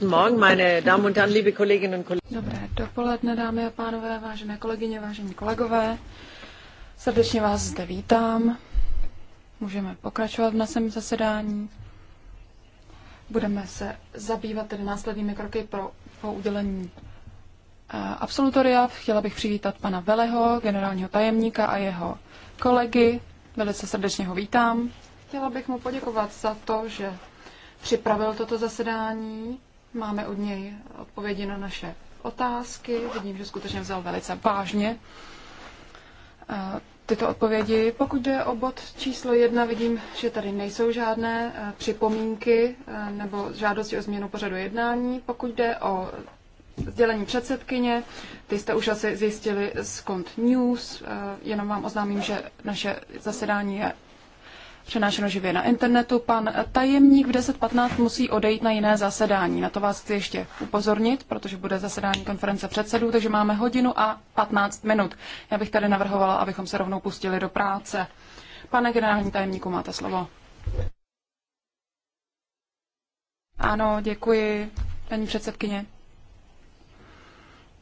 Dobré dopoledne, dámy a pánové, vážené kolegyně, vážení kolegové. Srdečně vás zde vítám. Můžeme pokračovat v našem zasedání. Budeme se zabývat tedy následnými kroky pro, po udělení eh, absolutoria. Chtěla bych přivítat pana Veleho, generálního tajemníka a jeho kolegy. Velice srdečně ho vítám. Chtěla bych mu poděkovat za to, že připravil toto zasedání Máme od něj odpovědi na naše otázky. Vidím, že skutečně vzal velice vážně eh, tyto odpovědi. Pokud jde o bod číslo jedna, vidím, že tady nejsou žádné eh, připomínky eh, nebo žádosti o změnu pořadu jednání. Pokud jde o sdělení předsedkyně, ty jste už asi zjistili z Kont News, jenom vám oznámím, že naše zasedání je přenášeno živě na internetu. Pan tajemník v 10.15 musí odejít na jiné zasedání. Na to vás chci ještě upozornit, protože bude zasedání konference předsedů, takže máme hodinu a 15 minut. Já bych tady navrhovala, abychom se rovnou pustili do práce. Pane generální tajemníku, máte slovo. Ano, děkuji, paní předsedkyně.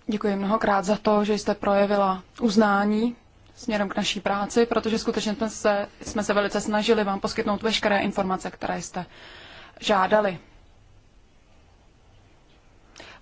Děkuji mnohokrát za to, že jste projevila uznání směrem k naší práci, protože skutečně jsme se, jsme se velice snažili vám poskytnout veškeré informace, které jste žádali.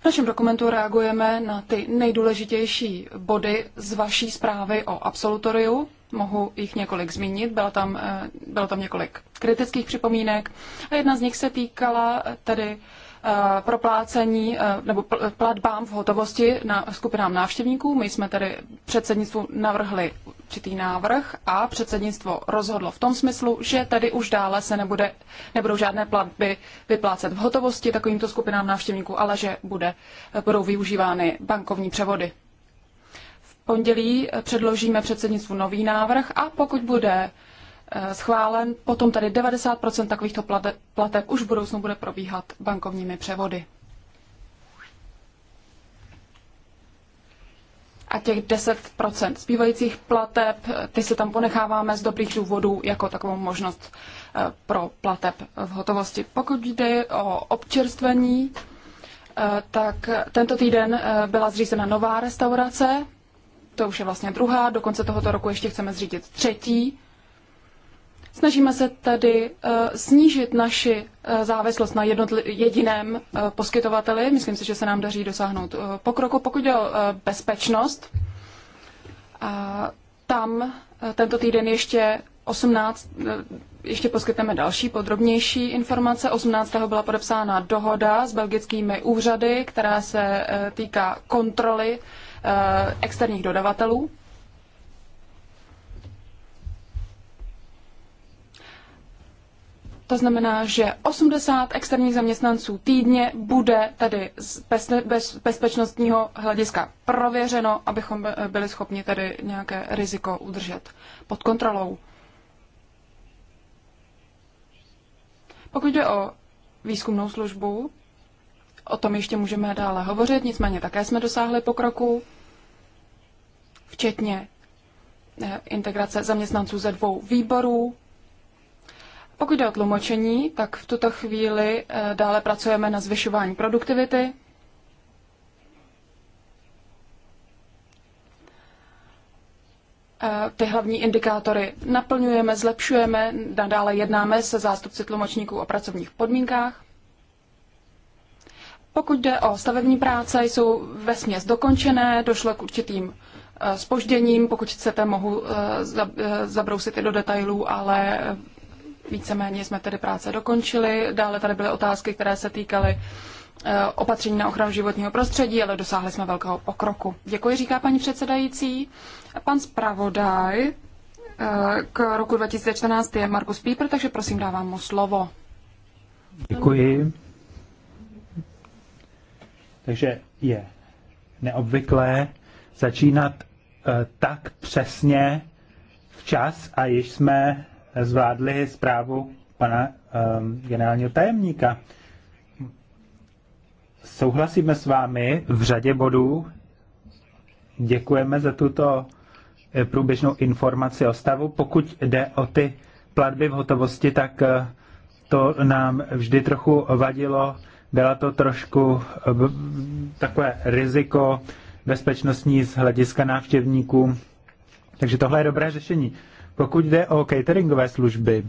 V našem dokumentu reagujeme na ty nejdůležitější body z vaší zprávy o absolutoriu. Mohu jich několik zmínit, bylo tam, eh, bylo tam několik kritických připomínek a jedna z nich se týkala tedy Eh, proplácení eh, nebo platbám v hotovosti na skupinám návštěvníků. My jsme tedy předsednictvu navrhli určitý návrh a předsednictvo rozhodlo v tom smyslu, že tady už dále se nebude, nebudou žádné platby vyplácet v hotovosti takovýmto skupinám návštěvníků, ale že bude, eh, budou využívány bankovní převody. V pondělí předložíme předsednictvu nový návrh a pokud bude Eh, schválen, potom tady 90% takovýchto plateb už v budoucnu bude probíhat bankovními převody. a těch 10% zbývajících plateb, eh, ty se tam ponecháváme z dobrých důvodů jako takovou možnost eh, pro plateb v hotovosti. Pokud jde o občerstvení, tak tento týden byla zřízena nová restaurace, to už je vlastně druhá, do konce tohoto roku ještě chceme zřídit třetí. Snažíme se tedy eh, snížit naši eh, závislost na jediném eh, poskytovateli. Myslím si, že se nám daří dosáhnout pokroku. Pokud jde o bezpečnost, tam tento týden ještě 18, ještě poskytneme další podrobnější informace. 18. byla podepsána dohoda s belgickými úřady, která se týká kontroly externích dodavatelů To znamená, že 80 externích zaměstnanců týdně bude tady z bezpečnostního hlediska prověřeno, abychom byli schopni tady nějaké riziko udržet pod kontrolou. Pokud jde o výzkumnou službu, o tom ještě můžeme dále hovořit, nicméně také jsme dosáhli pokroku, včetně eh, integrace zaměstnanců ze dvou výborů, pokud jde o tlumočení, tak v tuto chvíli eh, dále pracujeme na zvyšování produktivity. Eh, ty hlavní indikátory naplňujeme, zlepšujeme, nadále jednáme se zástupci tlumočníků o pracovních podmínkách. Pokud jde o stavební práce, jsou ve směs dokončené, došlo k určitým spožděním, eh, pokud chcete, mohu zabrousit i do detailů, ale Víceméně jsme tedy práce dokončili. Dále tady byly otázky, které se týkaly eh, opatření na ochranu životního prostředí, ale dosáhli jsme velkého pokroku. Děkuji, říká paní předsedající. Pan zpravodaj eh, k roku 2014 je Markus Píper, takže prosím dávám mu slovo. Děkuji. Takže je neobvyklé začínat eh, tak přesně včas a již jsme zvládli zprávu pana um, generálního tajemníka. Souhlasíme s vámi v řadě bodů. Děkujeme za tuto eh, průběžnou informaci o stavu. Pokud jde o ty platby v hotovosti, tak eh, to nám vždy trochu vadilo. Byla to trošku eh, takové riziko bezpečnostní z hlediska návštěvníků. Takže tohle je dobré řešení. Pokud jde o cateringové služby,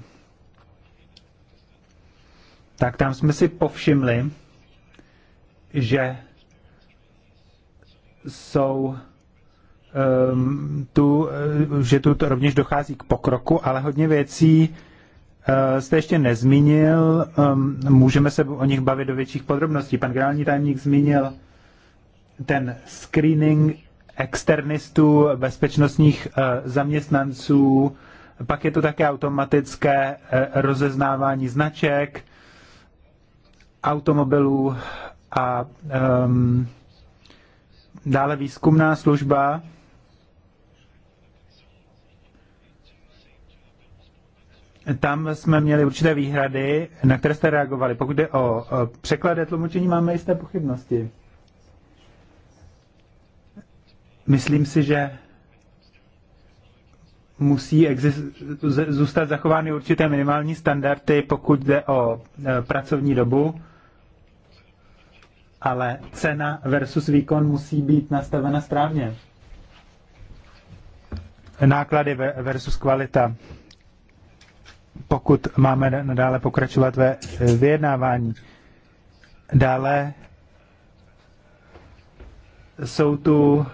tak tam jsme si povšimli, že jsou um, tu, eh, že tu rovněž dochází k pokroku, ale hodně věcí uh, jste ještě nezmínil. Um, můžeme se o nich bavit do větších podrobností. Pan generální tajemník zmínil ten screening externistů, bezpečnostních eh, zaměstnanců, pak je to také automatické eh, rozeznávání značek, automobilů a um, dále výzkumná služba. Tam jsme měli určité výhrady, na které jste reagovali. Pokud jde o překlady tlumočení, máme jisté pochybnosti. Myslím si, že musí zůstat zachovány určité minimální standardy, pokud jde o e, pracovní dobu, ale cena versus výkon musí být nastavena správně. Náklady versus kvalita. Pokud máme nadále pokračovat ve e, vyjednávání. Dále jsou tu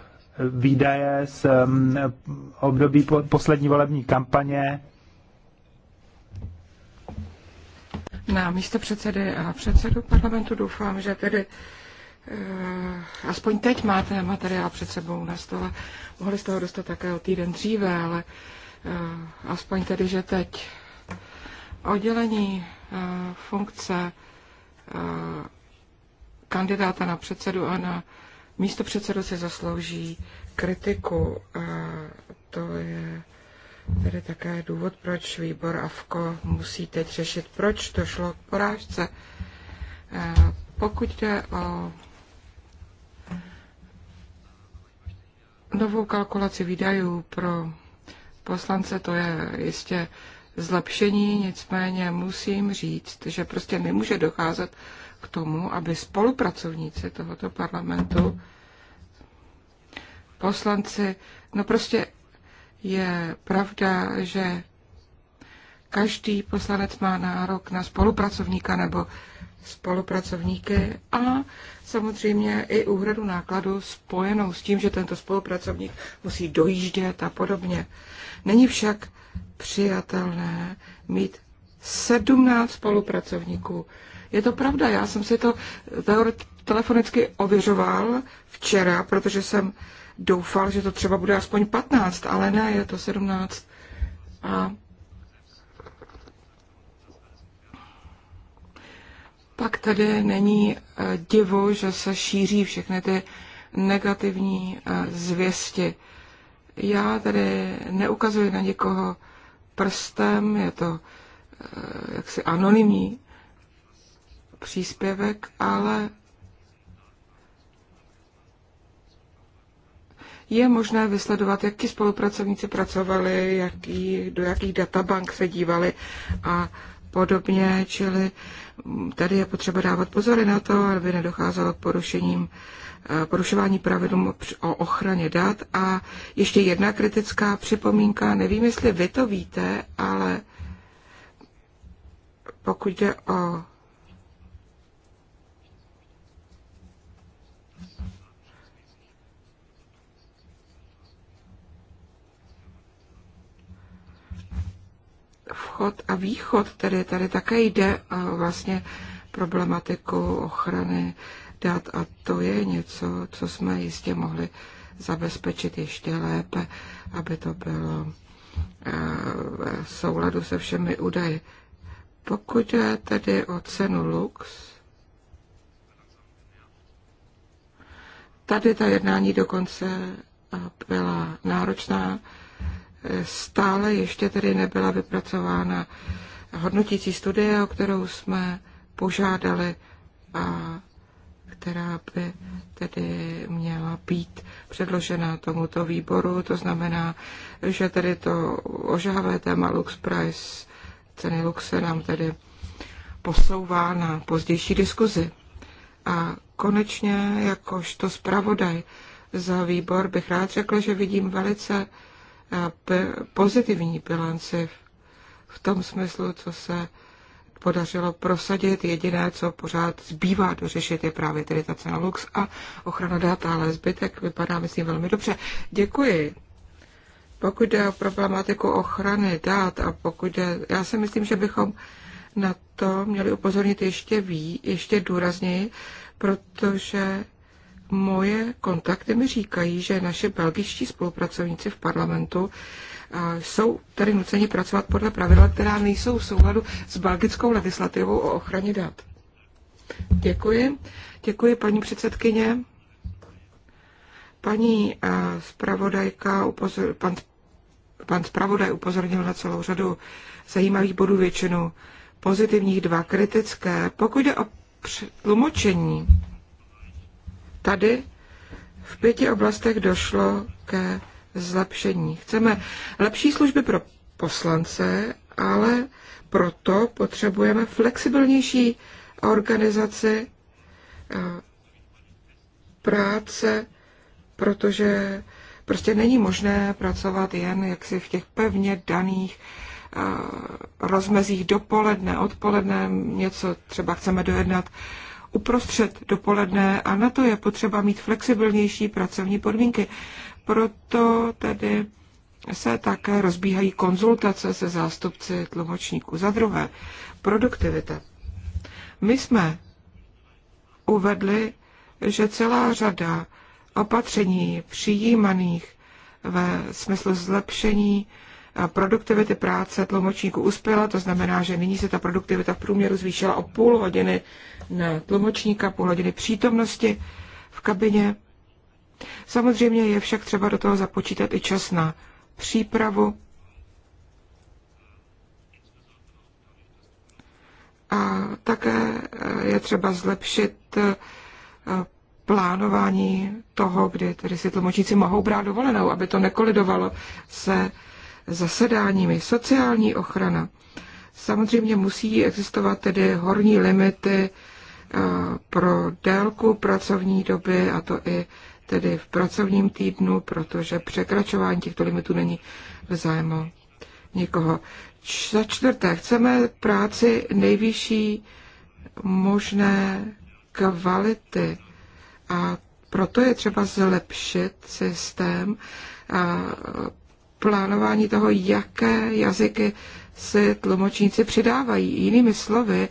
výdaje z um, období poslední volební kampaně. Na místo předsedy a předsedu parlamentu doufám, že tedy eh, aspoň teď máte materiál před sebou na stole. Mohli jste ho dostat také o týden dříve, ale eh, aspoň tedy, že teď oddělení eh, funkce kandidáta na předsedu a na místo předsedu si zaslouží kritiku a to je tedy také důvod, proč výbor AFKO musí teď řešit, proč to šlo k porážce. Pokud jde o novou kalkulaci výdajů pro poslance, to je jistě zlepšení, nicméně musím říct, že prostě nemůže docházet k tomu, aby spolupracovníci tohoto parlamentu, poslanci, no prostě je pravda, že každý poslanec má nárok na spolupracovníka nebo spolupracovníky a samozřejmě i úhradu nákladu spojenou s tím, že tento spolupracovník musí dojíždět a podobně. Není však přijatelné mít 17 spolupracovníků je to pravda, já jsem si to telefonicky ověřoval včera, protože jsem doufal, že to třeba bude aspoň 15, ale ne, je to 17. A pak tady není eh, divu, že se šíří všechny ty negativní eh, zvěsti. Já tady neukazuji na někoho prstem, je to eh, jaksi anonymní příspěvek, ale je možné vysledovat, jak ti spolupracovníci pracovali, jaký, do jakých databank se dívali a podobně, čili mm, tady je potřeba dávat pozory na to, aby nedocházelo k porušením, eh, porušování pravidlů o ochraně dat. A ještě jedna kritická připomínka, nevím, jestli vy to víte, ale pokud jde o východ a východ, tedy tady také jde vlastně problematiku ochrany dat a to je něco, co jsme jistě mohli zabezpečit ještě lépe, aby to bylo eh, v souladu se všemi údaji. Pokud je tedy o cenu lux, tady ta jednání dokonce byla náročná, stále ještě tedy nebyla vypracována hodnotící studie, o kterou jsme požádali a která by tedy měla být předložena tomuto výboru. To znamená, že tedy to ožávé téma Lux Price, ceny Luxe nám tedy posouvá na pozdější diskuzi. A konečně, jakožto zpravodaj za výbor, bych rád řekl, že vidím velice pozitivní bilanci v tom smyslu, co se podařilo prosadit. Jediné, co pořád zbývá dořešit, je právě tedy ta cena lux a ochrana dat, ale zbytek vypadá, myslím, velmi dobře. Děkuji. Pokud jde o problematiku ochrany dat a pokud jde, já si myslím, že bychom na to měli upozornit ještě ví, ještě důrazněji, protože moje kontakty mi říkají, že naše belgičtí spolupracovníci v parlamentu jsou tady nuceni pracovat podle pravidla, která nejsou v souladu s belgickou legislativou o ochraně dat. Děkuji. Děkuji, paní předsedkyně. Paní zpravodajka, upozor, pan, pan zpravodaj upozornil na celou řadu zajímavých bodů, většinu pozitivních, dva kritické. Pokud jde o tlumočení, Tady v pěti oblastech došlo ke zlepšení. Chceme lepší služby pro poslance, ale proto potřebujeme flexibilnější organizaci eh, práce, protože prostě není možné pracovat jen jaksi v těch pevně daných eh, rozmezích dopoledne, odpoledne, něco třeba chceme dojednat uprostřed dopoledne a na to je potřeba mít flexibilnější pracovní podmínky. Proto tedy se také rozbíhají konzultace se zástupci tlumočníků. Za druhé, produktivita. My jsme uvedli, že celá řada opatření přijímaných ve smyslu zlepšení produktivity práce tlumočníků uspěla, to znamená, že nyní se ta produktivita v průměru zvýšila o půl hodiny na tlumočníka, půl hodiny přítomnosti v kabině. Samozřejmě je však třeba do toho započítat i čas na přípravu a také eh, je třeba zlepšit eh, plánování toho, kdy tedy si tlumočníci mohou brát dovolenou, aby to nekolidovalo se zasedáními. Sociální ochrana. Samozřejmě musí existovat tedy horní limity eh, pro délku pracovní doby, a to i tedy v pracovním týdnu, protože překračování těchto limitů není v zájmu nikoho. za čtvrté, chceme práci nejvyšší možné kvality a proto je třeba zlepšit systém plánování toho, jaké jazyky si tlumočníci přidávají. Jinými slovy,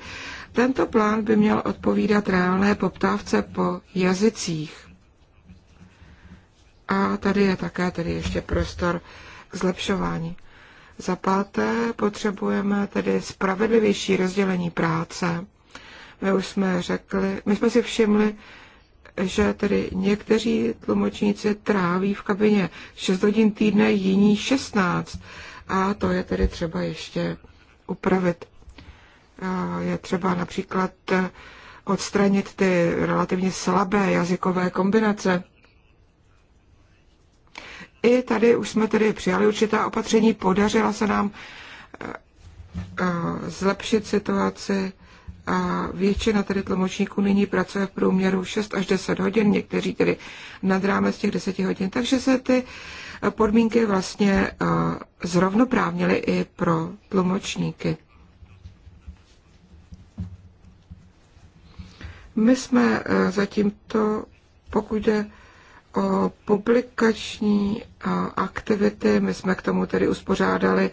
tento plán by měl odpovídat reálné poptávce po jazycích. A tady je také tedy ještě prostor k zlepšování. Za páté potřebujeme tedy spravedlivější rozdělení práce. My už jsme řekli, my jsme si všimli, že tedy někteří tlumočníci tráví v kabině 6 hodin týdne, jiní 16. A to je tedy třeba ještě upravit. Je třeba například odstranit ty relativně slabé jazykové kombinace. I tady už jsme tedy přijali určitá opatření, podařila se nám eh, eh, zlepšit situaci a většina tedy tlumočníků nyní pracuje v průměru 6 až 10 hodin, někteří tedy nad rámec těch 10 hodin, takže se ty podmínky vlastně eh, zrovnoprávnily i pro tlumočníky. My jsme eh, zatím to, pokud jde o publikační eh, aktivity, my jsme k tomu tedy uspořádali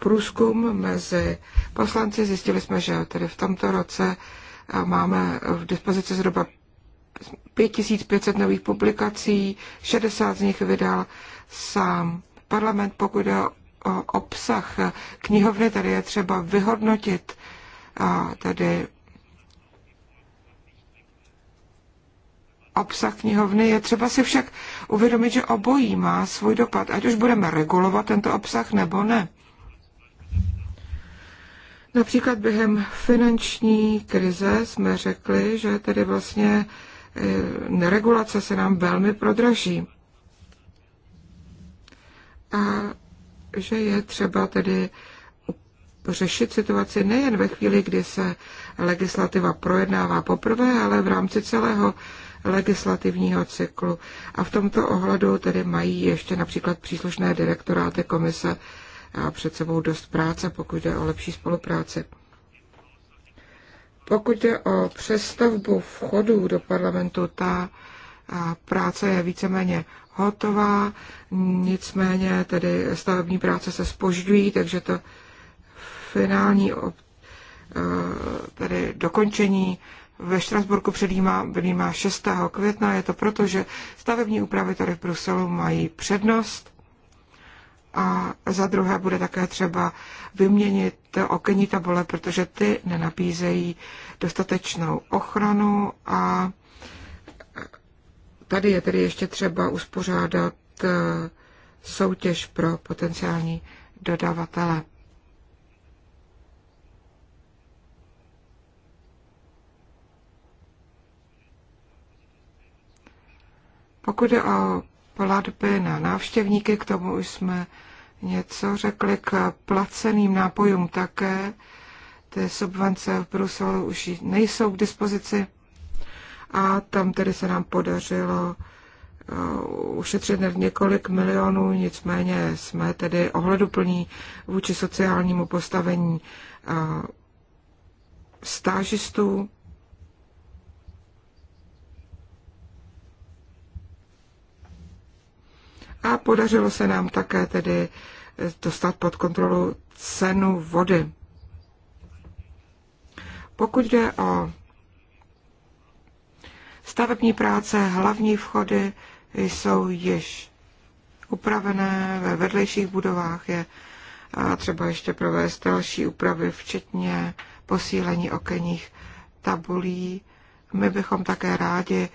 průzkum mezi poslanci. Zjistili jsme, že tedy v tomto roce eh, máme v dispozici zhruba 5500 nových publikací, 60 z nich vydal sám parlament, pokud jde o obsah knihovny, tady je třeba vyhodnotit eh, tady obsah knihovny. Je třeba si však uvědomit, že obojí má svůj dopad, ať už budeme regulovat tento obsah nebo ne. Například během finanční krize jsme řekli, že tedy vlastně eh, neregulace se nám velmi prodraží. A že je třeba tedy řešit situaci nejen ve chvíli, kdy se legislativa projednává poprvé, ale v rámci celého legislativního cyklu. A v tomto ohledu tedy mají ještě například příslušné direktoráty komise před sebou dost práce, pokud jde o lepší spolupráci. Pokud jde o přestavbu vchodů do parlamentu, ta práce je víceméně hotová, nicméně tedy stavební práce se spožďují, takže to finální tedy dokončení ve Štrasburku předjímá, předjímá 6. května. Je to proto, že stavební úpravy tady v Bruselu mají přednost a za druhé bude také třeba vyměnit okenní tabule, protože ty nenabízejí dostatečnou ochranu a tady je tedy ještě třeba uspořádat eh, soutěž pro potenciální dodavatele. Pokud je o platby na návštěvníky, k tomu už jsme něco řekli, k placeným nápojům také. Ty subvence v Bruselu už nejsou k dispozici a tam tedy se nám podařilo eh, ušetřit několik milionů, nicméně jsme tedy ohleduplní vůči sociálnímu postavení eh, stážistů. a podařilo se nám také tedy dostat pod kontrolu cenu vody. Pokud jde o stavební práce, hlavní vchody jsou již upravené, ve vedlejších budovách je třeba ještě provést další úpravy, včetně posílení okenních tabulí. My bychom také rádi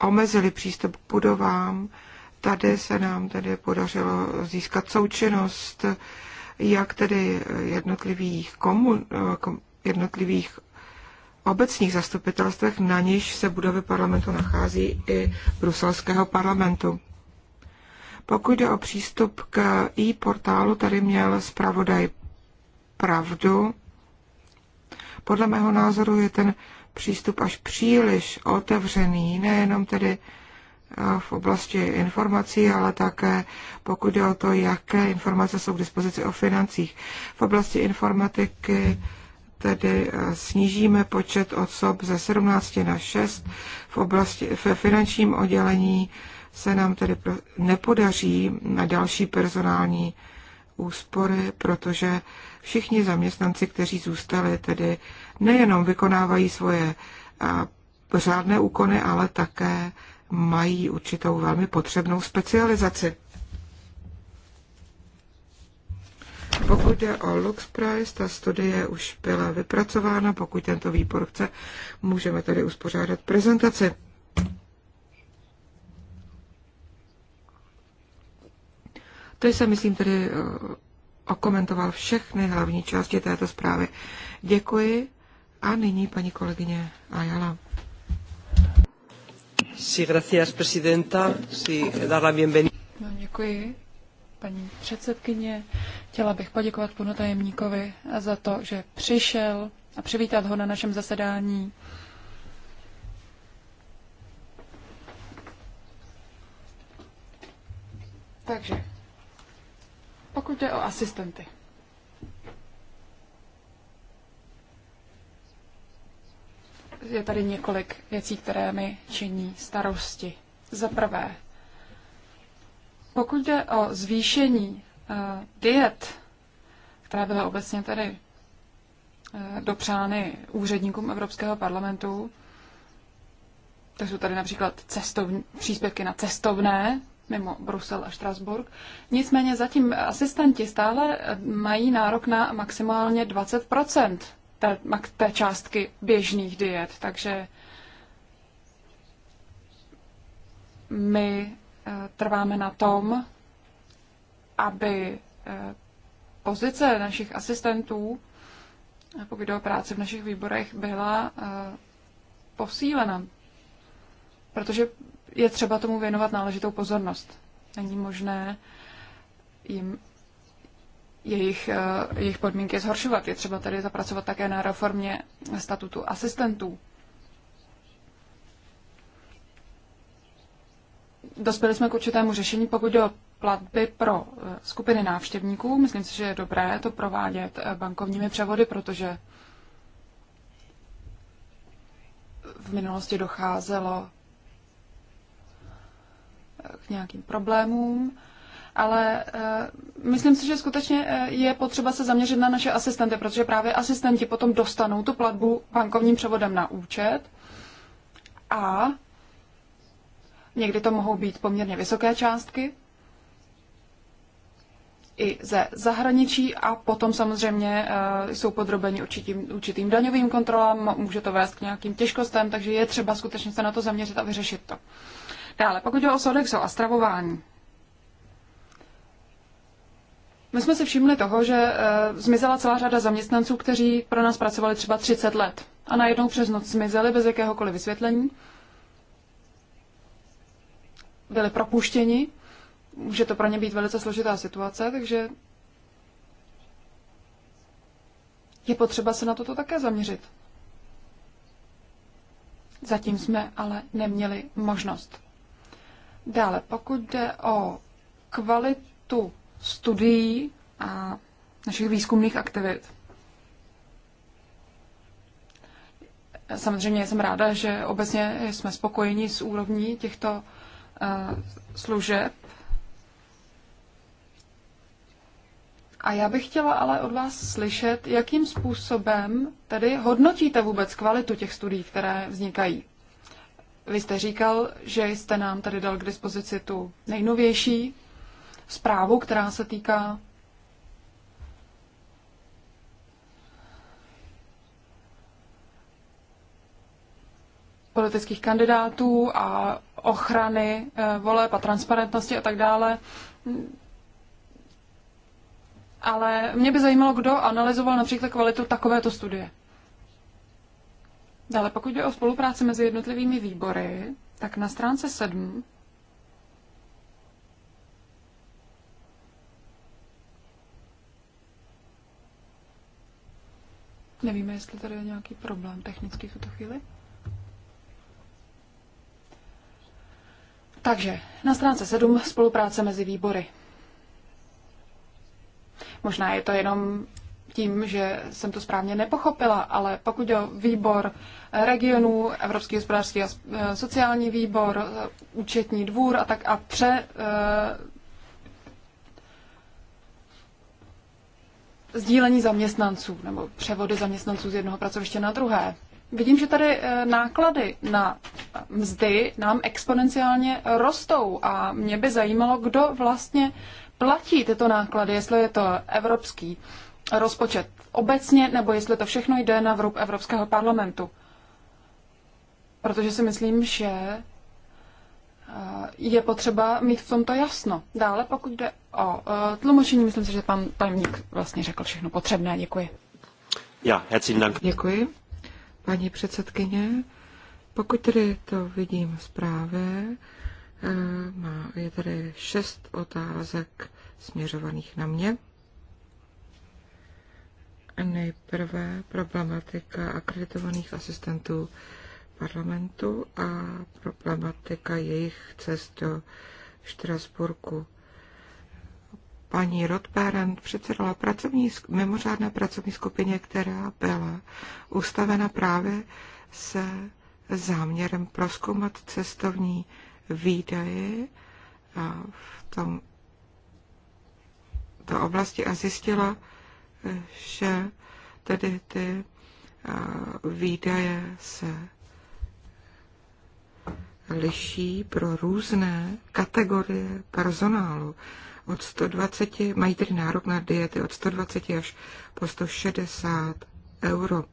omezili přístup k budovám. Tady se nám tedy podařilo získat součinnost jak tedy jednotlivých, komun, jednotlivých obecních zastupitelstvech, na níž se budovy parlamentu nachází i bruselského parlamentu. Pokud jde o přístup k e-portálu, tady měl zpravodaj pravdu. Podle mého názoru je ten přístup až příliš otevřený, nejenom tedy eh, v oblasti informací, ale také pokud jde o to, jaké informace jsou k dispozici o financích. V oblasti informatiky tedy eh, snížíme počet osob ze 17 na 6. V oblasti, ve finančním oddělení se nám tedy nepodaří na další personální úspory, protože všichni zaměstnanci, kteří zůstali tedy nejenom vykonávají svoje řádné úkony, ale také mají určitou velmi potřebnou specializaci. Pokud je o Lux Price, ta studie už byla vypracována. Pokud tento výbor chce, můžeme tady uspořádat prezentaci. To jsem, myslím, tedy eh, okomentoval všechny hlavní části této zprávy. Děkuji a nyní paní kolegyně Ayala. Sí, gracias, presidenta. Sí, dar la bienvenida. No, děkuji, paní předsedkyně. Chtěla bych poděkovat panu tajemníkovi za to, že přišel a přivítat ho na našem zasedání. Takže, pokud jde o asistenty. je tady několik věcí, které mi činí starosti. Za prvé, pokud jde o zvýšení uh, diet, která byla obecně tady uh, eh, dopřány úředníkům Evropského parlamentu, to jsou tady například cestovní, příspěvky na cestovné, mimo Brusel a Štrasburg. Nicméně zatím asistenti stále eh, mají nárok na maximálně 20 té, té částky běžných diet. Takže my eh, trváme na tom, aby eh, pozice našich asistentů, eh, pokud jde o práci v našich výborech, byla posílena. Protože je třeba tomu věnovat náležitou pozornost. Není možné jim jejich, eh, jejich podmínky zhoršovat. Je třeba tady zapracovat také na reformě statutu asistentů. Dospěli jsme k určitému řešení, pokud do platby pro eh, skupiny návštěvníků. Myslím si, že je dobré to provádět eh, bankovními převody, protože v minulosti docházelo k nějakým problémům ale uh, myslím si, že skutečně eh, je potřeba se zaměřit na naše asistenty, protože právě asistenti potom dostanou tu platbu bankovním převodem na účet a někdy to mohou být poměrně vysoké částky i ze zahraničí a potom samozřejmě uh, jsou podrobeni určitým, určitým daňovým kontrolám, může to vést k nějakým těžkostem, takže je třeba skutečně se na to zaměřit a vyřešit to. Dále, pokud jde o Sodexo a stravování, my jsme si všimli toho, že eh, zmizela celá řada zaměstnanců, kteří pro nás pracovali třeba 30 let a najednou přes noc zmizeli bez jakéhokoliv vysvětlení. Byli propuštěni. Může to pro ně být velice složitá situace, takže je potřeba se na toto také zaměřit. Zatím jsme ale neměli možnost. Dále, pokud jde o kvalitu studií a našich výzkumných aktivit. Samozřejmě jsem ráda, že obecně jsme spokojeni s úrovní těchto eh, služeb. A já bych chtěla ale od vás slyšet, jakým způsobem tedy hodnotíte vůbec kvalitu těch studií, které vznikají. Vy jste říkal, že jste nám tady dal k dispozici tu nejnovější zprávu, která se týká politických kandidátů a ochrany eh, voleb a transparentnosti a tak dále. Ale mě by zajímalo, kdo analyzoval například kvalitu takovéto studie. Dále, pokud jde o spolupráci mezi jednotlivými výbory, tak na stránce 7 Nevíme, jestli tady je nějaký problém technický v tuto chvíli. Takže na stránce 7 spolupráce mezi výbory. Možná je to jenom tím, že jsem to správně nepochopila, ale pokud o výbor regionů, Evropský hospodářský a e, sociální výbor, e, účetní dvůr a tak a pře, e, sdílení zaměstnanců nebo převody zaměstnanců z jednoho pracoviště na druhé. Vidím, že tady eh, náklady na mzdy nám exponenciálně rostou a mě by zajímalo, kdo vlastně platí tyto náklady, jestli je to evropský rozpočet obecně, nebo jestli to všechno jde na vrub Evropského parlamentu. Protože si myslím, že Eh, je potřeba mít v tomto jasno. Dále, pokud jde o eh, tlumočení, myslím si, že pan tajemník vlastně řekl všechno potřebné. Děkuji. Já, herzlichen Děkuji. Paní předsedkyně, pokud tedy to vidím zprávě, eh, má, je tady šest otázek směřovaných na mě. Nejprve problematika akreditovaných asistentů parlamentu a problematika jejich cest do Štrasburku. Paní Rothbaren předsedala pracovní, mimořádné pracovní skupině, která byla ustavena právě se záměrem proskoumat cestovní výdaje v tom do oblasti a zjistila, eh, že tedy ty eh, výdaje se liší pro různé kategorie personálu. Od 120, mají tedy nárok na diety od 120 až po 160 euro.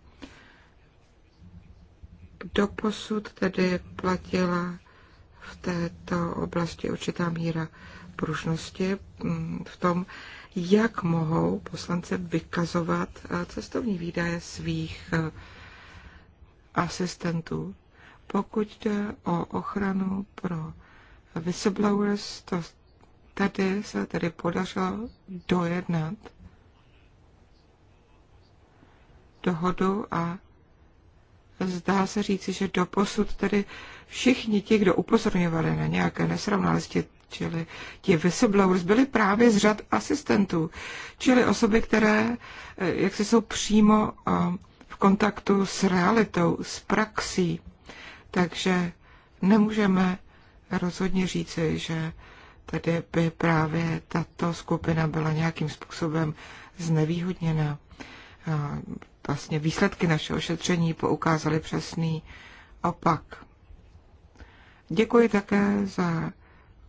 Doposud tedy platila v této oblasti určitá míra pružnosti mm, v tom, jak mohou poslance vykazovat eh, cestovní výdaje svých eh, asistentů. Pokud jde o ochranu pro whistleblowers, to tady se tedy podařilo dojednat dohodu a zdá se říci, že doposud tedy všichni ti, kdo upozorňovali na nějaké nesrovnalosti, čili ti whistleblowers, byli právě z řad asistentů, čili osoby, které eh, jak se jsou přímo eh, v kontaktu s realitou, s praxí. Takže nemůžeme rozhodně říci, že tady by právě tato skupina byla nějakým způsobem znevýhodněna. Vlastně výsledky našeho šetření poukázaly přesný opak. Děkuji také za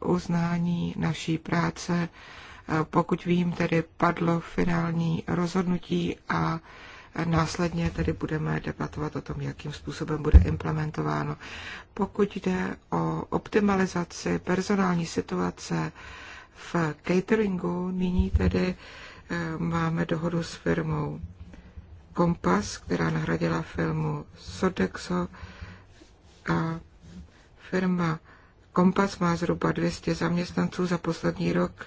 uznání naší práce. Pokud vím, tedy padlo finální rozhodnutí a Následně tedy budeme debatovat o tom, jakým způsobem bude implementováno. Pokud jde o optimalizaci personální situace v cateringu, nyní tedy eh, máme dohodu s firmou Kompas, která nahradila firmu Sodexo a firma Kompas má zhruba 200 zaměstnanců. Za poslední rok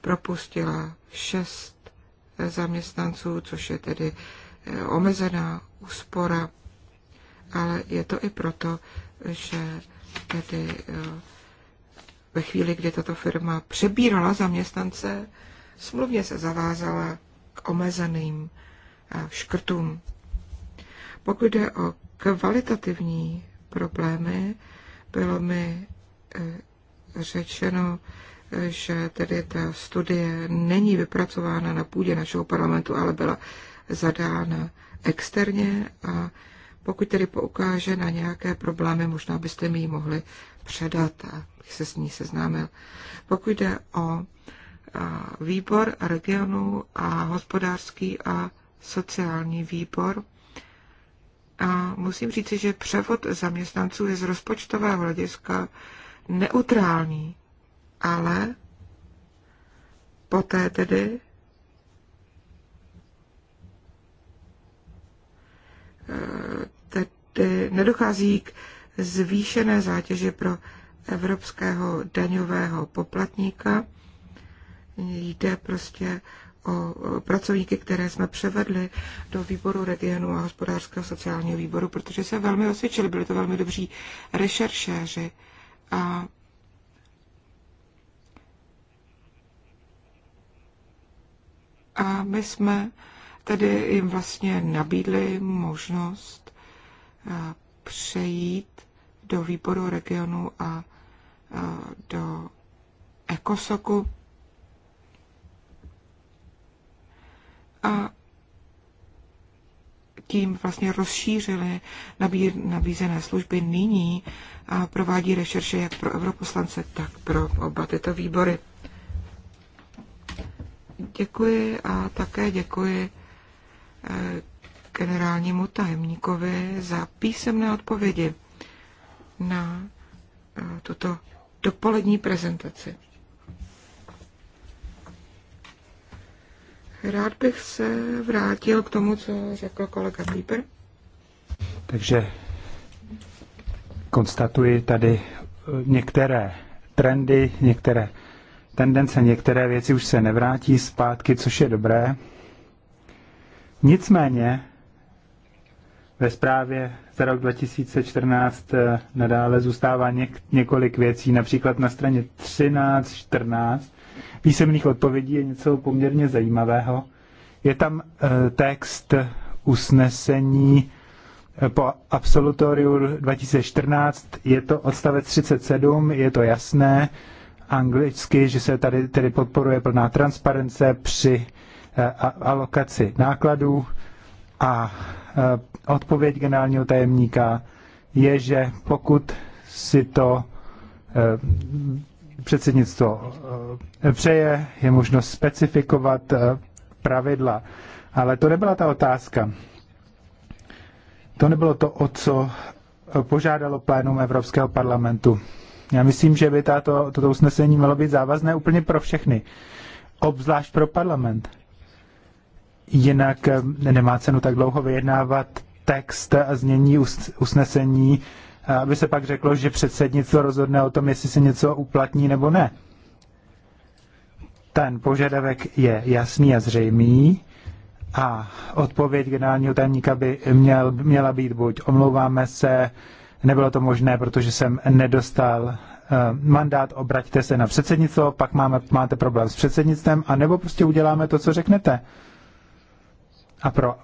propustila 6 zaměstnanců, což je tedy omezená úspora, ale je to i proto, že tedy eh, ve chvíli, kdy tato firma přebírala zaměstnance, smluvně se zavázala k omezeným eh, škrtům. Pokud jde o kvalitativní problémy, bylo mi eh, řečeno, že tedy ta studie není vypracována na půdě našeho parlamentu, ale byla zadána externě a pokud tedy poukáže na nějaké problémy, možná byste mi ji mohli předat a bych se s ní seznámil. Pokud jde o výbor regionu a hospodářský a sociální výbor, a musím říci, že převod zaměstnanců je z rozpočtového hlediska neutrální, ale poté tedy tedy nedochází k zvýšené zátěži pro evropského daňového poplatníka. Jde prostě o pracovníky, které jsme převedli do výboru regionu a hospodářského sociálního výboru, protože se velmi osvědčili, byli to velmi dobří rešeršéři a a my jsme tedy jim vlastně nabídli možnost eh, přejít do výboru regionu a eh, do ekosoku. A tím vlastně rozšířili nabízené služby. Nyní a eh, provádí rešerše jak pro europoslance, tak pro oba tyto výbory. Děkuji a také děkuji Eh, generálnímu tajemníkovi za písemné odpovědi na eh, tuto dopolední prezentaci. Rád bych se vrátil k tomu, co řekl kolega Pieper. Takže konstatuji tady eh, některé trendy, některé tendence, některé věci už se nevrátí zpátky, což je dobré. Nicméně ve zprávě za rok 2014 eh, nadále zůstává něk- několik věcí, například na straně 13-14 písemných odpovědí je něco poměrně zajímavého. Je tam e, text usnesení eh, po absolutoriu 2014, je to odstavec 37, je to jasné anglicky, že se tady tedy podporuje plná transparence při Eh, alokaci nákladů a eh, odpověď generálního tajemníka je, že pokud si to eh, předsednictvo přeje, je možno specifikovat pravidla. Ale to nebyla ta otázka. To nebylo to, o co požádalo plénum Evropského parlamentu. Já myslím, že by tato, toto usnesení mělo být závazné úplně pro všechny, obzvlášť pro parlament jinak eh, nemá cenu tak dlouho vyjednávat text a znění usnesení, eh, aby se pak řeklo, že předsednictvo rozhodne o tom, jestli se něco uplatní nebo ne. Ten požadavek je jasný a zřejmý a odpověď generálního tajemníka by měl, měla být buď omlouváme se, nebylo to možné, protože jsem nedostal eh, mandát, obraťte se na předsednictvo, pak máme, máte problém s předsednictvem, nebo prostě uděláme to, co řeknete. A pro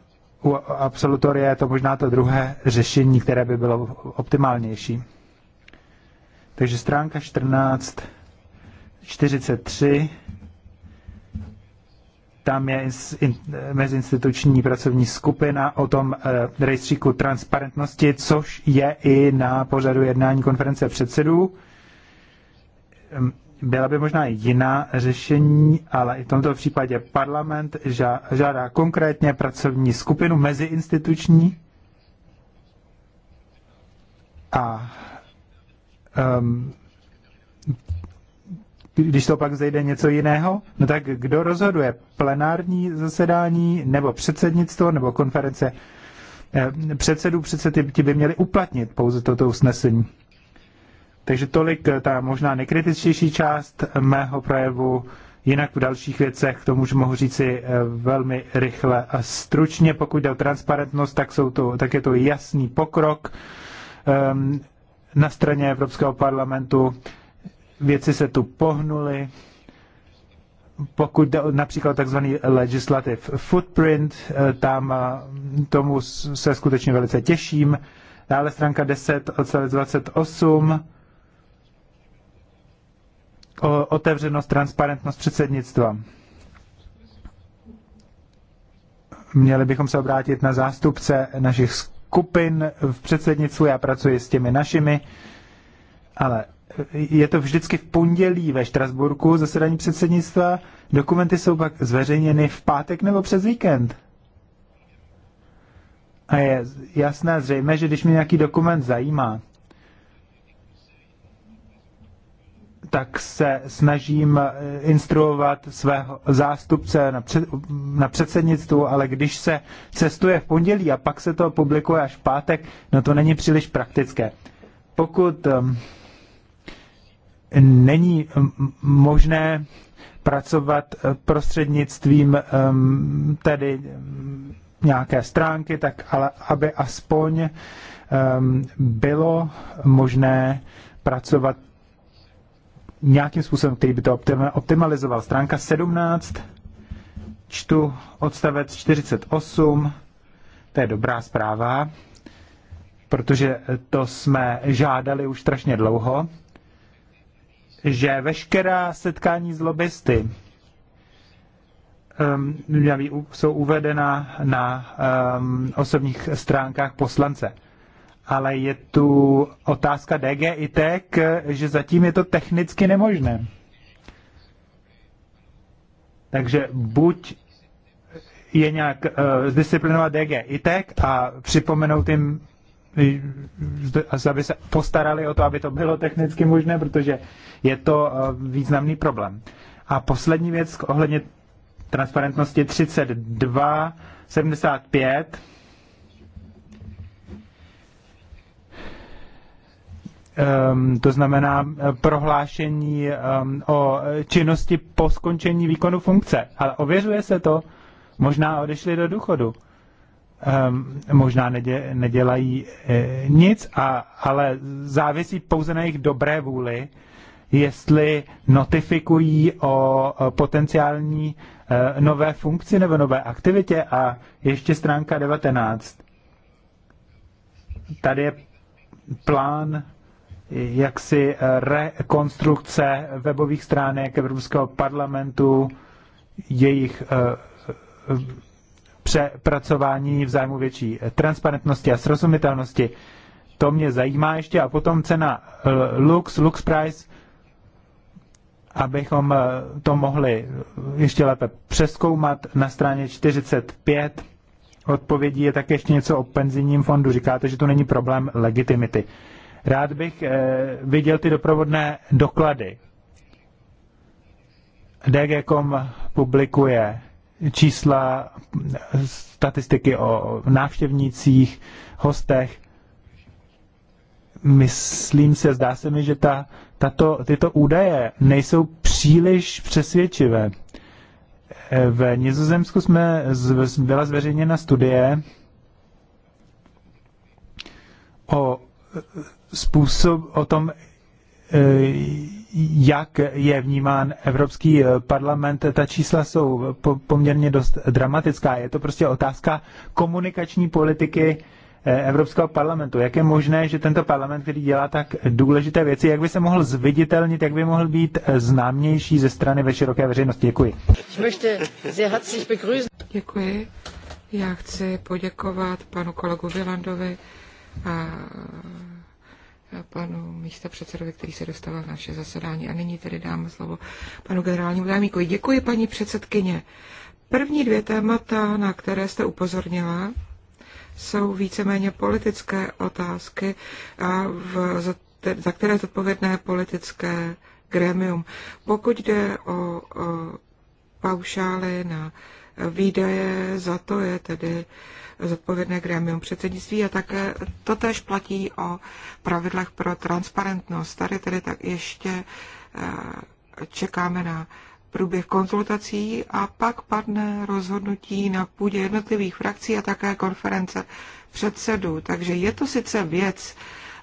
absolutoria je to možná to druhé řešení, které by bylo optimálnější. Takže stránka 14, 43, tam je in, mezinstituční pracovní skupina o tom e, rejstříku transparentnosti, což je i na pořadu jednání konference předsedů. Ehm, byla by možná i jiná řešení, ale i v tomto případě parlament žádá konkrétně pracovní skupinu meziinstituční a um, když to pak zejde něco jiného, no tak kdo rozhoduje? Plenární zasedání nebo předsednictvo nebo konference ehm, předsedů předsedy by měli uplatnit pouze toto usnesení. Takže tolik eh, ta možná nekritičtější část mého projevu. Jinak v dalších věcech k tomu mohu říci eh, velmi rychle a stručně. Pokud jde o transparentnost, tak, jsou to, tak je to jasný pokrok um, na straně Evropského parlamentu. Věci se tu pohnuly. Pokud jde o například takzvaný legislative footprint, eh, tam tomu se skutečně velice těším. Dále stránka 10 odstavec 28 o otevřenost, transparentnost předsednictva. Měli bychom se obrátit na zástupce našich skupin v předsednictvu, já pracuji s těmi našimi, ale je to vždycky v pondělí ve Štrasburku zasedání předsednictva, dokumenty jsou pak zveřejněny v pátek nebo přes víkend. A je jasné, zřejmé, že když mě nějaký dokument zajímá, tak se snažím eh, instruovat svého zástupce na, před, na předsednictvu, ale když se cestuje v pondělí a pak se to publikuje až v pátek, no to není příliš praktické. Pokud ehm, není ehm, možné pracovat eh, prostřednictvím ehm, tedy nějaké stránky, tak ale aby aspoň bylo možné pracovat nějakým způsobem, který by to optimalizoval. Stránka 17, čtu odstavec 48, to je dobrá zpráva, protože to jsme žádali už strašně dlouho, že veškerá setkání s lobbysty um, jsou uvedena na um, osobních stránkách poslance ale je tu otázka DG i TEC, že zatím je to technicky nemožné. Takže buď je nějak uh, zdisciplinovat DG ITEC a připomenout jim, eh, aby se postarali o to, aby to bylo technicky možné, protože je to uh, významný problém. A poslední věc ohledně transparentnosti 32, 75, Ehm, to znamená eh, prohlášení ehm, o činnosti po skončení výkonu funkce. Ale ověřuje se to, možná odešli do důchodu, ehm, možná nedělají eh, nic, a, ale závisí pouze na jejich dobré vůli, jestli notifikují o potenciální eh, nové funkci nebo nové aktivitě. A ještě stránka 19. Tady je plán jaksi rekonstrukce webových stránek Evropského parlamentu, jejich eh, přepracování v zájmu větší transparentnosti a srozumitelnosti. To mě zajímá ještě. A potom cena eh, Lux, Lux Price, abychom eh, to mohli ještě lépe přeskoumat. Na straně 45 odpovědí je také ještě něco o penzijním fondu. Říkáte, že to není problém legitimity. Rád bych eh, viděl ty doprovodné doklady. DGCOM publikuje čísla, eh, statistiky o návštěvnících, hostech. Myslím se, zdá se mi, že ta, tato, tyto údaje nejsou příliš přesvědčivé. Eh, v Nizozemsku jsme z, byla zveřejněna studie o způsob, o tom, e, jak je vnímán Evropský e, parlament, ta čísla jsou poměrně dost dramatická. Je to prostě otázka komunikační politiky e, Evropského parlamentu. Jak je možné, že tento parlament, který dělá tak důležité věci, jak by se mohl zviditelnit, jak by mohl být známější ze strany ve široké veřejnosti? Děkuji. Děkuji. Já chci poděkovat panu kolegu Vilandovi a panu předsedovi, který se dostal na naše zasedání. A nyní tedy dáme slovo panu generálnímu tajemníkovi. Děkuji, paní předsedkyně. První dvě témata, na které jste upozornila, jsou víceméně politické otázky, a v, za, za které zodpovědné politické grémium. Pokud jde o, o paušály na výdaje, za to je tedy zodpovědné grémium předsednictví a také to tež platí o pravidlech pro transparentnost. Tady tedy tak ještě eh, čekáme na průběh konzultací a pak padne rozhodnutí na půdě jednotlivých frakcí a také konference předsedů. Takže je to sice věc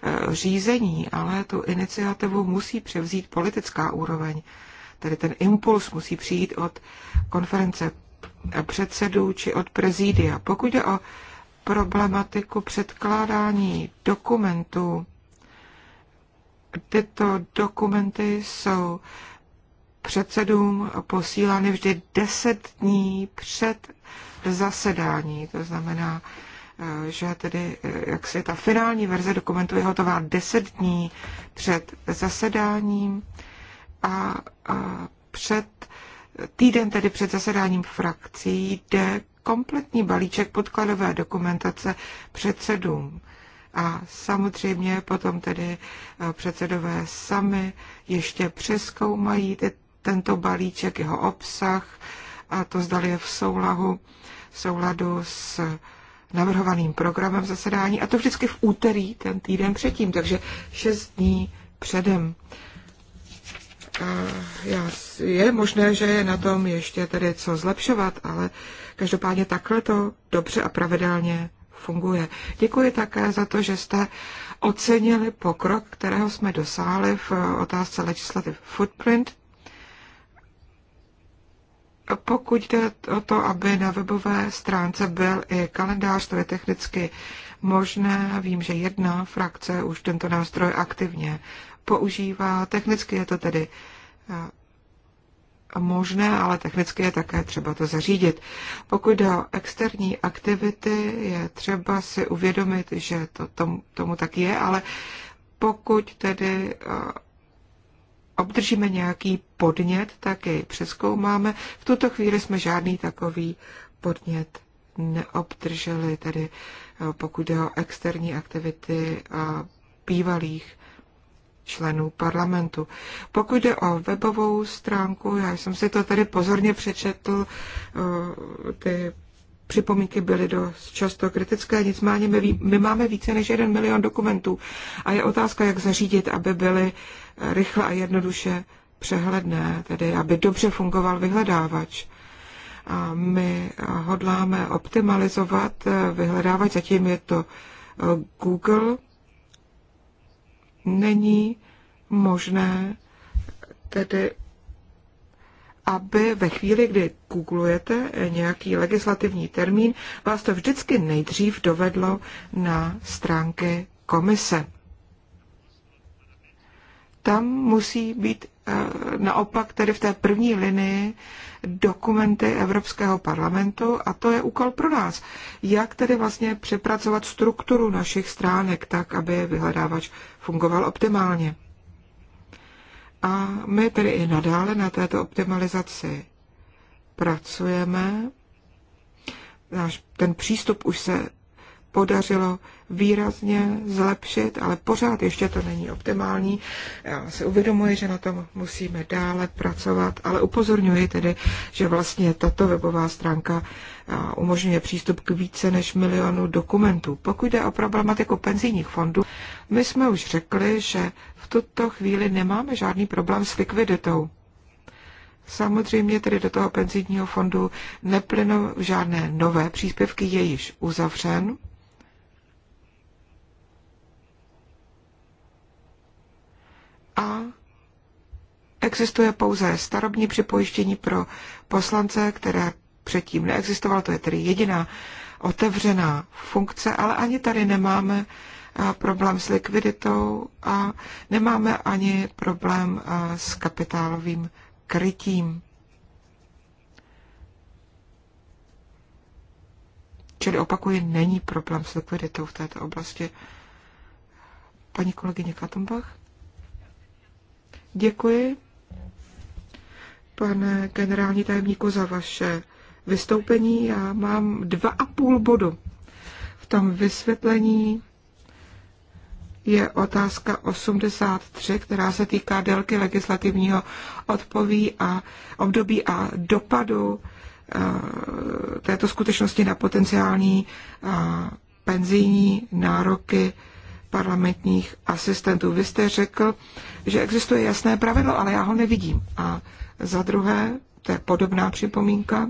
eh, řízení, ale tu iniciativu musí převzít politická úroveň. Tedy ten impuls musí přijít od konference předsedů či od prezídia. Pokud jde o problematiku předkládání dokumentů, tyto dokumenty jsou předsedům posílány vždy 10 dní před zasedání. To znamená, eh, že tedy eh, jak se ta finální verze dokumentu je hotová 10 dní před zasedáním a, a před týden tedy před zasedáním frakcí jde kompletní balíček podkladové dokumentace předsedům. A samozřejmě potom tedy eh, předsedové sami ještě přeskoumají ty, tento balíček, jeho obsah a to zdali je v souladu, v souladu s navrhovaným programem zasedání a to vždycky v úterý, ten týden předtím, takže šest dní předem je možné, že je na tom ještě tedy co zlepšovat, ale každopádně takhle to dobře a pravidelně funguje. Děkuji také za to, že jste ocenili pokrok, kterého jsme dosáhli v otázce Legislative footprint. Pokud jde o to, aby na webové stránce byl i kalendář, to je technicky možné, vím, že jedna frakce už tento nástroj aktivně používá. Technicky je to tedy eh, možné, ale technicky je také třeba to zařídit. Pokud jde o externí aktivity, je třeba si uvědomit, že to tomu, tomu tak je, ale pokud tedy eh, obdržíme nějaký podnět, tak jej přeskoumáme. V tuto chvíli jsme žádný takový podnět neobdrželi, tedy eh, pokud jde o externí aktivity bývalých členů parlamentu. Pokud jde o webovou stránku, já jsem si to tady pozorně přečetl, eh, ty připomínky byly dost často kritické, nicméně my, my máme více než jeden milion dokumentů a je otázka, jak zařídit, aby byly eh, rychle a jednoduše přehledné, tedy aby dobře fungoval vyhledávač. A my eh, hodláme optimalizovat vyhledávač, zatím je to Google, není možné tedy, aby ve chvíli, kdy googlujete nějaký legislativní termín, vás to vždycky nejdřív dovedlo na stránky komise. Tam musí být naopak tedy v té první linii dokumenty Evropského parlamentu a to je úkol pro nás. Jak tedy vlastně přepracovat strukturu našich stránek tak, aby vyhledávač fungoval optimálně. A my tedy i nadále na této optimalizaci pracujeme. Náš ten přístup už se podařilo výrazně zlepšit, ale pořád ještě to není optimální. Já si uvědomuji, že na tom musíme dále pracovat, ale upozorňuji tedy, že vlastně tato webová stránka umožňuje přístup k více než milionu dokumentů. Pokud jde o problematiku penzijních fondů, my jsme už řekli, že v tuto chvíli nemáme žádný problém s likviditou. Samozřejmě tedy do toho penzijního fondu neplynou žádné nové příspěvky, je již uzavřen. a existuje pouze starobní připojištění pro poslance, které předtím neexistovalo, to je tedy jediná otevřená funkce, ale ani tady nemáme eh, problém s likviditou a nemáme ani problém eh, s kapitálovým krytím. Čili opakuji, není problém s likviditou v této oblasti. Paní kolegyně Katumbach? Děkuji, pane generální tajemníku, za vaše vystoupení. Já mám dva a půl bodu. V tom vysvětlení je otázka 83, která se týká délky legislativního odpoví a období a dopadu eh, této skutečnosti na potenciální eh, penzijní nároky parlamentních asistentů. Vy jste řekl, že existuje jasné pravidlo, ale já ho nevidím. A za druhé, to je podobná připomínka,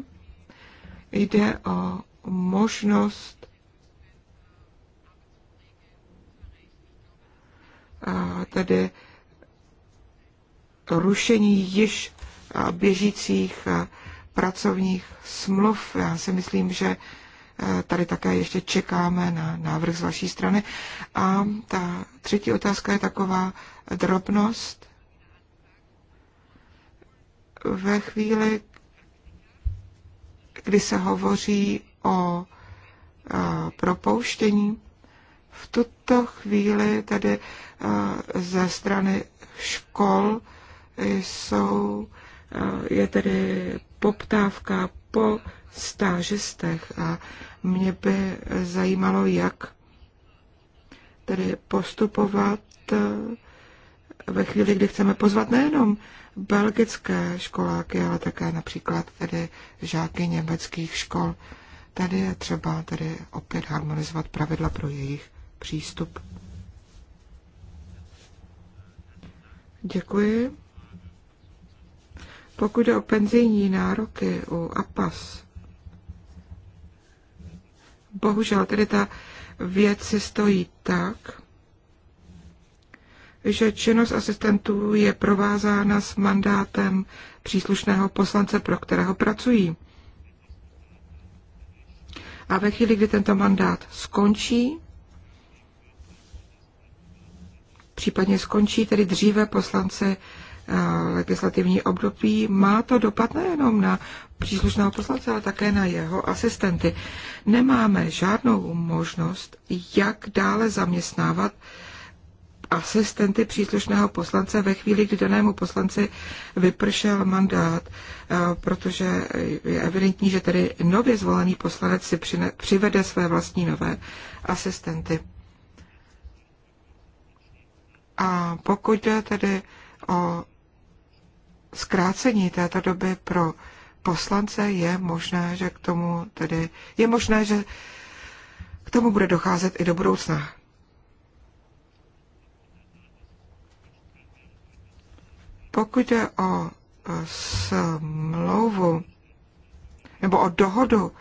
jde o možnost tedy rušení již běžících pracovních smluv. Já si myslím, že Tady také ještě čekáme na návrh z vaší strany. A ta třetí otázka je taková drobnost. Ve chvíli, kdy se hovoří o propouštění, v tuto chvíli tedy ze strany škol jsou, je tedy poptávka po stážistech a mě by zajímalo, jak tedy postupovat eh, ve chvíli, kdy chceme pozvat nejenom belgické školáky, ale také například tedy žáky německých škol. Tady je třeba tedy opět harmonizovat pravidla pro jejich přístup. Děkuji. Pokud jde o penzijní nároky u APAS, bohužel tedy ta věc si stojí tak, že činnost asistentů je provázána s mandátem příslušného poslance, pro kterého pracují. A ve chvíli, kdy tento mandát skončí, případně skončí tedy dříve poslanci legislativní období, má to dopad nejenom na příslušného poslance, ale také na jeho asistenty. Nemáme žádnou možnost, jak dále zaměstnávat asistenty příslušného poslance ve chvíli, kdy danému poslanci vypršel mandát, protože je evidentní, že tedy nově zvolený poslanec si přivede své vlastní nové asistenty. A pokud jde tedy o zkrácení této doby pro poslance je možné, že k tomu tedy, je možné, že k tomu bude docházet i do budoucna. Pokud je o e, smlouvu nebo o dohodu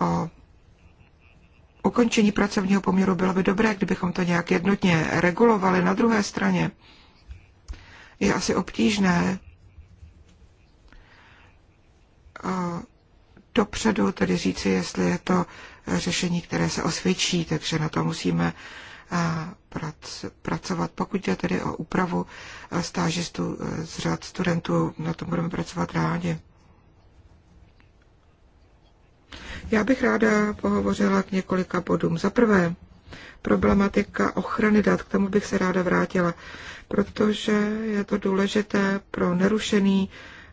o ukončení pracovního poměru, bylo by dobré, kdybychom to nějak jednotně regulovali. Na druhé straně je asi obtížné dopředu tedy říci, jestli je to eh, řešení, které se osvědčí, takže na to musíme eh, pracovat. Pokud jde tedy o úpravu eh, stážistů z řad studentů, na to budeme pracovat rádi. Já bych ráda pohovořila k několika bodům. Za prvé, problematika ochrany dat, k tomu bych se ráda vrátila, protože je to důležité pro nerušený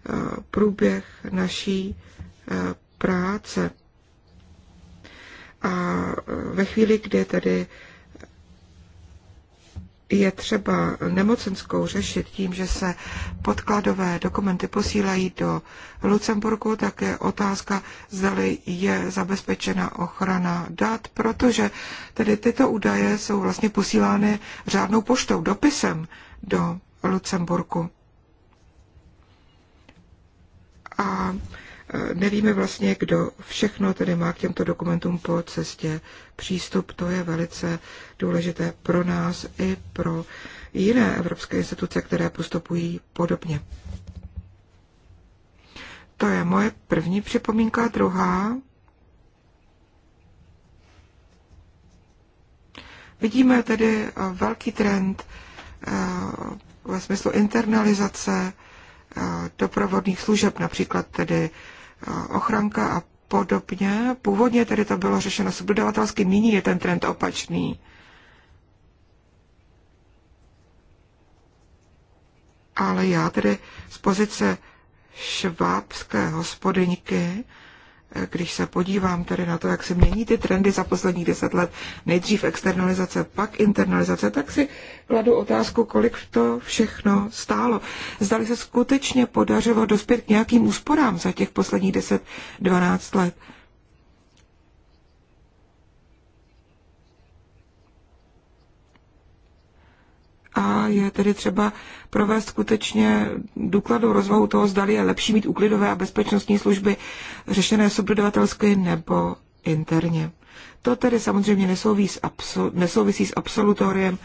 Eh, průběh naší eh, práce. A eh, ve chvíli, kdy tedy je třeba nemocenskou řešit tím, že se podkladové dokumenty posílají do Lucemburku, tak je otázka, zda je zabezpečena ochrana dat, protože tedy tyto údaje jsou vlastně posílány řádnou poštou, dopisem do Lucemburku a e, nevíme vlastně, kdo všechno tedy má k těmto dokumentům po cestě přístup. To je velice důležité pro nás i pro jiné evropské instituce, které postupují podobně. To je moje první připomínka. Druhá. Vidíme tedy velký trend e, ve smyslu internalizace Eh, doprovodných služeb, například tedy eh, ochranka a podobně. Původně tedy to bylo řešeno subdodavatelsky, nyní je ten trend opačný. Ale já tedy z pozice švábské hospodyňky když se podívám tedy na to, jak se mění ty trendy za posledních deset let, nejdřív externalizace, pak internalizace, tak si kladu otázku, kolik to všechno stálo. Zdali se skutečně podařilo dospět k nějakým úsporám za těch posledních 10-12 let. a je tedy třeba provést skutečně důkladnou rozvahu toho, zdali je lepší mít úklidové a bezpečnostní služby řešené subdodavatelsky nebo interně. To tedy samozřejmě nesouvisí s, absol- nesouvisí s absolutoriem,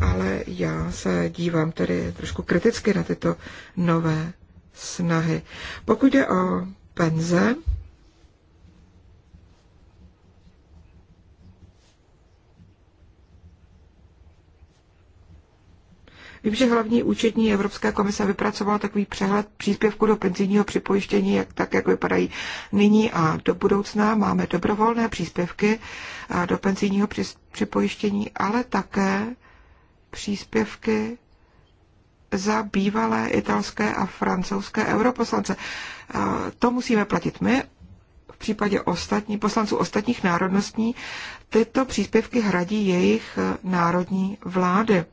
ale já se dívám tedy trošku kriticky na tyto nové snahy. Pokud je o penze, Vím, že hlavní účetní Evropské komise vypracovala takový přehled příspěvku do penzijního připojištění, jak, tak jak vypadají nyní a do budoucna. Máme dobrovolné příspěvky do penzijního připojištění, ale také příspěvky za bývalé italské a francouzské europoslance. To musíme platit my, v případě ostatní, poslanců ostatních národností tyto příspěvky hradí jejich e, národní vlády.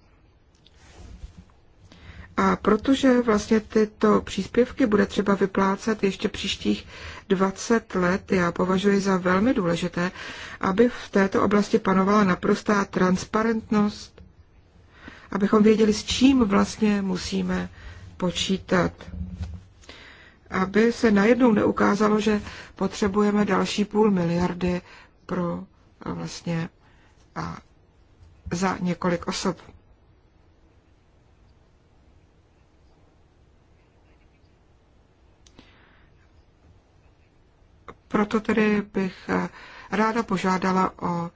A protože vlastně tyto příspěvky bude třeba vyplácet ještě příštích 20 let, já považuji za velmi důležité, aby v této oblasti panovala naprostá transparentnost, abychom věděli, s čím vlastně musíme počítat. Aby se najednou neukázalo, že potřebujeme další půl miliardy pro vlastně a za několik osob. Proto tedy bych eh, ráda požádala o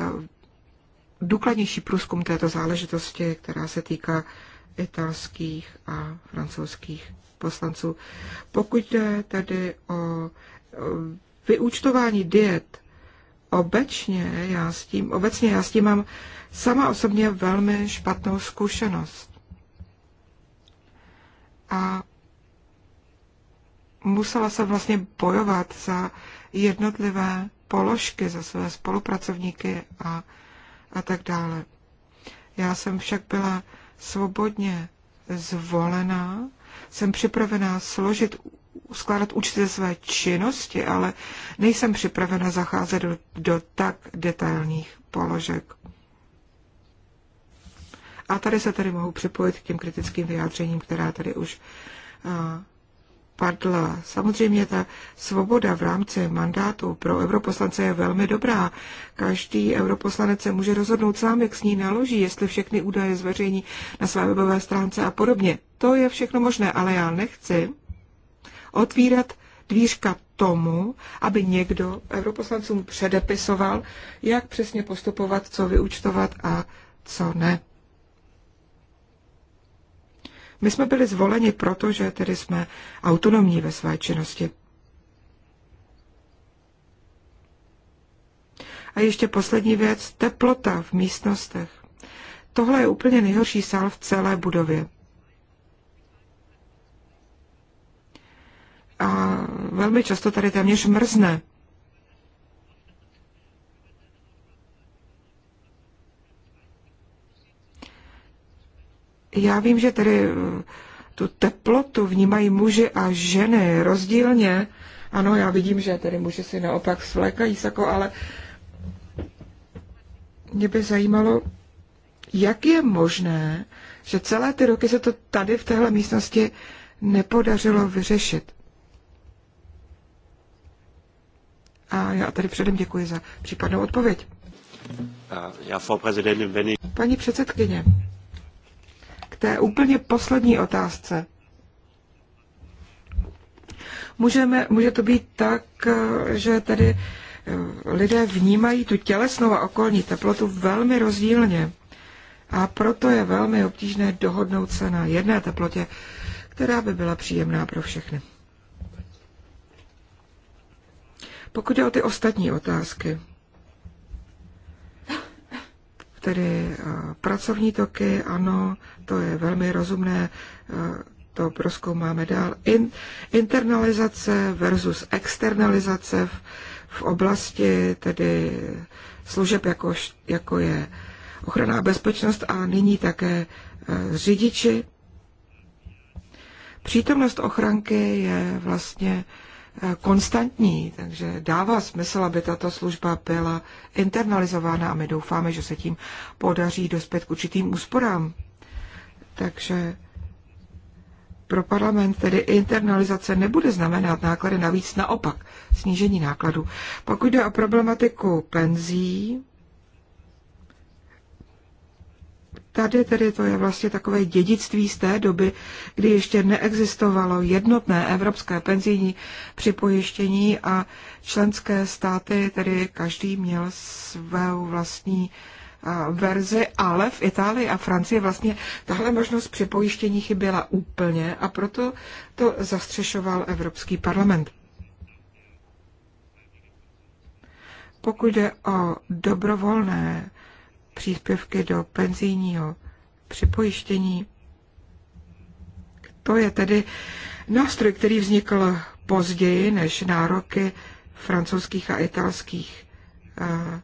eh, důkladnější průzkum této záležitosti, která se týká italských a francouzských poslanců. Pokud jde tedy o eh, vyúčtování diet obecně, já s tím, obecně já s tím mám sama osobně velmi špatnou zkušenost. A musela jsem vlastně bojovat za jednotlivé položky, za své spolupracovníky a, a tak dále. Já jsem však byla svobodně zvolená, jsem připravená složit, skládat účty ze své činnosti, ale nejsem připravena zacházet do, do tak detailních položek. A tady se tady mohu připojit k těm kritickým vyjádřením, která tady už padla. Samozřejmě ta svoboda v rámci mandátu pro europoslance je velmi dobrá. Každý europoslanec se může rozhodnout sám, jak s ní naloží, jestli všechny údaje zveřejní na své webové stránce a podobně. To je všechno možné, ale já nechci otvírat dvířka tomu, aby někdo europoslancům předepisoval, jak přesně postupovat, co vyúčtovat a co ne. My jsme byli zvoleni proto, že tedy jsme autonomní ve své činnosti. A ještě poslední věc, teplota v místnostech. Tohle je úplně nejhorší sál v celé budově. A velmi často tady téměř mrzne. Já vím, že tedy eh, tu teplotu vnímají muži a ženy rozdílně. Ano, já vidím, že tedy muži si naopak svlékají sako, ale mě by zajímalo, jak je možné, že celé ty roky se to tady v téhle místnosti nepodařilo vyřešit. A já tady předem děkuji za případnou odpověď. Já, Paní předsedkyně, té úplně poslední otázce. Můžeme, může to být tak, že tedy eh, lidé vnímají tu tělesnou a okolní teplotu velmi rozdílně. A proto je velmi obtížné dohodnout se na jedné teplotě, která by byla příjemná pro všechny. Pokud je o ty ostatní otázky, Tedy eh, pracovní toky, ano, to je velmi rozumné, eh, to proskoumáme dál. In, internalizace versus externalizace v, v oblasti tedy služeb, jako, jako je ochrana a bezpečnost a nyní také eh, řidiči. Přítomnost ochranky je vlastně konstantní, takže dává smysl, aby tato služba byla internalizována a my doufáme, že se tím podaří dospět k určitým úsporám. Takže pro parlament tedy internalizace nebude znamenat náklady navíc, naopak snížení nákladů. Pokud jde o problematiku penzí, Tady tedy to je vlastně takové dědictví z té doby, kdy ještě neexistovalo jednotné evropské penzijní připojištění a členské státy, tedy každý měl svou vlastní verzi, ale v Itálii a Francii vlastně tahle možnost připojištění chyběla úplně a proto to zastřešoval Evropský parlament. Pokud jde o dobrovolné příspěvky do penzijního připojištění. To je tedy nástroj, který vznikl později než nároky francouzských a italských eh,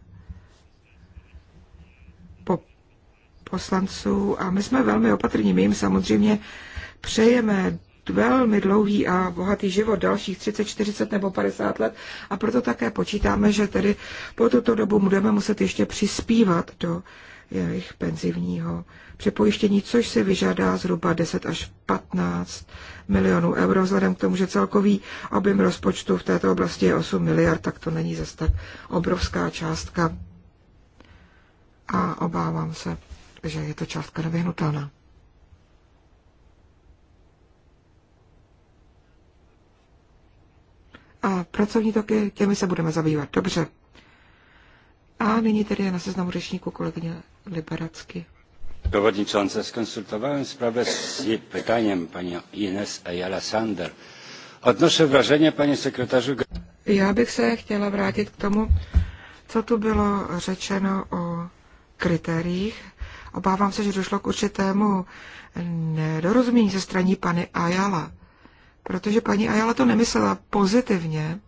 poslanců a my jsme velmi opatrní. My jim samozřejmě přejeme velmi dlouhý a bohatý život, dalších 30, 40 nebo 50 let a proto také počítáme, že tedy po tuto dobu budeme muset ještě přispívat do jejich penzivního přepojištění, což se vyžádá zhruba 10 až 15 milionů euro, vzhledem k tomu, že celkový objem rozpočtu v této oblasti je 8 miliard, tak to není zase tak obrovská částka. A obávám se, že je to částka nevyhnutelná. A pracovní toky, těmi se budeme zabývat. Dobře. A nyní tedy je na seznamu řečníku kolegyně Liberacky. Przewodniczący, skonsultowałem sprawę z pytaniem paní Ines Ayala Sander. Odnoszę wrażenie, panie sekretarzu... Já bych se chtěla vrátit k tomu, co tu bylo řečeno o kritériích. Obávám se, že došlo k určitému nedorozumění ze strany pany Ayala protože paní Ayala to nemyslela pozitivně.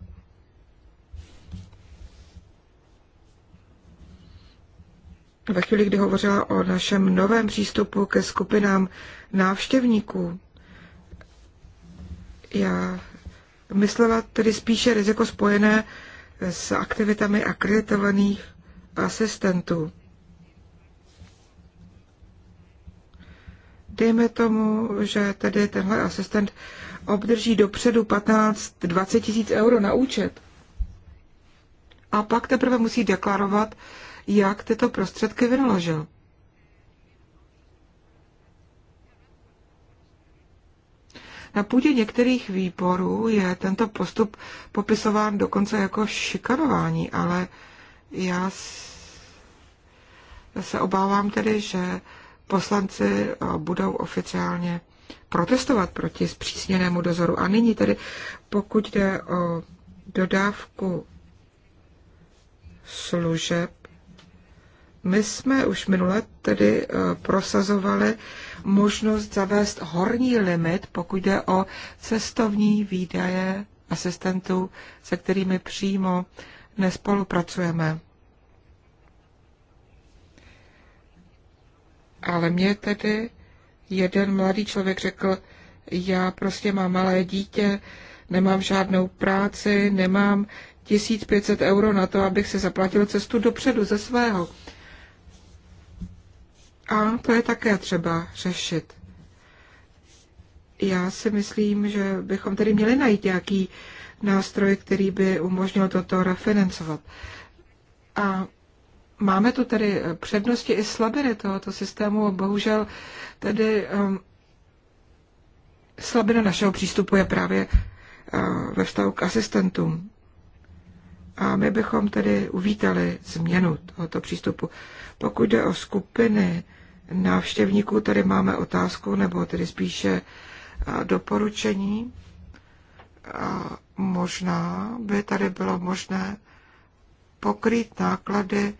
Ve chvíli, kdy hovořila o našem novém přístupu ke skupinám návštěvníků, já myslela tedy spíše riziko spojené s aktivitami akreditovaných asistentů. Dejme tomu, že tedy tenhle asistent obdrží dopředu 15-20 tisíc euro na účet. A pak teprve musí deklarovat, jak tyto prostředky vynaložil. Na půdě některých výborů je tento postup popisován dokonce jako šikanování, ale já se obávám tedy, že poslanci eh, budou oficiálně protestovat proti zpřísněnému dozoru. A nyní tedy, pokud jde o dodávku služeb, my jsme už minule tedy eh, prosazovali možnost zavést horní limit, pokud jde o cestovní výdaje asistentů, se kterými přímo nespolupracujeme. Ale mě tedy jeden mladý člověk řekl, já prostě mám malé dítě, nemám žádnou práci, nemám 1500 euro na to, abych si zaplatil cestu dopředu ze svého. A to je také třeba řešit. Já si myslím, že bychom tedy měli najít nějaký nástroj, který by umožnil toto refinancovat. A Máme tu tedy eh, přednosti i slabiny tohoto systému a bohužel tedy um, slabina našeho přístupu je právě uh, ve vztahu k asistentům. A my bychom tedy uvítali změnu tohoto přístupu. Pokud jde o skupiny návštěvníků, tady máme otázku, nebo tedy spíše uh, doporučení. A možná by tady bylo možné pokrýt náklady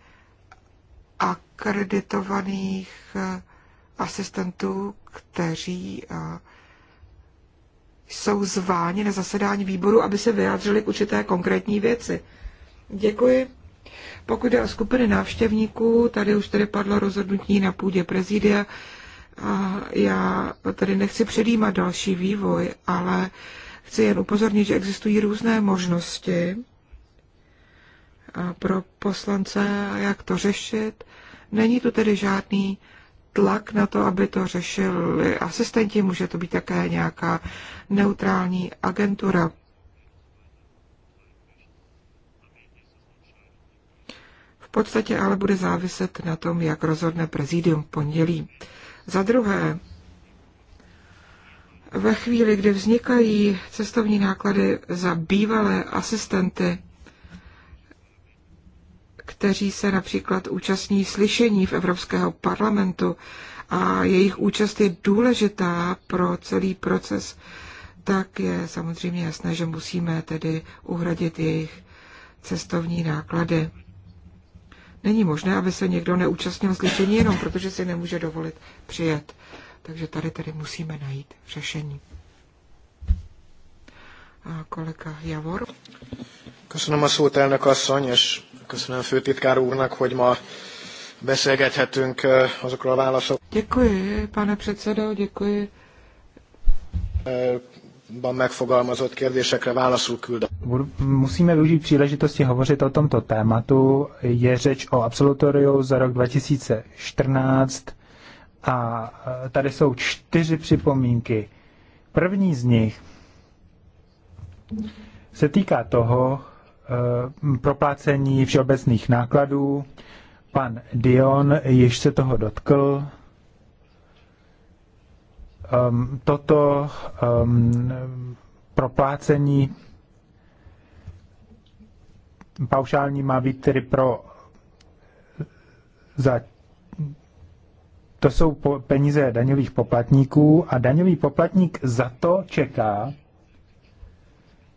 akreditovaných eh, asistentů, kteří eh, jsou zváni na zasedání výboru, aby se vyjádřili k určité konkrétní věci. Děkuji. Pokud jde o skupiny návštěvníků, tady už tady padlo rozhodnutí na půdě prezidia. Já tady nechci předjímat další vývoj, ale chci jen upozornit, že existují různé možnosti pro poslance, jak to řešit. Není tu tedy žádný tlak na to, aby to řešili asistenti, může to být také nějaká neutrální agentura. V podstatě ale bude záviset na tom, jak rozhodne prezidium v pondělí. Za druhé, ve chvíli, kdy vznikají cestovní náklady za bývalé asistenty, kteří se například účastní slyšení v Evropského parlamentu a jejich účast je důležitá pro celý proces, tak je samozřejmě jasné, že musíme tedy uhradit jejich cestovní náklady. Není možné, aby se někdo neúčastnil slyšení jenom protože si nemůže dovolit přijet. Takže tady tedy musíme najít řešení. A kolega Javor. Köszönöm a szót, elnök asszony, és Köszönöm főtitkár úrnak, hogy ma beszélgethetünk azokról a válaszok. Děkuji, pane předsedo, děkuji. Ban megfogalmazott kérdésekre válaszul küldött. Musíme využít příležitosti hovořit o tomto tématu. Je řeč o absolutoriu za rok 2014 a e, tady jsou čtyři připomínky. První z nich se týká toho, Eh, proplácení všeobecných nákladů. Pan Dion již se toho dotkl. Um, toto um, proplácení paušální má být tedy pro za to jsou peníze daňových poplatníků a daňový poplatník za to čeká,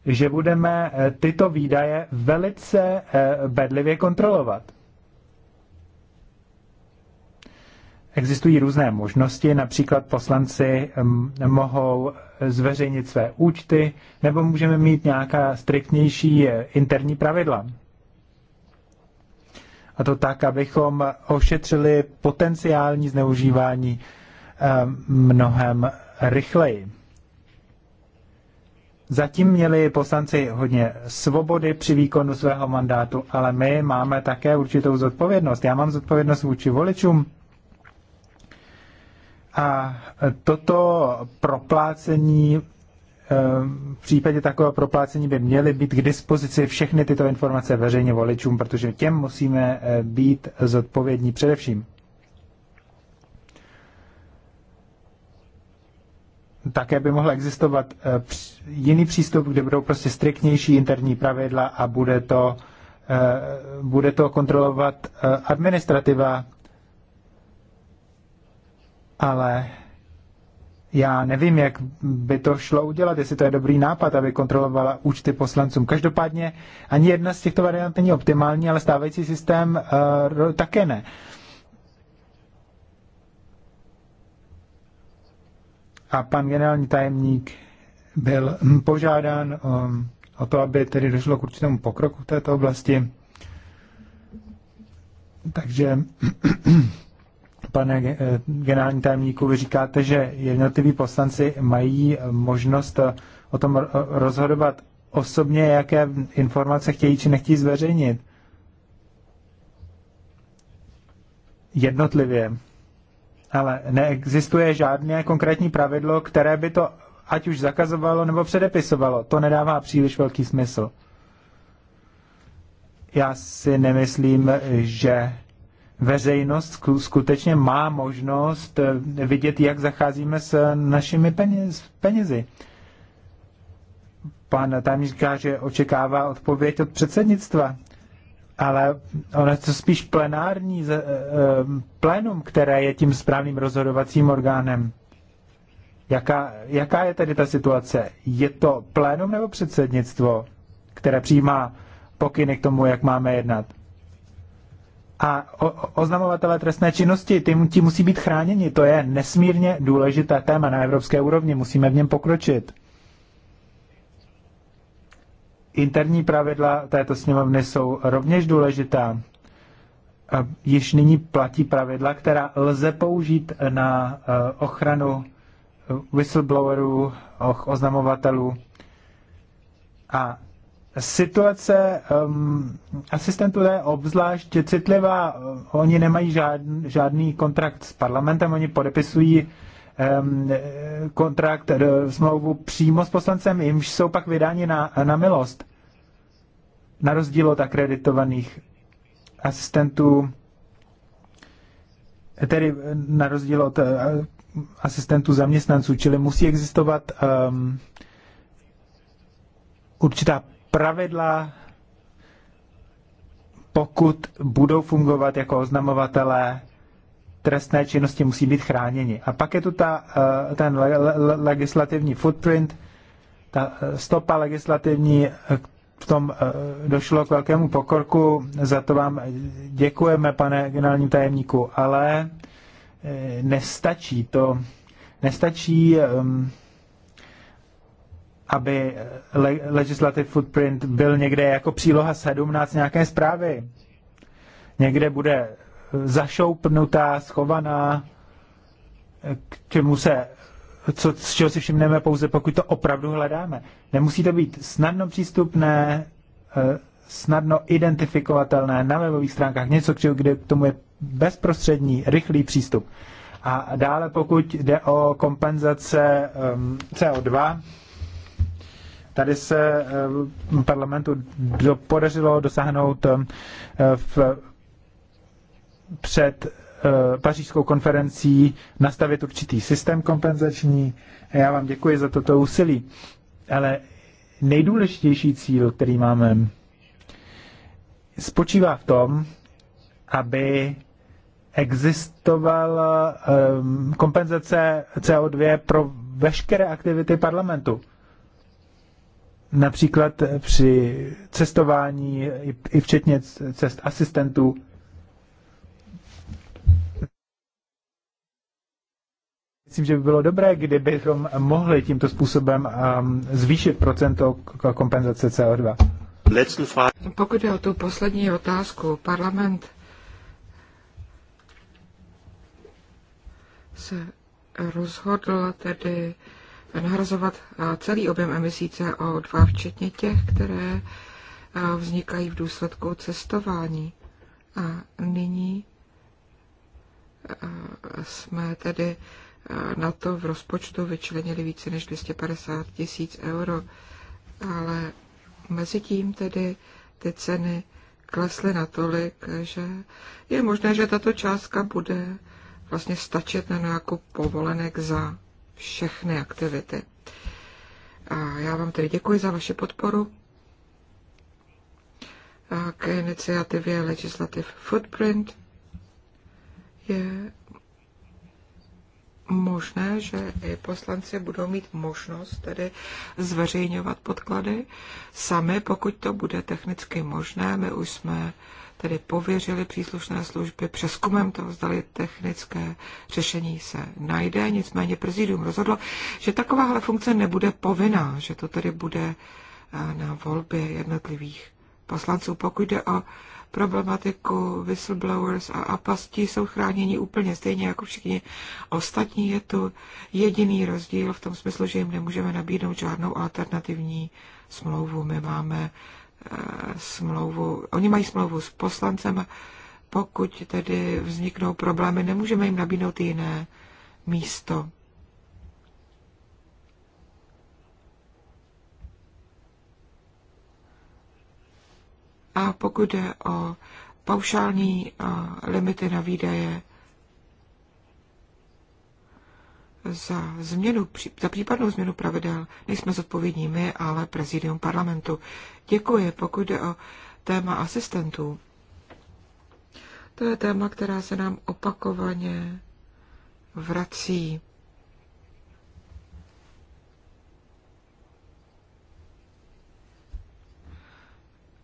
že budeme eh, tyto výdaje velice eh, bedlivě kontrolovat. Existují různé možnosti, například poslanci mm, mohou zveřejnit své účty, nebo můžeme mít nějaká striktnější eh, interní pravidla. A to tak, abychom ošetřili potenciální zneužívání mnohem rychleji. Zatím měli poslanci hodně svobody při výkonu svého mandátu, ale my máme také určitou zodpovědnost. Já mám zodpovědnost vůči voličům a toto proplácení eh, v případě takového proplácení by měly být k dispozici všechny tyto informace veřejně voličům, protože těm musíme eh, být zodpovědní především. také by mohl existovat eh, jiný přístup, kde budou prostě striktnější interní pravidla a bude to, eh, bude to kontrolovat eh, administrativa, ale já nevím, jak by to šlo udělat, jestli to je dobrý nápad, aby kontrolovala účty poslancům. Každopádně ani jedna z těchto variant není optimální, ale stávající systém uh, také ne. Uh, a pan generální tajemník byl požádán o, um, o to, aby tedy došlo k určitému pokroku v této oblasti. Takže, pane eh, generální tajemníku, vy říkáte, že jednotliví poslanci mají možnost eh, o tom rozhodovat osobně, jaké informace chtějí či nechtějí zveřejnit. Jednotlivě ale neexistuje žádné konkrétní pravidlo, které by to ať už zakazovalo nebo předepisovalo. To nedává příliš velký smysl. Já si nemyslím, že veřejnost skutečně má možnost eh, vidět, jak zacházíme s našimi penězi. Pan tam říká, že očekává odpověď od předsednictva ale ono je to spíš plenární eh, eh, plenum, které je tím správným rozhodovacím orgánem. Jaká, jaká je tedy ta situace? Je to plénum nebo předsednictvo, které přijímá pokyny k tomu, jak máme jednat? A o, oznamovatele trestné činnosti, ty, ti musí být chráněni. To je nesmírně důležité téma na evropské úrovni. Musíme v něm pokročit. Interní pravidla této sněmovny jsou rovněž důležitá. Již nyní platí pravidla, která lze použít na eh, ochranu eh, whistleblowerů, oznamovatelů. A situace um, asistentů je obzvlášť citlivá. Oni nemají žádný, žádný kontrakt s parlamentem, oni podepisují kontrakt, eh, smlouvu přímo s poslancem, jimž jsou pak vydáni na, na milost. Na rozdíl od akreditovaných asistentů, tedy na rozdíl od eh, asistentů zaměstnanců, čili musí existovat um, určitá pravidla, pokud budou fungovat jako oznamovatelé trestné činnosti musí být chráněni. A pak je tu ta, eh, ten legislativní footprint, ta eh, stopa legislativní, eh, v tom došlo k velkému pokorku, za to vám děkujeme, pane generální tajemníku, ale nestačí to, nestačí, ehm, aby legislative footprint byl někde jako příloha 17 nějaké zprávy. Někde bude zašoupnutá, schovaná, k čemu se, co, z čeho si všimneme pouze, pokud to opravdu hledáme. Nemusí to být snadno přístupné, eh, snadno identifikovatelné na webových stránkách, něco, kde k tomu je bezprostřední, rychlý přístup. A dále, pokud jde o kompenzace ehm, CO2, tady se eh, parlamentu podařilo dosáhnout eh, v před eh, pařížskou konferencí nastavit určitý systém kompenzační. A já vám děkuji za toto úsilí. Ale nejdůležitější cíl, který máme, spočívá v tom, aby existovala um, ehm, kompenzace CO2 pro veškeré aktivity parlamentu. Například při cestování, i včetně cest asistentů, Myslím, že by bylo dobré, kdybychom mohli tímto způsobem um, zvýšit procento kompenzace CO2. Pokud je o tu poslední otázku, parlament se rozhodl tedy nahrazovat celý objem emisí CO2, včetně těch, které vznikají v důsledku cestování. A nyní jsme tedy na to v rozpočtu vyčlenili více než 250 tisíc euro, ale mezi tím tedy ty ceny klesly natolik, že je možné, že tato částka bude vlastně stačit na nějakou povolenek za všechny aktivity. A já vám tedy děkuji za vaši podporu a k iniciativě Legislative Footprint je možné, že i poslanci budou mít možnost tedy zveřejňovat podklady sami, pokud to bude technicky možné. My už jsme tedy pověřili příslušné služby přeskumem toho, zdali technické řešení se najde. Nicméně prezidium rozhodlo, že takováhle funkce nebude povinná, že to tedy bude eh, na volbě jednotlivých poslanců. Pokud jde o problematiku whistleblowers a, a pastí jsou chráněni úplně stejně jako všichni ostatní. Je tu jediný rozdíl v tom smyslu, že jim nemůžeme nabídnout žádnou alternativní smlouvu. My máme eh, smlouvu, oni mají smlouvu s poslancem, pokud tedy vzniknou problémy, nemůžeme jim nabídnout jiné místo. A pokud jde o paušální limity na výdaje za, změnu, za případnou změnu pravidel, nejsme zodpovědní my, ale prezidium parlamentu. Děkuji, pokud jde o téma asistentů. To je téma, která se nám opakovaně vrací.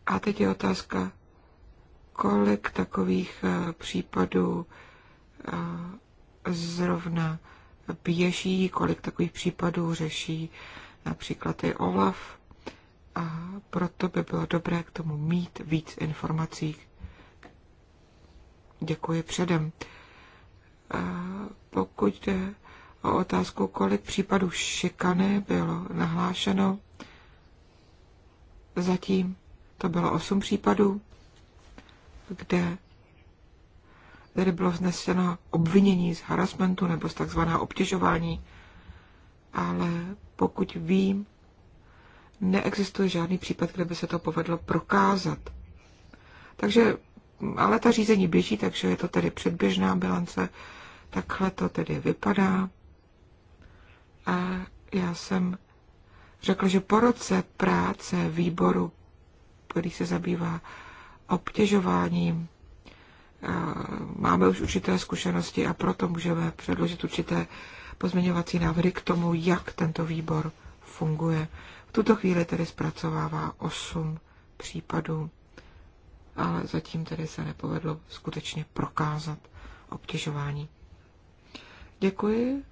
A teď je otázka, kolik takových eh, případů eh, zrovna běží, kolik takových případů řeší například i OLAF. A proto by bylo dobré k tomu mít víc informací. Děkuji předem. A eh, pokud jde o otázku, kolik případů šikany bylo nahlášeno, zatím to bylo osm případů, kde tedy bylo vzneseno obvinění z harasmentu nebo z takzvaného obtěžování, ale pokud vím, neexistuje žádný případ, kde by se to povedlo prokázat. Takže, ale ta řízení běží, takže je to tedy předběžná bilance, takhle to tedy vypadá. A já jsem řekl, že po roce práce výboru který se zabývá obtěžováním. Máme už určité zkušenosti a proto můžeme předložit určité pozměňovací návrhy k tomu, jak tento výbor funguje. V tuto chvíli tedy zpracovává 8 případů, ale zatím tedy se nepovedlo skutečně prokázat obtěžování. Děkuji.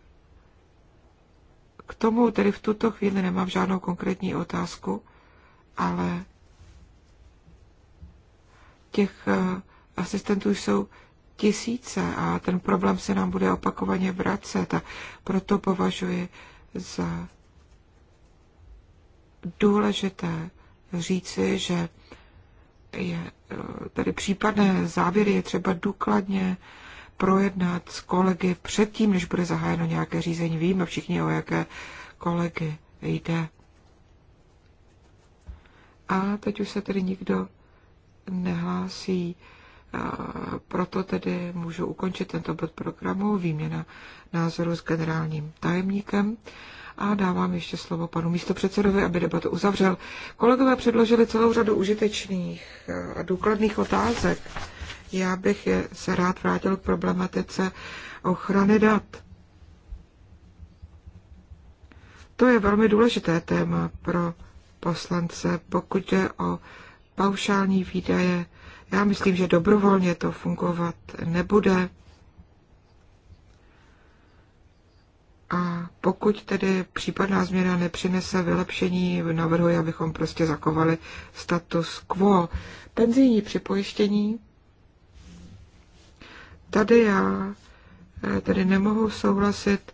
K tomu tedy v tuto chvíli nemám žádnou konkrétní otázku, ale těch eh, asistentů jsou tisíce a ten problém se nám bude opakovaně vracet a proto považuji za důležité říci, že je eh, tady případné závěry je třeba důkladně projednat s kolegy předtím, než bude zahájeno nějaké řízení. Víme všichni, o jaké kolegy jde. A teď už se tedy nikdo nehlásí. Proto tedy můžu ukončit tento bod programu, výměna názoru s generálním tajemníkem a dávám ještě slovo panu místopředsedovi, aby debatu uzavřel. Kolegové předložili celou řadu užitečných eh, a důkladných otázek. Já bych je se rád vrátil k problematice ochrany dat. To je velmi důležité téma pro poslance, pokud je o paušální výdaje. Já myslím, že dobrovolně to fungovat nebude. A pokud tedy případná změna nepřinese vylepšení, navrhuji, abychom prostě zakovali status quo. Penzijní připojištění. Tady já eh, tady nemohu souhlasit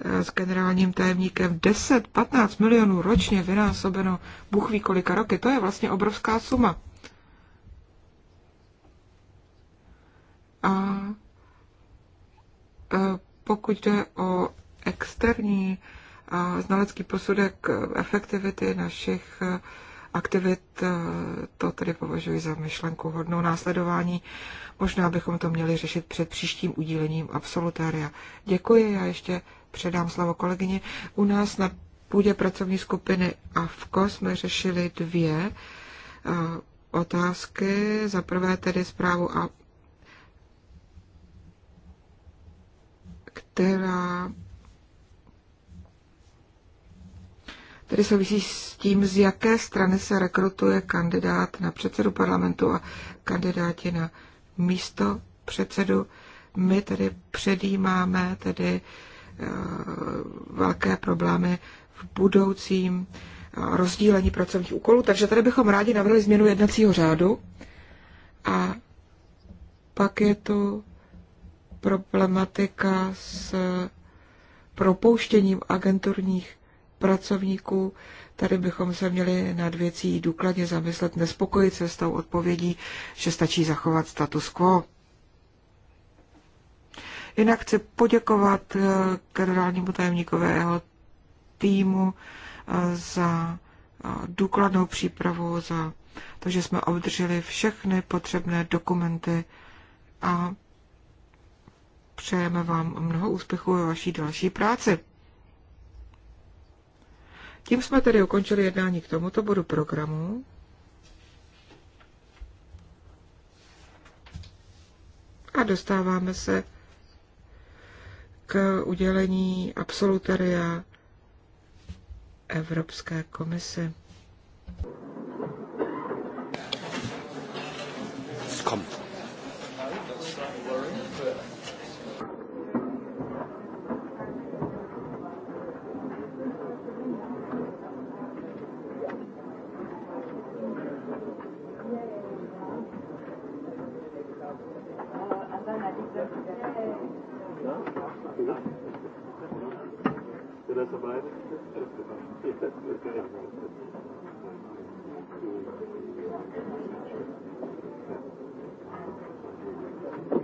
Eh, s generálním tajemníkem 10-15 milionů ročně vynásobeno Bůh ví kolika roky. To je vlastně obrovská suma. A eh, pokud jde o externí znalecký posudek efektivity našich eh, aktivit, to tedy považuji za myšlenku hodnou následování. Možná bychom to měli řešit před příštím udílením absolutária. Děkuji, já ještě předám slovo kolegyně. U nás na půdě pracovní skupiny AFKO jsme řešili dvě eh, otázky. Za prvé tedy zprávu a která tedy souvisí s tím, z jaké strany se rekrutuje kandidát na předsedu parlamentu a kandidáti na místo předsedu. My tedy předjímáme tedy uh, Eh, velké problémy v budoucím eh, rozdílení pracovních úkolů. Takže tady bychom rádi navrhli změnu jednacího řádu. A pak je tu problematika s propouštěním agenturních pracovníků. Tady bychom se měli nad věcí důkladně zamyslet, nespokojit se s tou odpovědí, že stačí zachovat status quo. Jinak chci poděkovat eh, generálnímu tajemníkovi jeho týmu eh, za eh, důkladnou přípravu, za to, že jsme obdrželi všechny potřebné dokumenty a přejeme vám mnoho úspěchů ve vaší další práci. Tím jsme tedy ukončili jednání k tomuto bodu programu. A dostáváme se udělení absolutaria Evropské komise. Kommt. Professor Weiden. Thank you.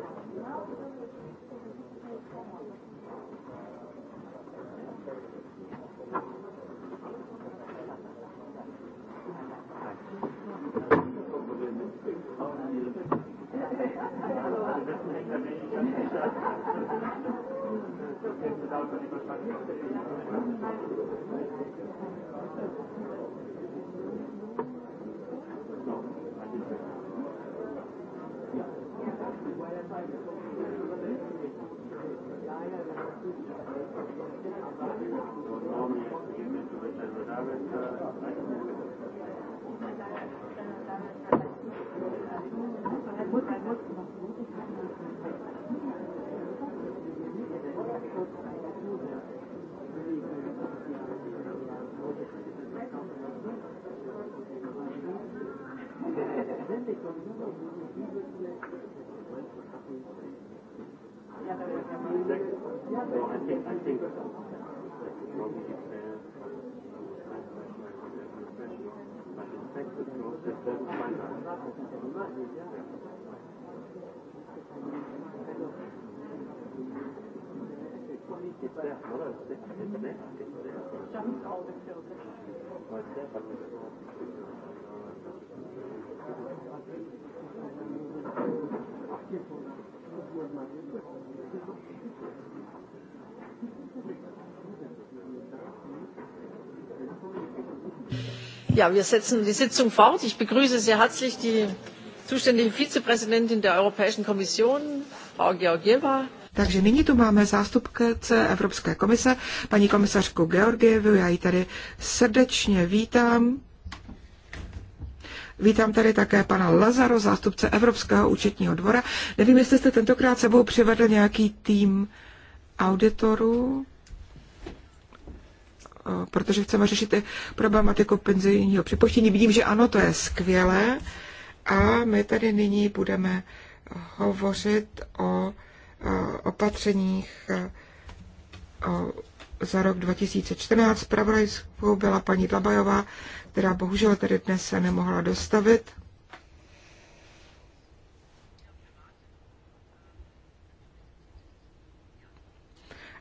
Yeah, no, I think, I think probably fair, but in fact the process doesn't find out. It's there, it's there. Jumps all the children. Well, it's there, but it's wir setzen die Sitzung fort. Ich begrüße sehr herzlich die zuständige Vizepräsidentin der Europäischen Kommission, Frau Georgieva. Takže nyní tu máme zástupce Evropské komise, paní komisařku Georgievu. Já ji tady srdečně vítám. Vítám tady také pana Lazaro, zástupce Evropského účetního dvora. Nevím, jestli jste tentokrát sebou přivedl nějaký tým auditorů protože chceme řešit i problematiku penzijního připoštění. Vidím, že ano, to je skvělé. A my tady nyní budeme hovořit o opatřeních za rok 2014. Spravodajskou byla paní Dlabajová, která bohužel tady dnes se nemohla dostavit.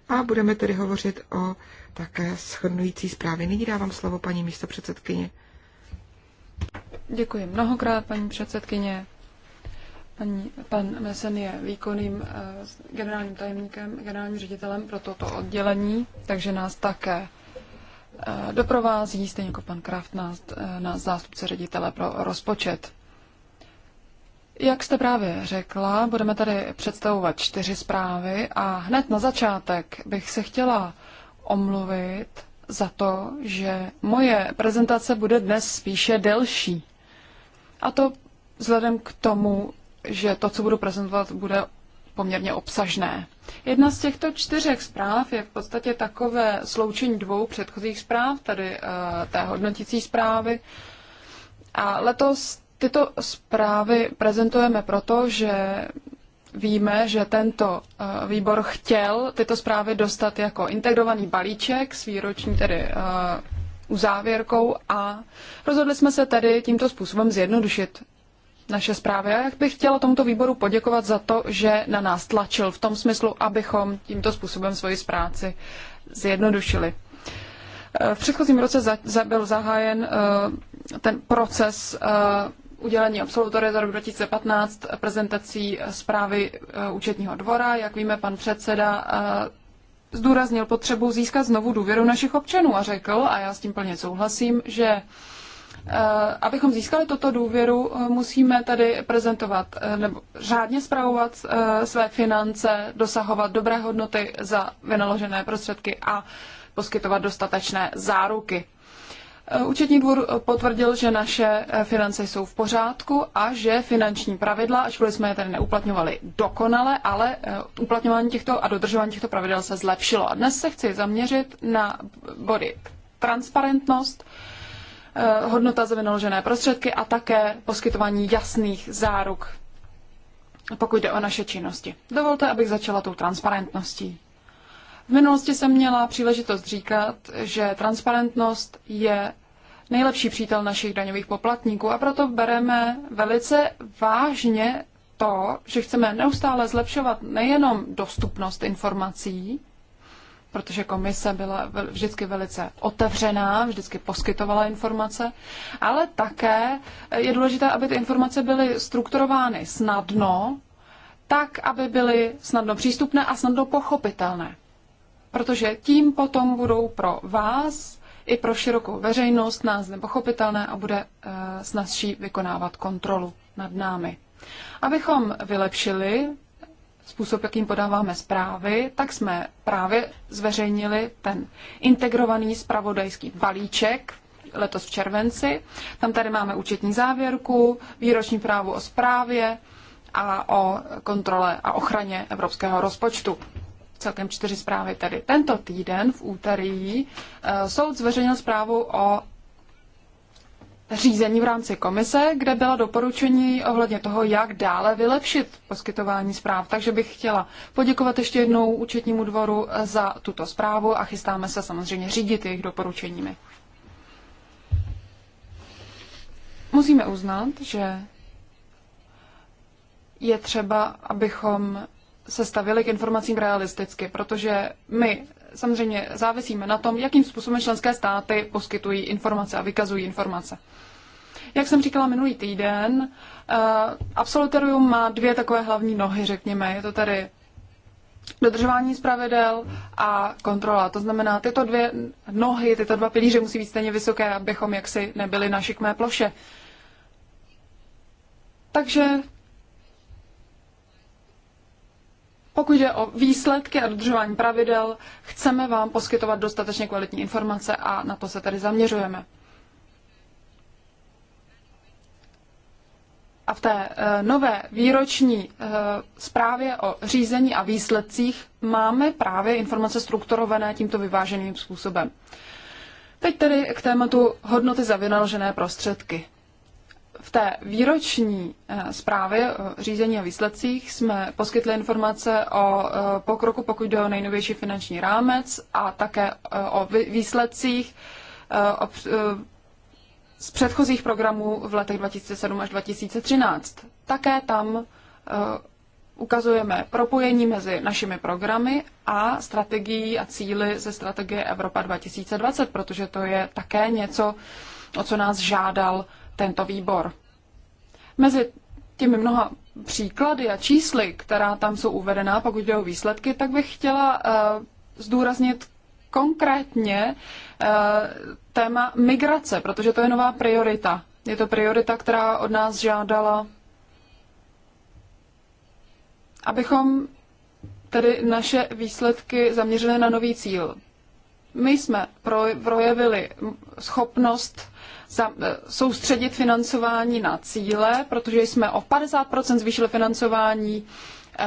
A budeme tedy hovořit o také shrnující zprávy. Nyní dávám slovo paní místo předsedkyně. Děkuji mnohokrát, paní předsedkyně. Pan, pan Mesen je výkonným uh, generálním tajemníkem, generálním ředitelem pro toto oddělení, takže nás také uh, doprovází, stejně jako pan Kraft, nás, uh, nás zástupce ředitele pro rozpočet. Jak jste právě řekla, budeme tady představovat čtyři zprávy a hned na začátek bych se chtěla omluvit za to, že moje prezentace bude dnes spíše delší. A to vzhledem k tomu, že to, co budu prezentovat, bude poměrně obsažné. Jedna z těchto čtyřech zpráv je v podstatě takové sloučení dvou předchozích zpráv, tady eh, té hodnotící zprávy. A letos tyto zprávy prezentujeme proto, že víme, že tento eh, výbor chtěl tyto zprávy dostat jako integrovaný balíček s výroční tedy eh, uzávěrkou a rozhodli jsme se tedy tímto způsobem zjednodušit naše zprávy. A jak bych chtěla tomuto výboru poděkovat za to, že na nás tlačil v tom smyslu, abychom tímto způsobem svoji zpráci zjednodušili. Eh, v předchozím roce za, za byl zahájen uh, ten proces uh, udělení absolutoria za rok 2015 prezentací zprávy eh, účetního dvora. Jak víme, pan předseda eh, zdůraznil potřebu získat znovu důvěru našich občanů a řekl, a já s tím plně souhlasím, že eh, abychom získali toto důvěru, musíme tady prezentovat nebo řádně zpravovat své finance, dosahovat dobré hodnoty za vynaložené prostředky a poskytovat dostatečné záruky. Eh, účetní dvůr eh, potvrdil, že naše eh, finance jsou v pořádku a že finanční pravidla, ačkoliv jsme je tady neuplatňovali dokonale, ale uplatňování těchto a dodržování těchto pravidel se zlepšilo. A dnes se chci zaměřit na body transparentnost, hodnota za vynaložené prostředky a také poskytování jasných záruk, pokud jde o naše činnosti. Dovolte, abych začala tou transparentností. V minulosti jsem měla příležitost říkat, že transparentnost je nejlepší přítel našich daňových poplatníků a proto bereme velice vážně to, že chceme neustále zlepšovat nejenom dostupnost informací, protože komise byla vždycky velice otevřená, vždycky poskytovala informace, ale také je důležité, aby ty informace byly strukturovány snadno, tak, aby byly snadno přístupné a snadno pochopitelné. Protože tím potom budou pro vás i pro širokou veřejnost nás nepochopitelné a bude eh, snazší vykonávat kontrolu nad námi. Abychom vylepšili způsob, jakým podáváme zprávy, tak jsme právě zveřejnili ten integrovaný spravodajský balíček letos v červenci. Tam tady máme účetní závěrku, výroční právo o zprávě a o kontrole a ochraně evropského rozpočtu celkem čtyři zprávy tedy. Tento týden v úterý eh, soud zveřejnil zprávu o řízení v rámci komise, kde byla doporučení ohledně toho, jak dále vylepšit poskytování zpráv. Takže bych chtěla poděkovat ještě jednou účetnímu dvoru eh, za tuto zprávu a chystáme se samozřejmě řídit jejich doporučeními. Musíme uznat, že je třeba, abychom se stavili k informacím realisticky, protože my samozřejmě závisíme na tom, jakým způsobem členské státy poskytují informace a vykazují informace. Jak jsem říkala minulý týden, eh, absolutorium má dvě takové hlavní nohy, řekněme. Je to tady dodržování zpravidel a kontrola. To znamená, tyto dvě nohy, tyto dva pilíře musí být stejně vysoké, abychom jaksi nebyli na šikmé ploše. Takže Pokud jde o výsledky a dodržování pravidel, chceme vám poskytovat dostatečně kvalitní informace a na to se tady zaměřujeme. A v té eh, nové výroční eh, zprávě o řízení a výsledcích máme právě informace strukturované tímto vyváženým způsobem. Teď tedy k tématu hodnoty za vynaložené prostředky v té výroční eh, zprávě o řízení a výsledcích jsme poskytli informace o eh, pokroku, pokud jde o nejnovější finanční rámec a také eh, o výsledcích o z předchozích programů v letech 2007 až 2013. Také tam ukazujeme propojení mezi našimi programy a strategií a cíly ze strategie Evropa 2020, protože to je také něco, o co nás žádal tento výbor. Mezi těmi mnoha příklady a čísly, která tam jsou uvedená, pokud jde o výsledky, tak bych chtěla uh, zdůraznit konkrétně uh, téma migrace, protože to je nová priorita. Je to priorita, která od nás žádala, abychom tedy naše výsledky zaměřili na nový cíl. My jsme projevili schopnost E, soustředit financování na cíle, protože jsme o 50% zvýšili financování e,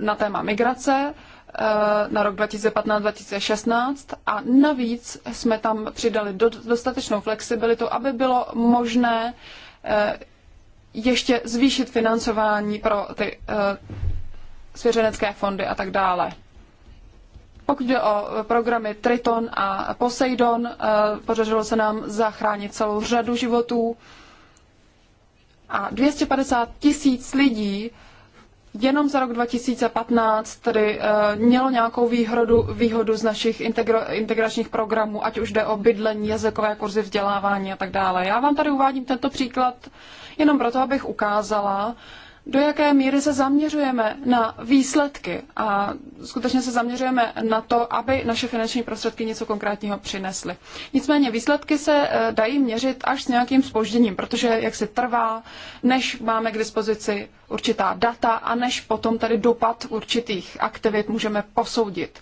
na téma migrace e, na rok 2015-2016 a navíc jsme tam přidali dostatečnou flexibilitu, aby bylo možné ještě zvýšit financování pro ty svěřenecké fondy a tak dále. Pokud jde o programy Triton a Poseidon, eh, podařilo se nám zachránit celou řadu životů a 250 tisíc lidí jenom za rok 2015 tedy eh, mělo nějakou výhodu, výhodu z našich integra, integračních programů, ať už jde o bydlení, jazykové kurzy, vzdělávání a tak dále. Já vám tady uvádím tento příklad jenom proto, abych ukázala, do jaké míry se zaměřujeme na výsledky a skutečně se zaměřujeme na to, aby naše finanční prostředky něco konkrétního přinesly. Nicméně výsledky se eh, dají měřit až s nějakým spožděním, protože jak se trvá, než máme k dispozici určitá data a než potom tady dopad určitých aktivit můžeme posoudit.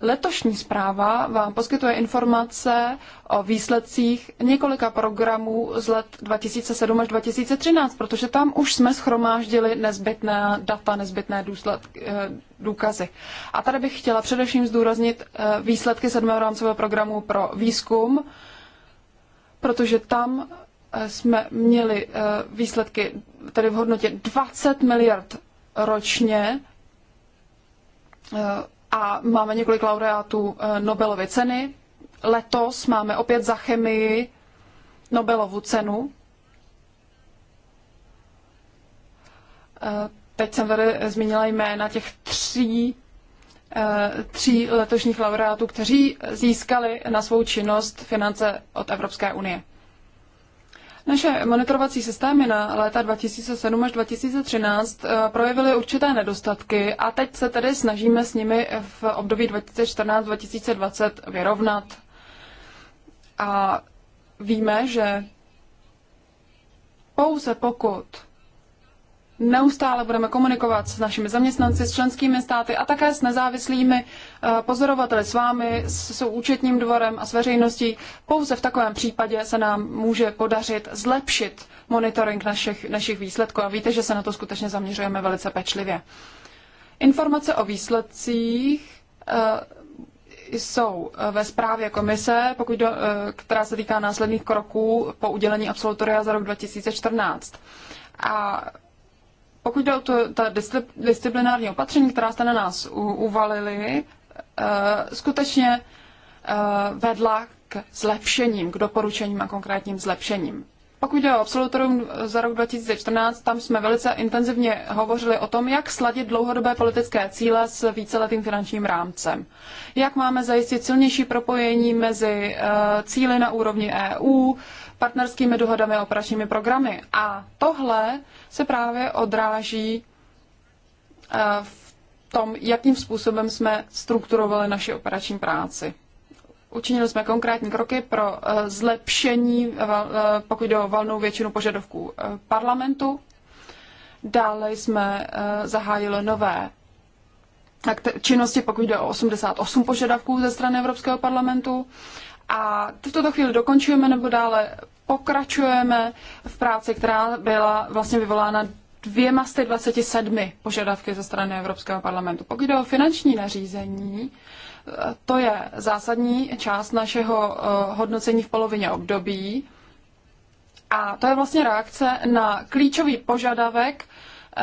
Letošní zpráva vám poskytuje informace o výsledcích několika programů z let 2007 až 2013, protože tam už jsme schromáždili nezbytné data, nezbytné důsledky, eh, důkazy. A tady bych chtěla především zdůraznit eh, výsledky sedmého rámcového programu pro výzkum, protože tam eh, jsme měli výsledky tedy v hodnotě 20 miliard ročně a máme několik laureátů eh, Nobelovy ceny. Letos máme opět za chemii Nobelovu cenu. Eh, teď jsem tady zmínila jména těch tří, eh, tří letošních laureátů, kteří získali na svou činnost finance od Evropské unie. Naše monitorovací systémy na léta 2007 až 2013 eh, projevily určité nedostatky a teď se tedy snažíme s nimi v období 2014-2020 vyrovnat. A víme, že pouze pokud Neustále budeme komunikovat s našimi zaměstnanci, s členskými státy a také s nezávislými eh, pozorovateli, s vámi, s, účetním dvorem a s veřejností. Pouze v takovém případě se nám může podařit zlepšit monitoring našich, našich výsledků a víte, že se na to skutečně zaměřujeme velice pečlivě. Informace o výsledcích eh, jsou eh, ve zprávě komise, pokud do, která se týká následných kroků po udělení absolutoria za rok 2014. A pokud jde o to, ta disciplinární opatření, která jste na nás uvalili, eh, skutečně eh, vedla k zlepšením, k doporučením a konkrétním zlepšením. Pokud jde o absolutorium za rok 2014, tam jsme velice intenzivně hovořili o tom, jak sladit dlouhodobé politické cíle s víceletým finančním rámcem. Jak máme zajistit silnější propojení mezi eh, cíly na úrovni EU, partnerskými dohodami a operačními programy. A tohle se právě odráží eh, v tom, jakým způsobem jsme strukturovali naši operační práci. Učinili jsme konkrétní kroky pro eh, zlepšení, eh, pokud jde o valnou většinu požadavků parlamentu. Dále jsme zahájili nové činnosti, pokud jde o 88 požadavků ze strany Evropského parlamentu. A v tuto chvíli dokončujeme nebo dále pokračujeme v práci, která byla vlastně vyvolána dvěma z 27 požadavky ze strany Evropského parlamentu. Pokud jde o finanční nařízení, to je zásadní část našeho eh, hodnocení v polovině období. A to je vlastně reakce na klíčový požadavek eh,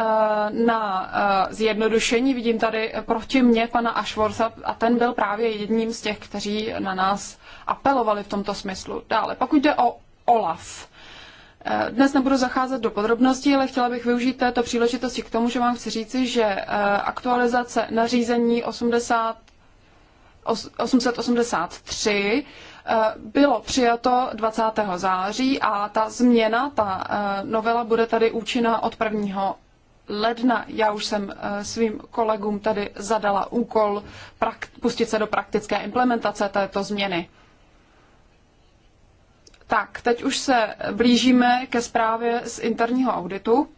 na eh, zjednodušení. Vidím tady proti mně pana Ashwortha a ten byl právě jedním z těch, kteří na nás apelovali v tomto smyslu. Dále, pokud jde o OLAF. Eh, dnes nebudu zacházet do podrobností, ale chtěla bych využít této příležitosti k tomu, že vám chci říci, že eh, aktualizace nařízení 80, 883 eh, bylo přijato 20. září a ta změna, ta novela bude tady účinná od 1. ledna. Já už jsem svým kolegům tady zadala úkol pustit se do praktické implementace této změny. Tak, teď už se blížíme ke zprávě z interního auditu.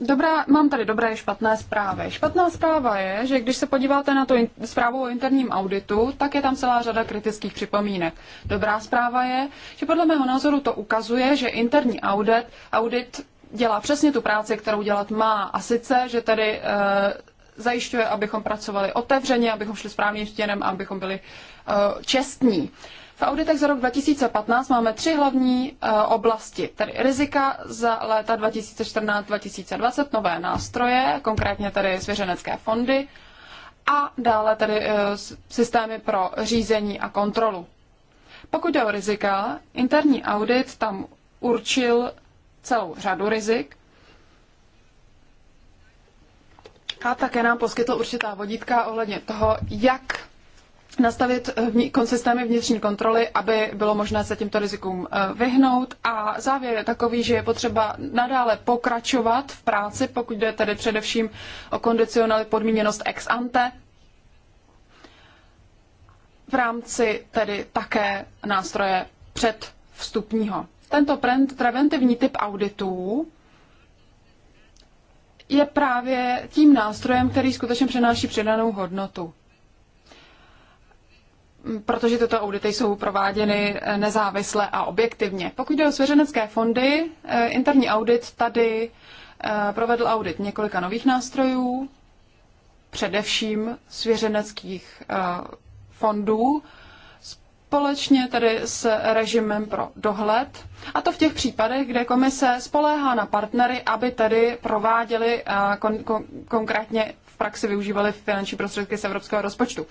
Dobrá, mám tady dobré i špatné zprávy. Špatná zpráva je, že když se podíváte na tu in, zprávu o interním auditu, tak je tam celá řada kritických připomínek. Dobrá zpráva je, že podle mého názoru to ukazuje, že interní audit, audit dělá přesně tu práci, kterou dělat má. A sice, že tady e, eh, zajišťuje, abychom pracovali otevřeně, abychom šli správným stěnem a abychom byli e, čestní auditech za rok 2015 máme tři hlavní eh, oblasti, tedy rizika za léta 2014-2020, nové nástroje, konkrétně tedy svěřenecké fondy a dále tedy eh, systémy pro řízení a kontrolu. Pokud jde o rizika, interní audit tam určil celou řadu rizik a také nám poskytl určitá vodítka ohledně toho, jak nastavit systémy vnitřní kontroly, aby bylo možné se těmto rizikům eh, vyhnout. A závěr je takový, že je potřeba nadále pokračovat v práci, pokud jde tedy především o kondicionální podmíněnost ex ante, v rámci tedy také nástroje předvstupního. Tento preventivní typ auditů je právě tím nástrojem, který skutečně přináší přidanou hodnotu protože tyto audity jsou prováděny eh, nezávisle a objektivně. Pokud jde o svěřenecké fondy, eh, interní audit tady eh, provedl audit několika nových nástrojů, především svěřeneckých fondů, společně tedy s režimem pro dohled, a to v těch případech, kde komise spoléhá na partnery, aby tedy prováděli kon- kon- konkrétně v praxi využívali finanční prostředky z evropského rozpočtu. Uh,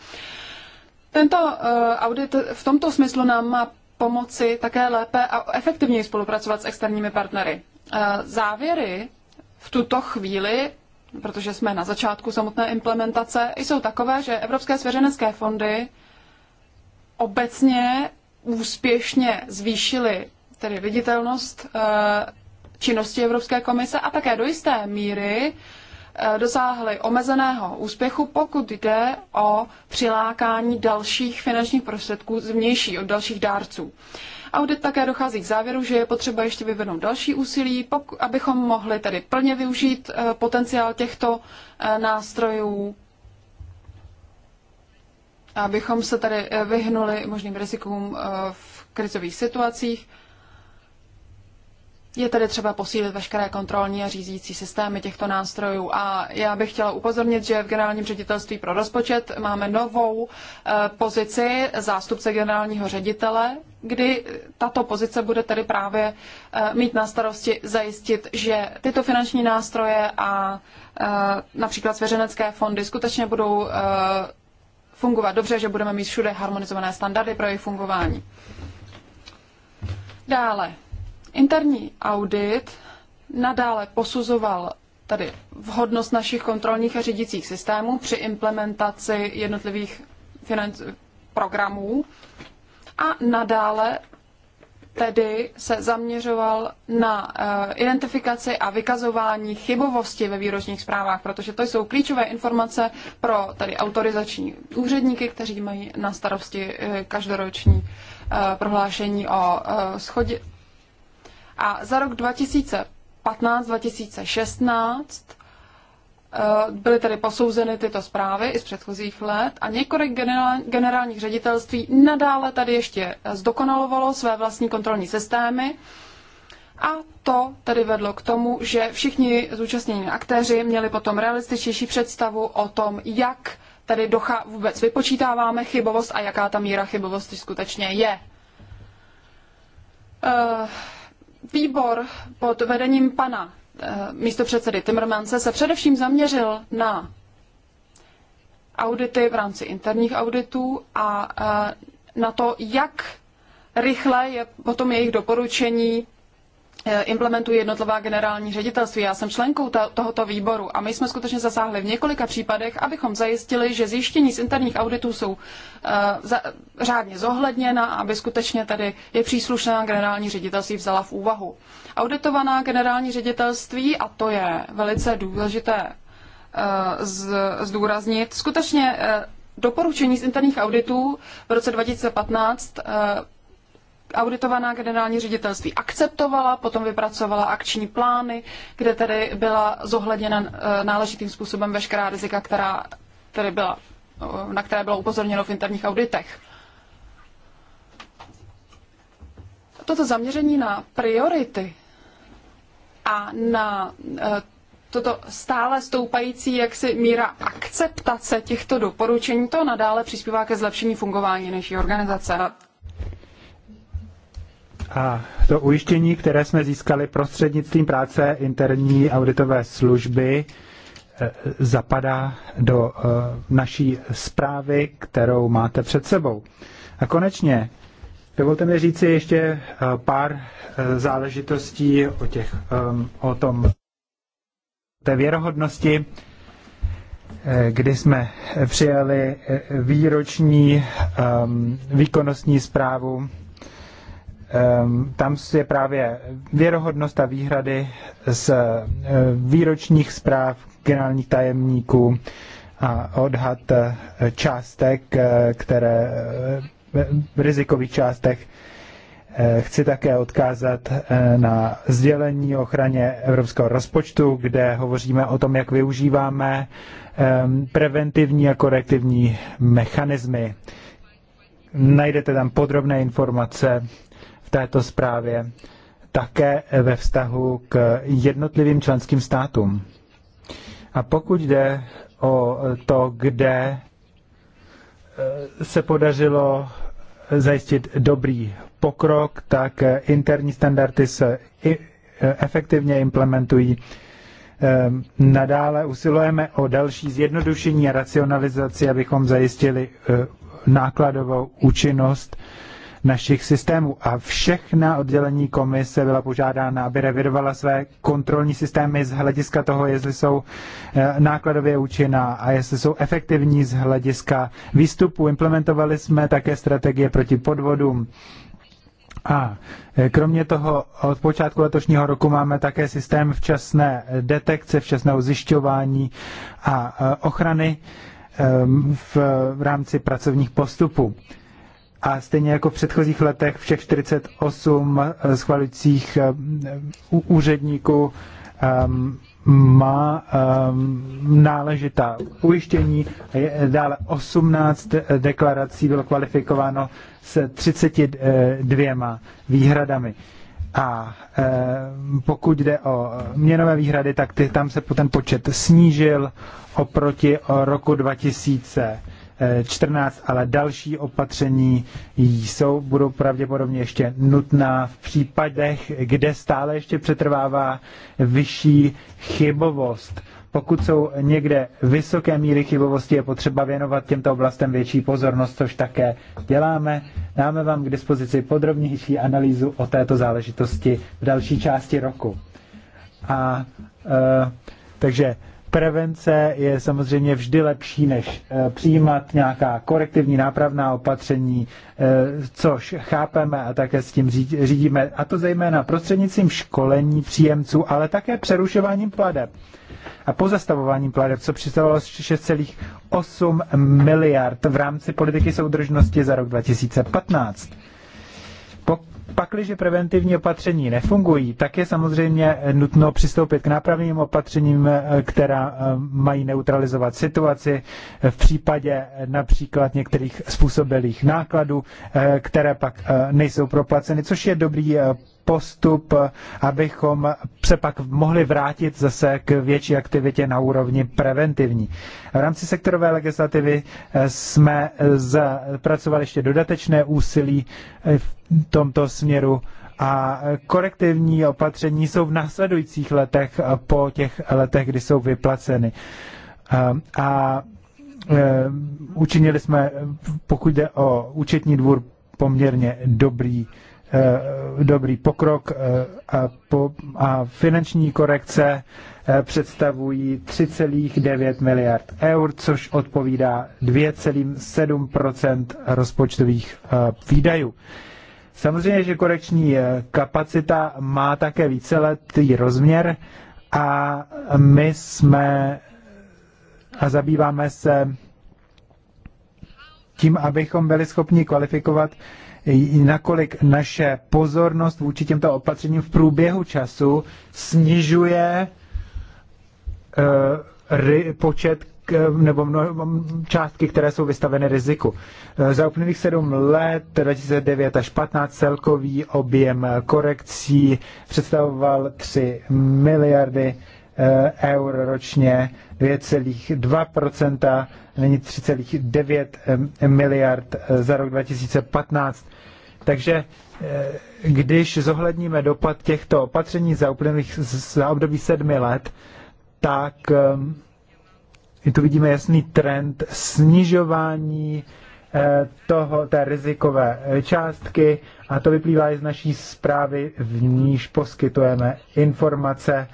tento eh, audit v tomto smyslu nám má pomoci také lépe a efektivněji spolupracovat s externími partnery. Eh, závěry v tuto chvíli protože jsme na začátku samotné implementace, jsou takové, že evropské svěřenecké fondy obecně úspěšně zvýšily tedy viditelnost eh, činnosti Evropské komise a také do jisté míry Eh, dosáhly omezeného úspěchu, pokud jde o přilákání dalších finančních prostředků zvnější od dalších dárců. Audit také dochází k závěru, že je potřeba ještě vyvinout další úsilí, abychom mohli tedy plně využít eh, potenciál těchto eh, nástrojů, abychom se tady vyhnuli možným rizikům v krizových situacích. Je tedy třeba posílit veškeré kontrolní a řízící systémy těchto nástrojů. A já bych chtěla upozornit, že v Generálním ředitelství pro rozpočet máme novou eh, pozici zástupce generálního ředitele, kdy tato pozice bude tedy právě eh, mít na starosti zajistit, že tyto finanční nástroje a eh, například svěřenecké fondy skutečně budou fungovat dobře, že budeme mít všude harmonizované standardy pro jejich fungování. Dále, Interní audit nadále posuzoval tady vhodnost našich kontrolních a řídicích systémů při implementaci jednotlivých financ- programů a nadále tedy se zaměřoval na eh, identifikaci a vykazování chybovosti ve výročních zprávách, protože to jsou klíčové informace pro tady autorizační úředníky, kteří mají na starosti eh, každoroční eh, prohlášení o schodě, a za rok 2015-2016 eh, byly tedy posouzeny tyto zprávy i z předchozích let a několik generálních ředitelství nadále tady ještě zdokonalovalo své vlastní kontrolní systémy a to tedy vedlo k tomu, že všichni zúčastnění aktéři měli potom realističtější představu o tom, jak tady docha- vůbec vypočítáváme chybovost a jaká ta míra chybovosti skutečně je. Uh Výbor pod vedením pana eh, místopředsedy Timmermanse se především zaměřil na audity v rámci interních auditů a eh, na to, jak rychle je potom jejich doporučení Eh, implementují jednotlivá generální ředitelství. Já jsem členkou tohoto výboru a my jsme skutečně zasáhli v několika případech, abychom zajistili, že zjištění z interních auditů jsou eh, řádně zohledněna, aby skutečně tady je příslušná generální ředitelství vzala v úvahu. Auditovaná generální ředitelství, a to je velice důležité eh, z, zdůraznit, skutečně doporučení z interních auditů v roce 2015 auditovaná generální ředitelství akceptovala, potom vypracovala akční plány, kde tedy byla zohledněna eh, náležitým způsobem veškerá rizika, která tedy byla, eh, na které bylo upozorněno v interních auditech. Toto zaměření na priority a na eh, toto stále stoupající jaksi míra akceptace těchto doporučení, to nadále přispívá ke zlepšení fungování naší organizace. A to ujištění, které jsme získali prostřednictvím práce interní auditové služby, eh, zapadá do eh, naší zprávy, kterou máte před sebou. A konečně, dovolte mi říci ještě eh, pár záležitostí o, těch, o tom té věrohodnosti, kdy jsme přijali výroční výkonnostní zprávu Ehm, tam je právě věrohodnost a výhrady z eh, výročních zpráv generálních tajemníků a odhad eh, částek, eh, které rizikových částech. Chci také odkázat na sdělení o ochraně evropského rozpočtu, kde hovoříme o tom, jak využíváme ehm, preventivní a korektivní mechanismy. Najdete tam podrobné informace této zprávě také ve vztahu k jednotlivým členským státům. A pokud jde o to, kde eh, se podařilo zajistit dobrý pokrok, tak eh, interní standardy se eh, efektivně implementují. Nadále usilujeme o další zjednodušení a racionalizaci, abychom zajistili nákladovou účinnost našich systémů. A všechna oddělení komise byla požádána, aby revidovala své kontrolní systémy z hlediska toho, jestli jsou eh, nákladově účinná a jestli jsou efektivní z hlediska výstupu. Implementovali jsme také strategie proti podvodům. A eh, kromě toho od počátku letošního roku máme také systém včasné detekce, včasného zjišťování a eh, ochrany v rámci pracovních postupů a stejně jako v předchozích letech všech 48 eh, schvalujících eh, úředníků ehm, má ehm, náležitá ujištění. Dále 18 eh, deklarací bylo kvalifikováno s 32 výhradami. A e, pokud jde o měnové výhrady, tak ty, tam se ten počet snížil oproti roku 2000. 14, ale další opatření jsou, budou pravděpodobně ještě nutná v případech, kde stále ještě přetrvává vyšší chybovost. Pokud jsou někde vysoké míry chybovosti, je potřeba věnovat těmto oblastem větší pozornost, což také děláme. Dáme vám k dispozici podrobnější analýzu o této záležitosti v další části roku. A e, takže prevence je samozřejmě vždy lepší, než eh, přijímat nějaká korektivní nápravná opatření, eh, což chápeme a také s tím řídíme, a to zejména prostřednictvím školení příjemců, ale také přerušováním pladeb a pozastavováním pladeb, co představovalo 6,8 miliard v rámci politiky soudržnosti za rok 2015. Pakliže preventivní opatření nefungují, tak je samozřejmě nutno přistoupit k nápravným opatřením, eh, která eh, mají neutralizovat situaci v případě eh, například některých způsobilých nákladů, které pak nejsou proplaceny, což je dobrý postup, abychom se pak mohli vrátit zase k větší aktivitě na úrovni preventivní. V rámci sektorové legislativy eh, jsme zapracovali ještě dodatečné úsilí eh, v tomto směru a korektivní opatření jsou v následujících letech eh, po těch letech, kdy jsou vyplaceny. A učinili jsme, pokud jde o účetní dvůr, poměrně dobrý Eh, dobrý pokrok eh, a, po, a finanční korekce eh, představují 3,9 miliard eur, což odpovídá 2,7 rozpočtových výdajů. Samozřejmě, že korekční kapacita má také víceletý rozměr a my jsme a zabýváme se tím, abychom byli schopni kvalifikovat uh, nakolik naše pozornost vůči těmto opatřením v průběhu času snižuje eh, ry, počet k, nebo částky, které jsou vystaveny riziku. Eh, za uplynulých sedm let, 2009 až 15, celkový objem korekcí představoval 3 miliardy eh, eur ročně 2,2%, není 3,9 eh, miliard eh, za rok 2015. Takže eh, když zohledníme dopad těchto opatření za, uplynulých, za období sedmi let, tak i tu vidíme jasný trend snižování toho, té rizikové částky a to vyplývá i z naší zprávy, v níž poskytujeme informace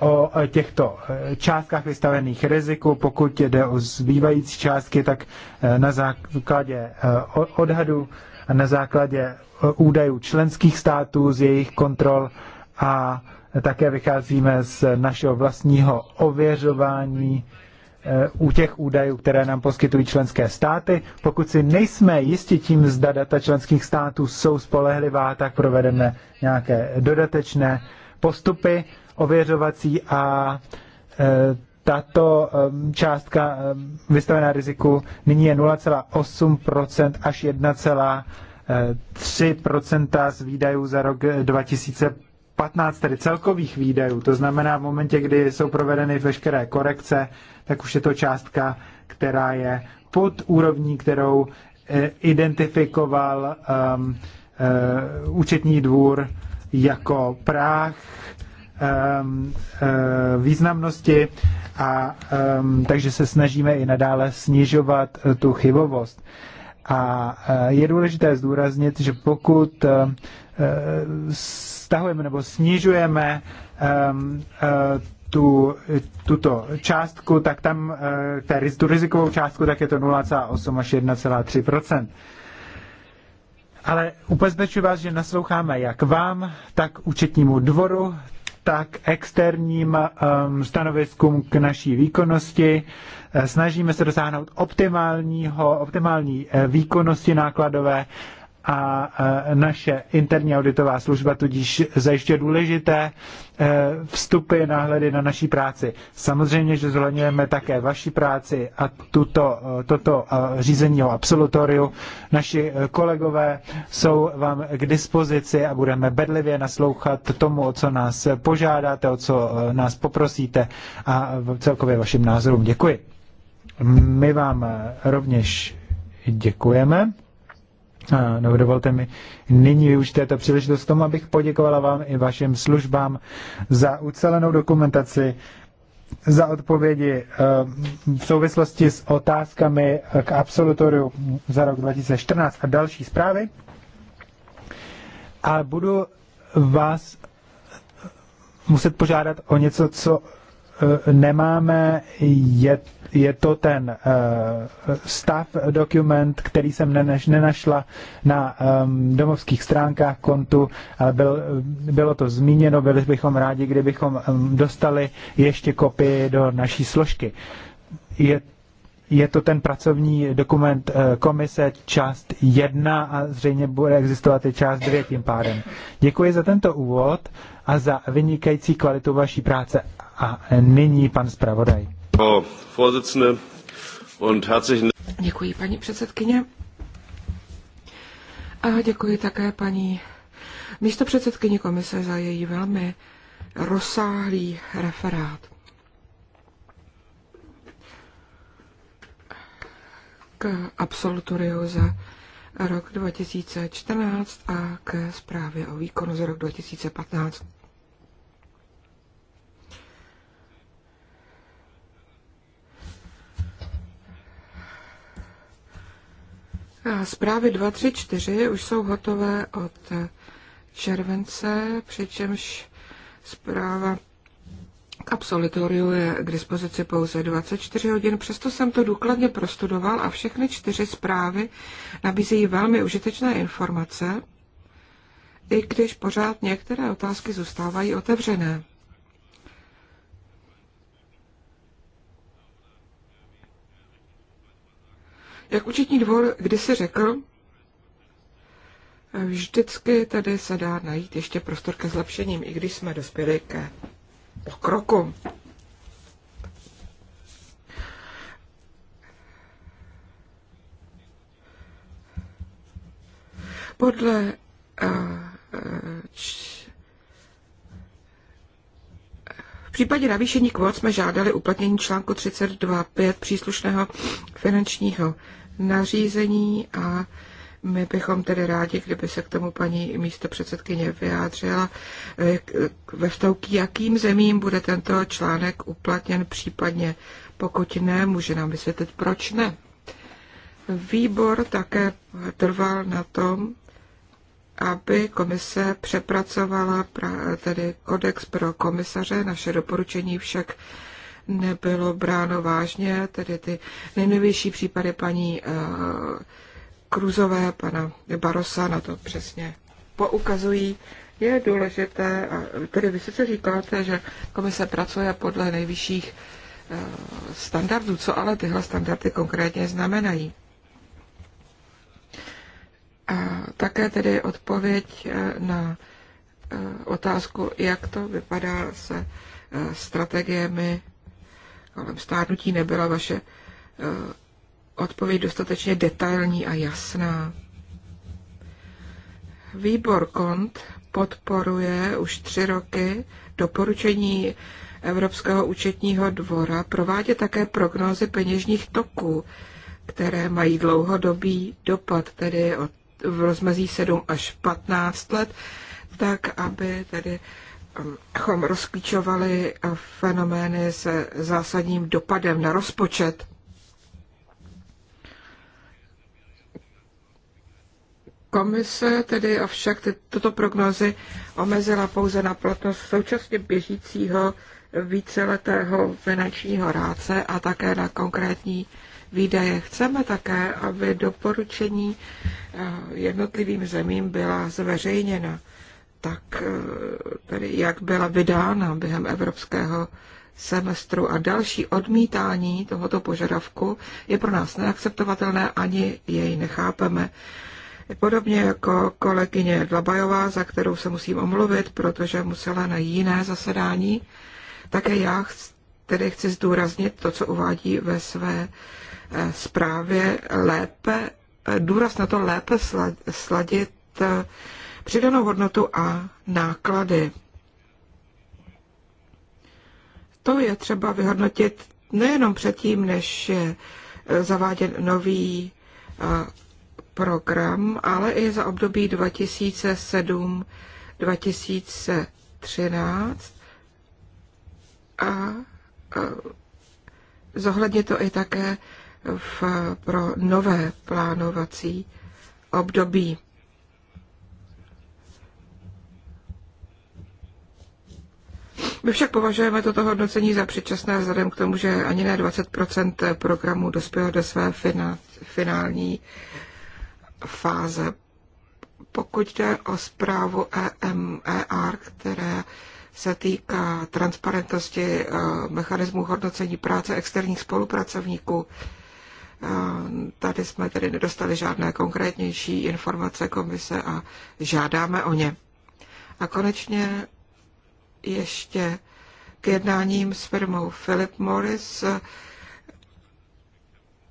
o těchto e, částkách vystavených riziku. Pokud jde o zbývající částky, tak e, na základě e, odhadu a na základě údajů členských států, z jejich kontrol a také vycházíme z našeho vlastního ověřování u těch údajů, které nám poskytují členské státy. Pokud si nejsme jistí tím, zda data členských států jsou spolehlivá, tak provedeme nějaké dodatečné postupy ověřovací a e, tato částka vystavená riziku nyní je 0,8 až 1,3 z výdajů za rok 2015, tedy celkových výdajů. To znamená, v momentě, kdy jsou provedeny veškeré korekce, tak už je to částka, která je pod úrovní, kterou e, identifikoval e, e, účetní dvůr jako práh Ehm, eh, významnosti a ehm, takže se snažíme i nadále snižovat eh, tu chybovost. A eh, je důležité zdůraznit, že pokud stahujeme nebo snižujeme ehm, tu, tuto částku, tak tam tu rizikovou částku, tak je to 0,8 až 1,3 ale ubezpečuji vás, že nasloucháme jak vám, tak účetnímu dvoru, tak externím um, stanoviskům k naší výkonnosti. Eh, snažíme se dosáhnout optimálního, optimální eh, výkonnosti nákladové a e, naše interní auditová služba tudíž zajišťuje důležité e, vstupy, náhledy na naší práci. Samozřejmě, že zhledňujeme také vaši práci a tuto, e, toto řízení o absolutoriu. Naši kolegové jsou vám k dispozici a budeme bedlivě naslouchat tomu, o co nás požádáte, o co nás poprosíte a celkově vašim názorům. Děkuji. My vám rovněž děkujeme. No, dovolte mi nyní využít této příležitost tomu, abych poděkovala vám i vašim službám za ucelenou dokumentaci, za odpovědi e, v souvislosti s otázkami k absolutoriu za rok 2014 a další zprávy. A budu vás muset požádat o něco, co Eh, nemáme, je, je to ten eh, stav dokument, který jsem nenašla na ehm, domovských stránkách kontu, ale byl, bylo to zmíněno, byli bychom rádi, kdybychom ehm, dostali ještě kopii do naší složky. Je je to ten pracovní dokument eh, komise část 1 a zřejmě bude existovat i část 2 tím pádem. Děkuji za tento úvod a za vynikající kvalitu vaší práce. A nyní pan zpravodaj. Děkuji, paní předsedkyně. A děkuji také paní místo předsedkyni komise za její velmi rozsáhlý referát. k absolutoriu za rok 2014 a k zprávě o výkonu za rok 2015. A zprávy 4 už jsou hotové od července, přičemž zpráva k absolutoriu je k dispozici pouze 24 hodin, přesto jsem to důkladně prostudoval a všechny čtyři zprávy nabízejí velmi užitečné informace, i když pořád některé otázky zůstávají otevřené. Jak účetní dvor kdysi řekl, vždycky tady se dá najít ještě prostor ke zlepšením, i když jsme dospěli ke pokroku. Podle eh, eh, v případě navýšení kvót jsme žádali uplatnění článku 32.5 příslušného finančního nařízení a my bychom tedy rádi, kdyby se k tomu paní místo předsedkyně vyjádřila eh, ve vztahu k jakým zemím bude tento článek uplatněn, případně pokud ne, může nám vysvětlit, proč ne. Výbor také trval na tom, aby komise přepracovala tedy kodex pro komisaře. Naše doporučení však nebylo bráno vážně, tedy ty nejnovější případy paní eh, Kruzové, pana Barosa na to přesně poukazují. Je důležité, a tedy vy sice říkáte, že komise pracuje podle nejvyšších eh, standardů, co ale tyhle standardy konkrétně znamenají. A také tedy odpověď eh, na eh, otázku, jak to vypadá se strategiemi kolem stárnutí, nebyla vaše odpověď dostatečně detailní a jasná. Výbor KONT podporuje už tři roky doporučení Evropského účetního dvora provádět také prognózy peněžních toků, které mají dlouhodobý dopad, tedy od, v rozmezí 7 až 15 let, tak aby tedy um, abychom rozklíčovali fenomény se zásadním dopadem na rozpočet. Komise tedy ovšak tyto tuto omezila pouze na platnost současně běžícího víceletého finančního ráce a také na konkrétní výdaje. Chceme také, aby doporučení eh, jednotlivým zemím byla zveřejněna, tak eh, tedy jak byla vydána během evropského semestru a další odmítání tohoto požadavku je pro nás neakceptovatelné, ani jej nechápeme. Podobně jako kolegyně Dlabajová, za kterou se musím omluvit, protože musela na jiné zasedání, také já tedy chci zdůraznit to, co uvádí ve své eh, zprávě lépe, eh, důraz na to lépe sladit eh, přidanou hodnotu a náklady. To je třeba vyhodnotit nejenom předtím, než je zaváděn nový program, ale i za období 2007-2013 a zohledně to i také v, pro nové plánovací období. My však považujeme toto hodnocení za předčasné vzhledem k tomu, že ani ne 20 programu dospělo do své finální fáze. Pokud jde o zprávu EMER, která se týká transparentnosti eh, mechanismů hodnocení práce externích spolupracovníků, eh, tady jsme tedy nedostali žádné konkrétnější informace komise a žádáme o ně. A konečně ještě k jednáním s firmou Philip Morris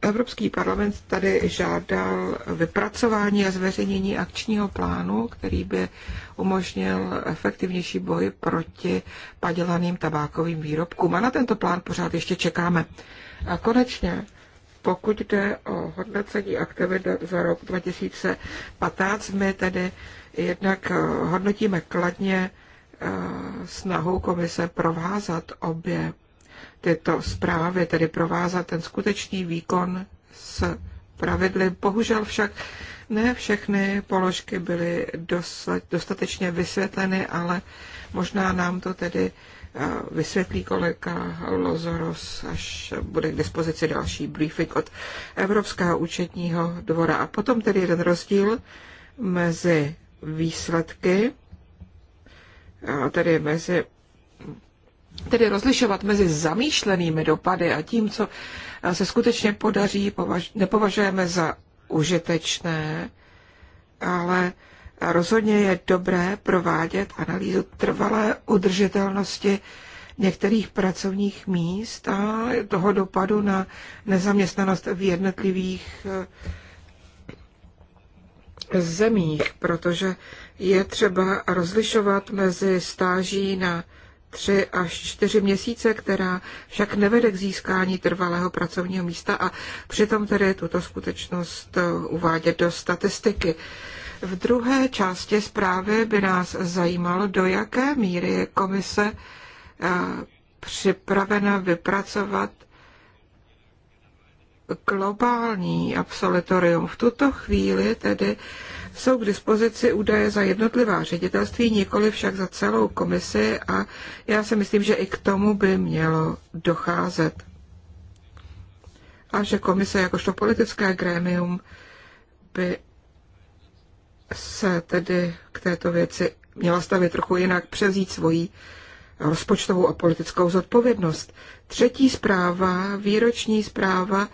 Evropský parlament tady žádal vypracování a zveřejnění akčního plánu, který by umožnil efektivnější boj proti padělaným tabákovým výrobkům. A na tento plán pořád ještě čekáme. A konečně, pokud jde o hodnocení aktivit za rok 2015, my tedy jednak hodnotíme kladně eh, snahu komise provázat obě tyto zprávy, tedy provázat ten skutečný výkon s pravidly. Bohužel však ne všechny položky byly dostatečně vysvětleny, ale možná nám to tedy eh, vysvětlí kolega Lozoros, až bude k dispozici další briefing od Evropského účetního dvora. A potom tedy jeden rozdíl mezi výsledky, eh, tedy mezi tedy rozlišovat mezi zamýšlenými dopady a tím, co eh, se skutečně podaří, považ, nepovažujeme za užitečné, ale rozhodně je dobré provádět analýzu trvalé udržitelnosti některých pracovních míst a toho dopadu na nezaměstnanost v jednotlivých eh, zemích, protože je třeba rozlišovat mezi stáží na tři až čtyři měsíce, která však nevede k získání trvalého pracovního místa a přitom tedy tuto skutečnost eh, uvádět do statistiky. V druhé části zprávy by nás zajímalo, do jaké míry je komise eh, připravena vypracovat globální absolutorium. V tuto chvíli tedy jsou k dispozici údaje za jednotlivá ředitelství, nikoli však za celou komisi a já si myslím, že i k tomu by mělo docházet. A že komise jakožto politické grémium by se tedy k této věci měla stavit trochu jinak, převzít svoji rozpočtovou a politickou zodpovědnost. Třetí zpráva, výroční zpráva,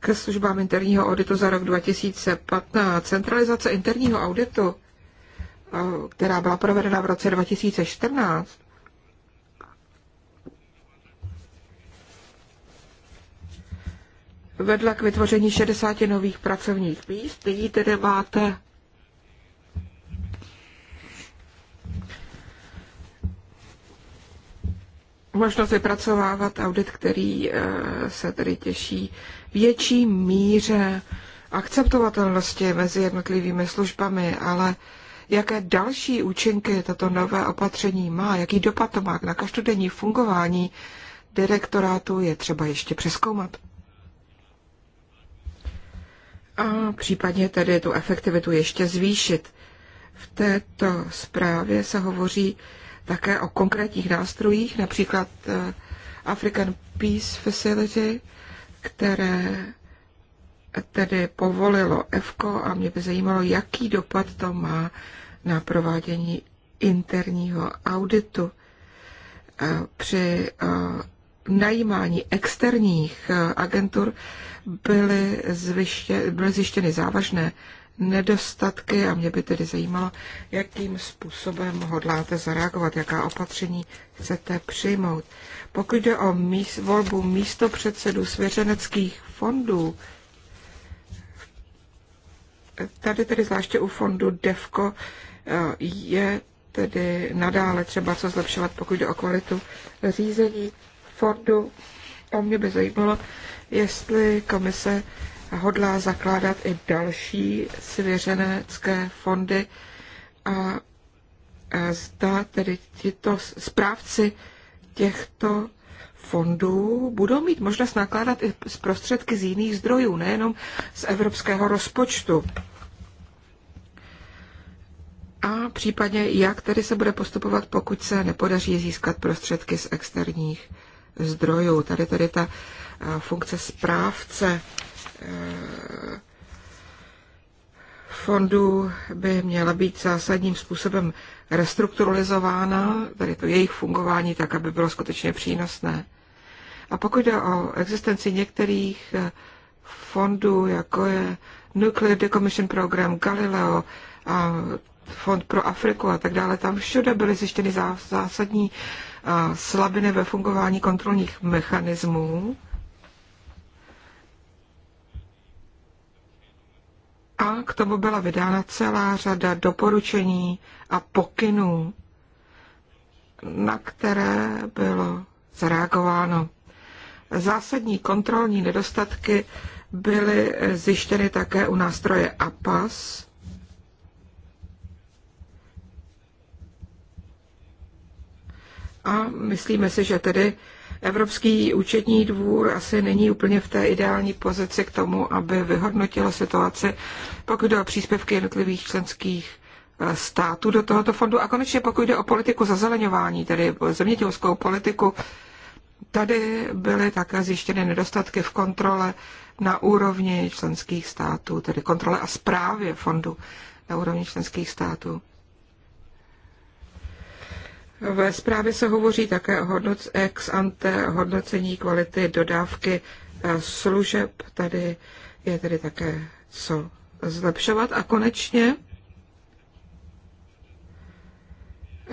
k službám interního auditu za rok 2015. Centralizace interního auditu, eh, která byla provedena v roce 2014, vedla k vytvoření 60 nových pracovních míst. Nyní tedy máte možnost vypracovávat audit, který eh, se tedy těší větší míře akceptovatelnosti mezi jednotlivými službami, ale jaké další účinky tato nové opatření má, jaký dopad to má na každodenní fungování direktorátu, je třeba ještě přeskoumat. A případně tedy tu efektivitu ještě zvýšit. V této zprávě se hovoří také o konkrétních nástrojích, například eh, African Peace Facility, které tedy povolilo EFKO a mě by zajímalo, jaký dopad to má na provádění interního auditu e, při e, najímání externích e, agentur byly, zviště, byly zjištěny závažné nedostatky a mě by tedy zajímalo, jakým způsobem hodláte zareagovat, jaká opatření chcete přijmout. Pokud jde o míst, volbu místo svěřeneckých fondů, tady tedy zvláště u fondu DEFCO eh, je tedy nadále třeba co zlepšovat, pokud jde o kvalitu řízení fondu. A mě by zajímalo, jestli komise hodlá zakládat i další svěřenecké fondy a zda tedy tito správci těchto fondů budou mít možnost nakládat i z prostředky z jiných zdrojů, nejenom z evropského rozpočtu. A případně, jak tedy se bude postupovat, pokud se nepodaří získat prostředky z externích zdrojů. Tady tedy ta eh, funkce správce eh, fondů by měla být zásadním způsobem restrukturalizována, tedy to jejich fungování, tak, aby bylo skutečně přínosné. A pokud jde o existenci některých eh, fondů, jako je Nuclear Decommission Program, Galileo, a Fond pro Afriku a tak dále, tam všude byly zjištěny zásadní eh, slabiny ve fungování kontrolních mechanismů A k tomu byla vydána celá řada doporučení a pokynů, na které bylo zareagováno. Zásadní kontrolní nedostatky byly zjištěny také u nástroje APAS, a myslíme si, že tedy Evropský účetní dvůr asi není úplně v té ideální pozici k tomu, aby vyhodnotil situaci, pokud jde o příspěvky jednotlivých členských eh, států do tohoto fondu. A konečně pokud jde o politiku zazeleňování, tedy zemědělskou politiku, tady byly také zjištěny nedostatky v kontrole na úrovni členských států, tedy kontrole a zprávě fondu na úrovni členských států. Ve zprávě se hovoří také o hodnoc ex ante hodnocení kvality dodávky eh, služeb. Tady je tedy také co zlepšovat. A konečně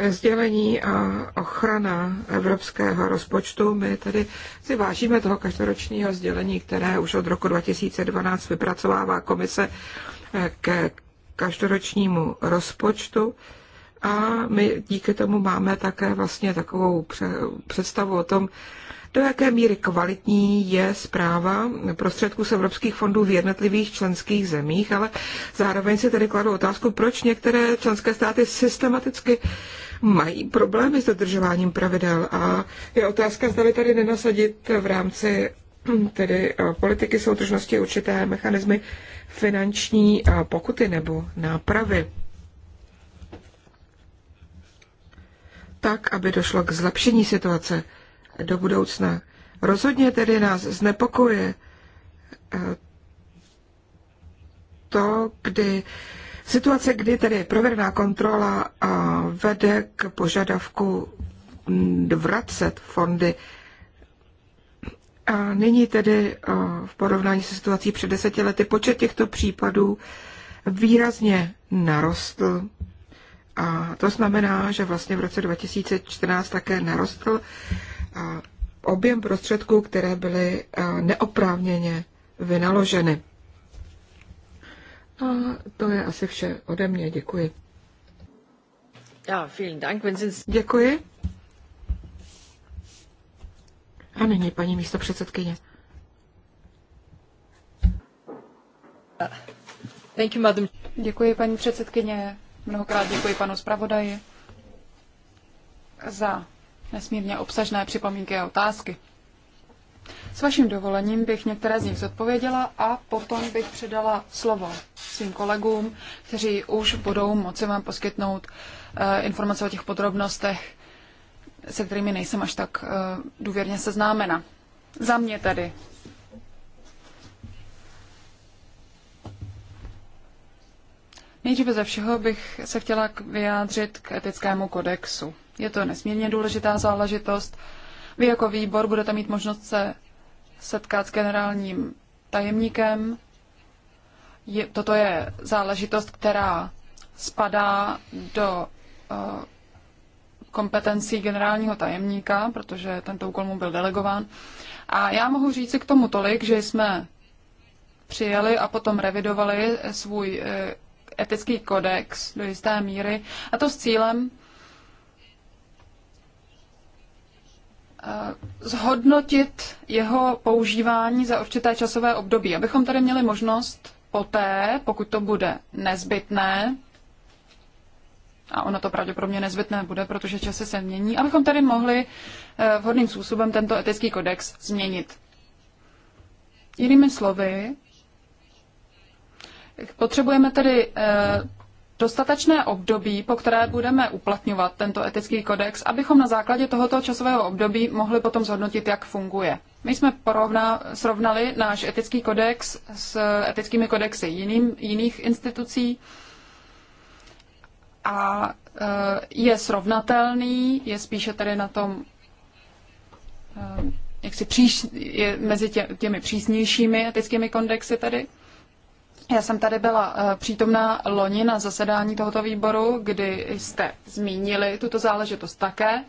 sdělení a ochrana evropského rozpočtu. My tedy si vážíme toho každoročního sdělení, které už od roku 2012 vypracovává komise eh, ke každoročnímu rozpočtu. A my díky tomu máme také vlastně takovou představu o tom, do jaké míry kvalitní je zpráva prostředků z evropských fondů v jednotlivých členských zemích, ale zároveň si tedy kladu otázku, proč některé členské státy systematicky mají problémy s dodržováním pravidel. A je otázka, zda tady nenasadit v rámci hm, tedy eh, politiky soudržnosti určité mechanismy finanční eh, pokuty nebo nápravy. tak, aby došlo k zlepšení situace do budoucna. Rozhodně tedy nás znepokuje eh, to, kdy situace, kdy tedy provedená kontrola vede k požadavku vracet fondy. A nyní tedy eh, v porovnání se situací před deseti lety počet těchto případů výrazně narostl a to znamená, že vlastně v roce 2014 také narostl objem prostředků, které byly neoprávněně vynaloženy. A to je asi vše ode mě. Děkuji. Ja, vielen Dank, wenn Sie... Děkuji. A nyní paní místo předsedkyně. Thank you, madam. Děkuji, paní předsedkyně. Mnohokrát děkuji panu zpravodaji za nesmírně obsažné připomínky a otázky. S vaším dovolením bych některé z nich zodpověděla a potom bych předala slovo svým kolegům, kteří už budou moci vám poskytnout eh, informace o těch podrobnostech, se kterými nejsem až tak eh, důvěrně seznámena. Za mě tedy Nejdříve ze všeho bych se chtěla vyjádřit k etickému kodexu. Je to nesmírně důležitá záležitost. Vy jako výbor budete mít možnost se setkat s generálním tajemníkem. Je, toto je záležitost, která spadá do uh, kompetencí generálního tajemníka, protože tento úkol mu byl delegován. A já mohu říci k tomu tolik, že jsme přijeli a potom revidovali svůj eh, etický kodex do jisté míry, a to s cílem eh, zhodnotit jeho používání za určité časové období, abychom tady měli možnost poté, pokud to bude nezbytné, a ono to pravděpodobně nezbytné bude, protože časy se mění, abychom tady mohli eh, vhodným způsobem tento etický kodex změnit. Jinými slovy, Potřebujeme tedy eh, dostatečné období, po které budeme uplatňovat tento etický kodex, abychom na základě tohoto časového období mohli potom zhodnotit, jak funguje. My jsme porovna, srovnali náš etický kodex s etickými kodexy jiným, jiných institucí a eh, je srovnatelný, je spíše tedy na tom eh, jak si příš, je mezi tě, těmi přísnějšími etickými kodexy tady. Já jsem tady byla eh, přítomná loni na zasedání tohoto výboru, kdy jste zmínili tuto záležitost také.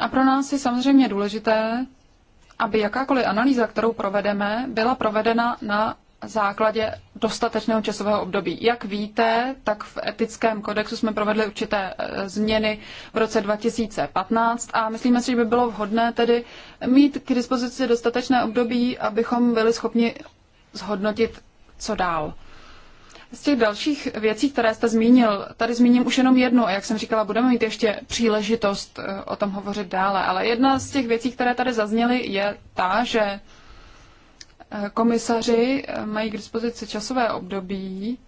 A pro nás je samozřejmě důležité, aby jakákoliv analýza, kterou provedeme, byla provedena na základě dostatečného časového období. Jak víte, tak v etickém kodexu jsme provedli určité eh, změny v roce 2015 a myslíme si, že by bylo vhodné tedy mít k dispozici dostatečné období, abychom byli schopni zhodnotit co dál. Z těch dalších věcí, které jste zmínil, tady zmíním už jenom jednu. A jak jsem říkala, budeme mít ještě příležitost eh, o tom hovořit dále. Ale jedna z těch věcí, které tady zazněly, je ta, že eh, komisaři eh, mají k dispozici časové období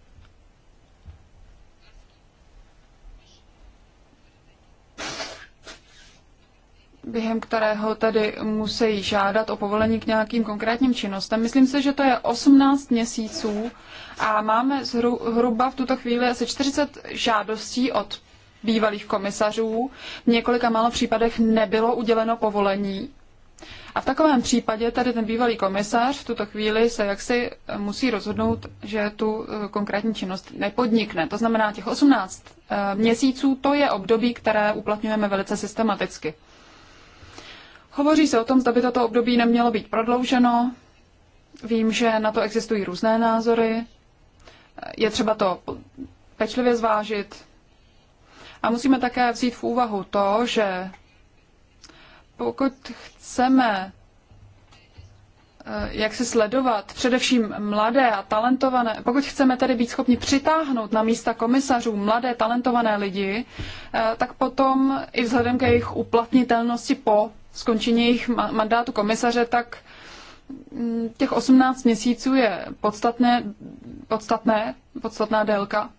během kterého tedy musí žádat o povolení k nějakým konkrétním činnostem. Myslím si, že to je 18 měsíců a máme zhru, hruba v tuto chvíli asi 40 žádostí od bývalých komisařů. V několika málo případech nebylo uděleno povolení. A v takovém případě tady ten bývalý komisař v tuto chvíli se jaksi musí rozhodnout, že tu eh, konkrétní činnost nepodnikne. To znamená, těch 18 eh, měsíců to je období, které uplatňujeme velice systematicky. Hovoří se o tom, zda by toto období nemělo být prodlouženo. Vím, že na to existují různé názory. Je třeba to pečlivě zvážit. A musíme také vzít v úvahu to, že pokud chceme eh, jak si sledovat především mladé a talentované, pokud chceme tedy být schopni přitáhnout na místa komisařů mladé talentované lidi, eh, tak potom i vzhledem k jejich uplatnitelnosti po skončení jejich mandátu komisaře, tak mm, těch 18 měsíců je podstatné, podstatné, podstatná délka.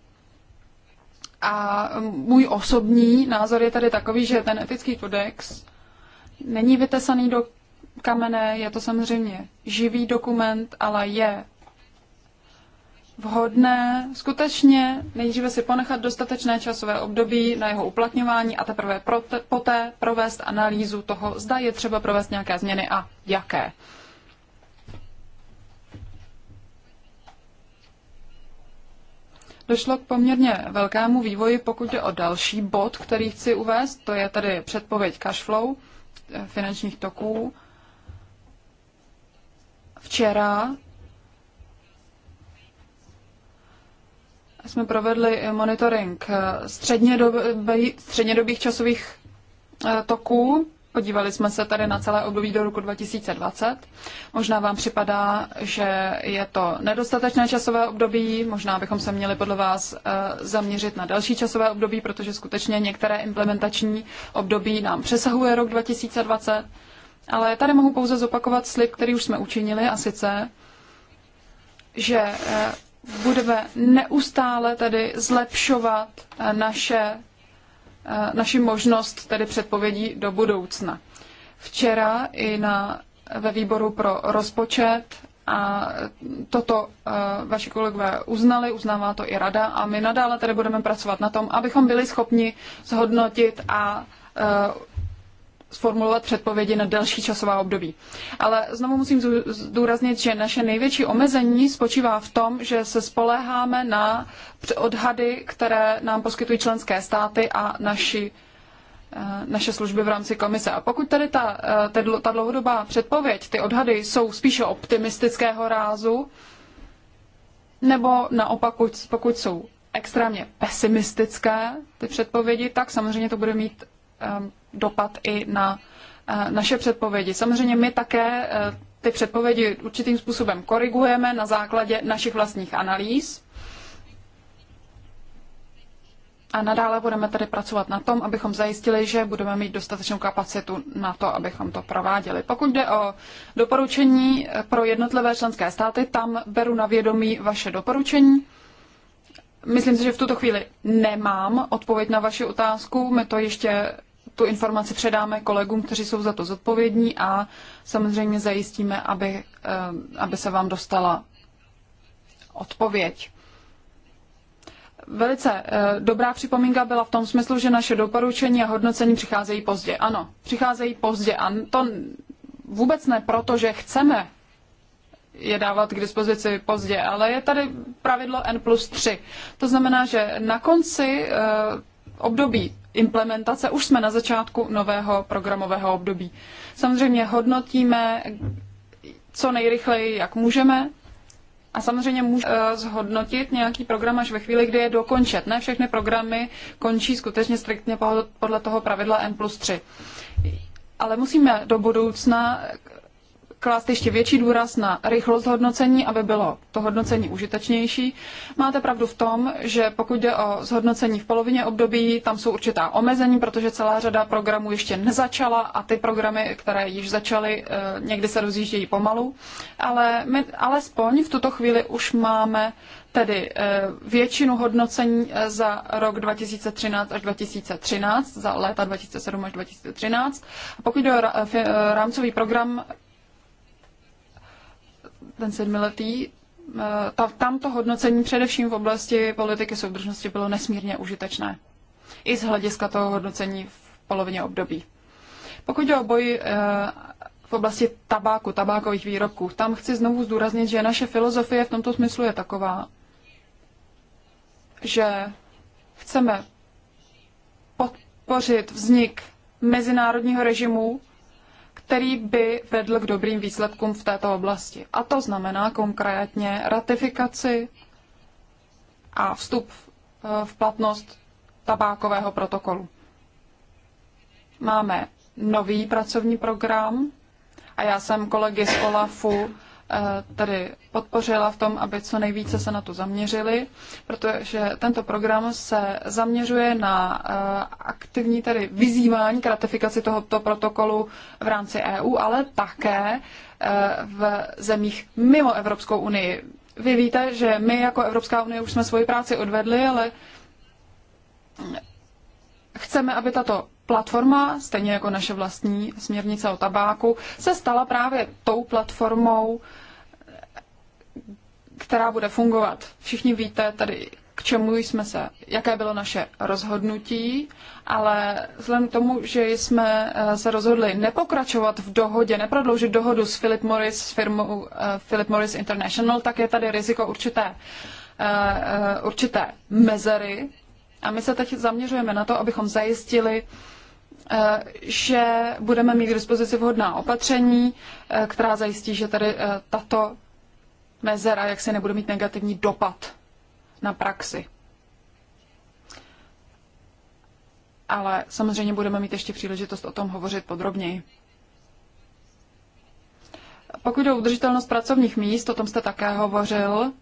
A můj osobní názor je tady takový, že ten etický kodex není vytesaný do kamene, je to samozřejmě živý dokument, ale je vhodné skutečně nejdříve si ponechat dostatečné časové období na jeho uplatňování a teprve prote, poté provést analýzu toho, zda je třeba provést nějaké změny a jaké. Došlo k poměrně velkému vývoji, pokud jde o další bod, který chci uvést, to je tady předpověď flow eh, finančních toků. Včera jsme provedli monitoring eh, střednědobých časových eh, toků. Podívali jsme se tady na celé období do roku 2020. Možná vám připadá, že je to nedostatečné časové období, možná bychom se měli podle vás eh, zaměřit na další časové období, protože skutečně některé implementační období nám přesahuje rok 2020. Ale tady mohu pouze zopakovat slib, který už jsme učinili, a sice, že budeme neustále tedy zlepšovat eh, naše, eh, naši možnost tedy předpovědí do budoucna. Včera i na, ve výboru pro rozpočet a toto eh, vaši kolegové uznali, uznává to i rada a my nadále tedy budeme pracovat na tom, abychom byli schopni zhodnotit a sformulovat předpovědi na další časová období. Ale znovu musím zdůraznit, že naše největší omezení spočívá v tom, že se spoléháme na odhady, které nám poskytují členské státy a naši eh, naše služby v rámci komise. A pokud tady ta, eh, ta dlouhodobá předpověď, ty odhady jsou spíše optimistického rázu, nebo naopak, pokud jsou extrémně pesimistické ty předpovědi, tak samozřejmě to bude mít Um, dopad i na uh, naše předpovědi. Samozřejmě my také uh, ty předpovědi určitým způsobem korigujeme na základě našich vlastních analýz. A nadále budeme tady pracovat na tom, abychom zajistili, že budeme mít dostatečnou kapacitu na to, abychom to prováděli. Pokud jde o doporučení pro jednotlivé členské státy, tam beru na vědomí vaše doporučení. Myslím si, že v tuto chvíli nemám odpověď na vaši otázku. My to ještě tu informaci předáme kolegům, kteří jsou za to zodpovědní a samozřejmě zajistíme, aby, eh, aby se vám dostala odpověď. Velice eh, dobrá připomínka byla v tom smyslu, že naše doporučení a hodnocení přicházejí pozdě. Ano, přicházejí pozdě a to vůbec ne proto, že chceme je dávat k dispozici pozdě, ale je tady pravidlo N plus 3. To znamená, že na konci eh, období implementace už jsme na začátku nového programového období. Samozřejmě hodnotíme co nejrychleji, jak můžeme, a samozřejmě může eh, zhodnotit nějaký program až ve chvíli, kdy je dokončet. Ne všechny programy končí skutečně striktně podle toho pravidla N plus 3. Ale musíme do budoucna klást ještě větší důraz na rychlost hodnocení, aby bylo to hodnocení užitečnější. Máte pravdu v tom, že pokud jde o zhodnocení v polovině období, tam jsou určitá omezení, protože celá řada programů ještě nezačala a ty programy, které již začaly, eh, někdy se rozjíždějí pomalu. Ale my alespoň v tuto chvíli už máme tedy eh, většinu hodnocení eh, za rok 2013 až 2013, za léta 2007 až 2013. A pokud jde o rámcový program, ten sedmiletý, eh, tam to hodnocení především v oblasti politiky soudržnosti bylo nesmírně užitečné. I z hlediska toho hodnocení v polovině období. Pokud jde o boj eh, v oblasti tabáku, tabákových výrobků, tam chci znovu zdůraznit, že naše filozofie v tomto smyslu je taková, že chceme podpořit vznik mezinárodního režimu který by vedl k dobrým výsledkům v této oblasti. A to znamená konkrétně ratifikaci a vstup eh, v platnost tabákového protokolu. Máme nový pracovní program a já jsem kolegy z OLAFu Eh, tady podpořila v tom, aby co nejvíce se na to zaměřili, protože tento program se zaměřuje na eh, aktivní tedy vyzývání k ratifikaci tohoto protokolu v rámci EU, ale také eh, v zemích mimo Evropskou unii. Vy víte, že my jako Evropská unie už jsme svoji práci odvedli, ale chceme, aby tato platforma, stejně jako naše vlastní směrnice o tabáku, se stala právě tou platformou, která bude fungovat. Všichni víte tady, k čemu jsme se, jaké bylo naše rozhodnutí, ale vzhledem k tomu, že jsme eh, se rozhodli nepokračovat v dohodě, neprodloužit dohodu s Philip Morris, s firmou eh, Philip Morris International, tak je tady riziko určité, eh, určité mezery. A my se teď zaměřujeme na to, abychom zajistili Eh, že budeme mít k dispozici vhodná opatření, eh, která zajistí, že tady eh, tato mezera jak se nebude mít negativní dopad na praxi. Ale samozřejmě budeme mít ještě příležitost o tom hovořit podrobněji. Pokud jde o udržitelnost pracovních míst, o tom jste také hovořil,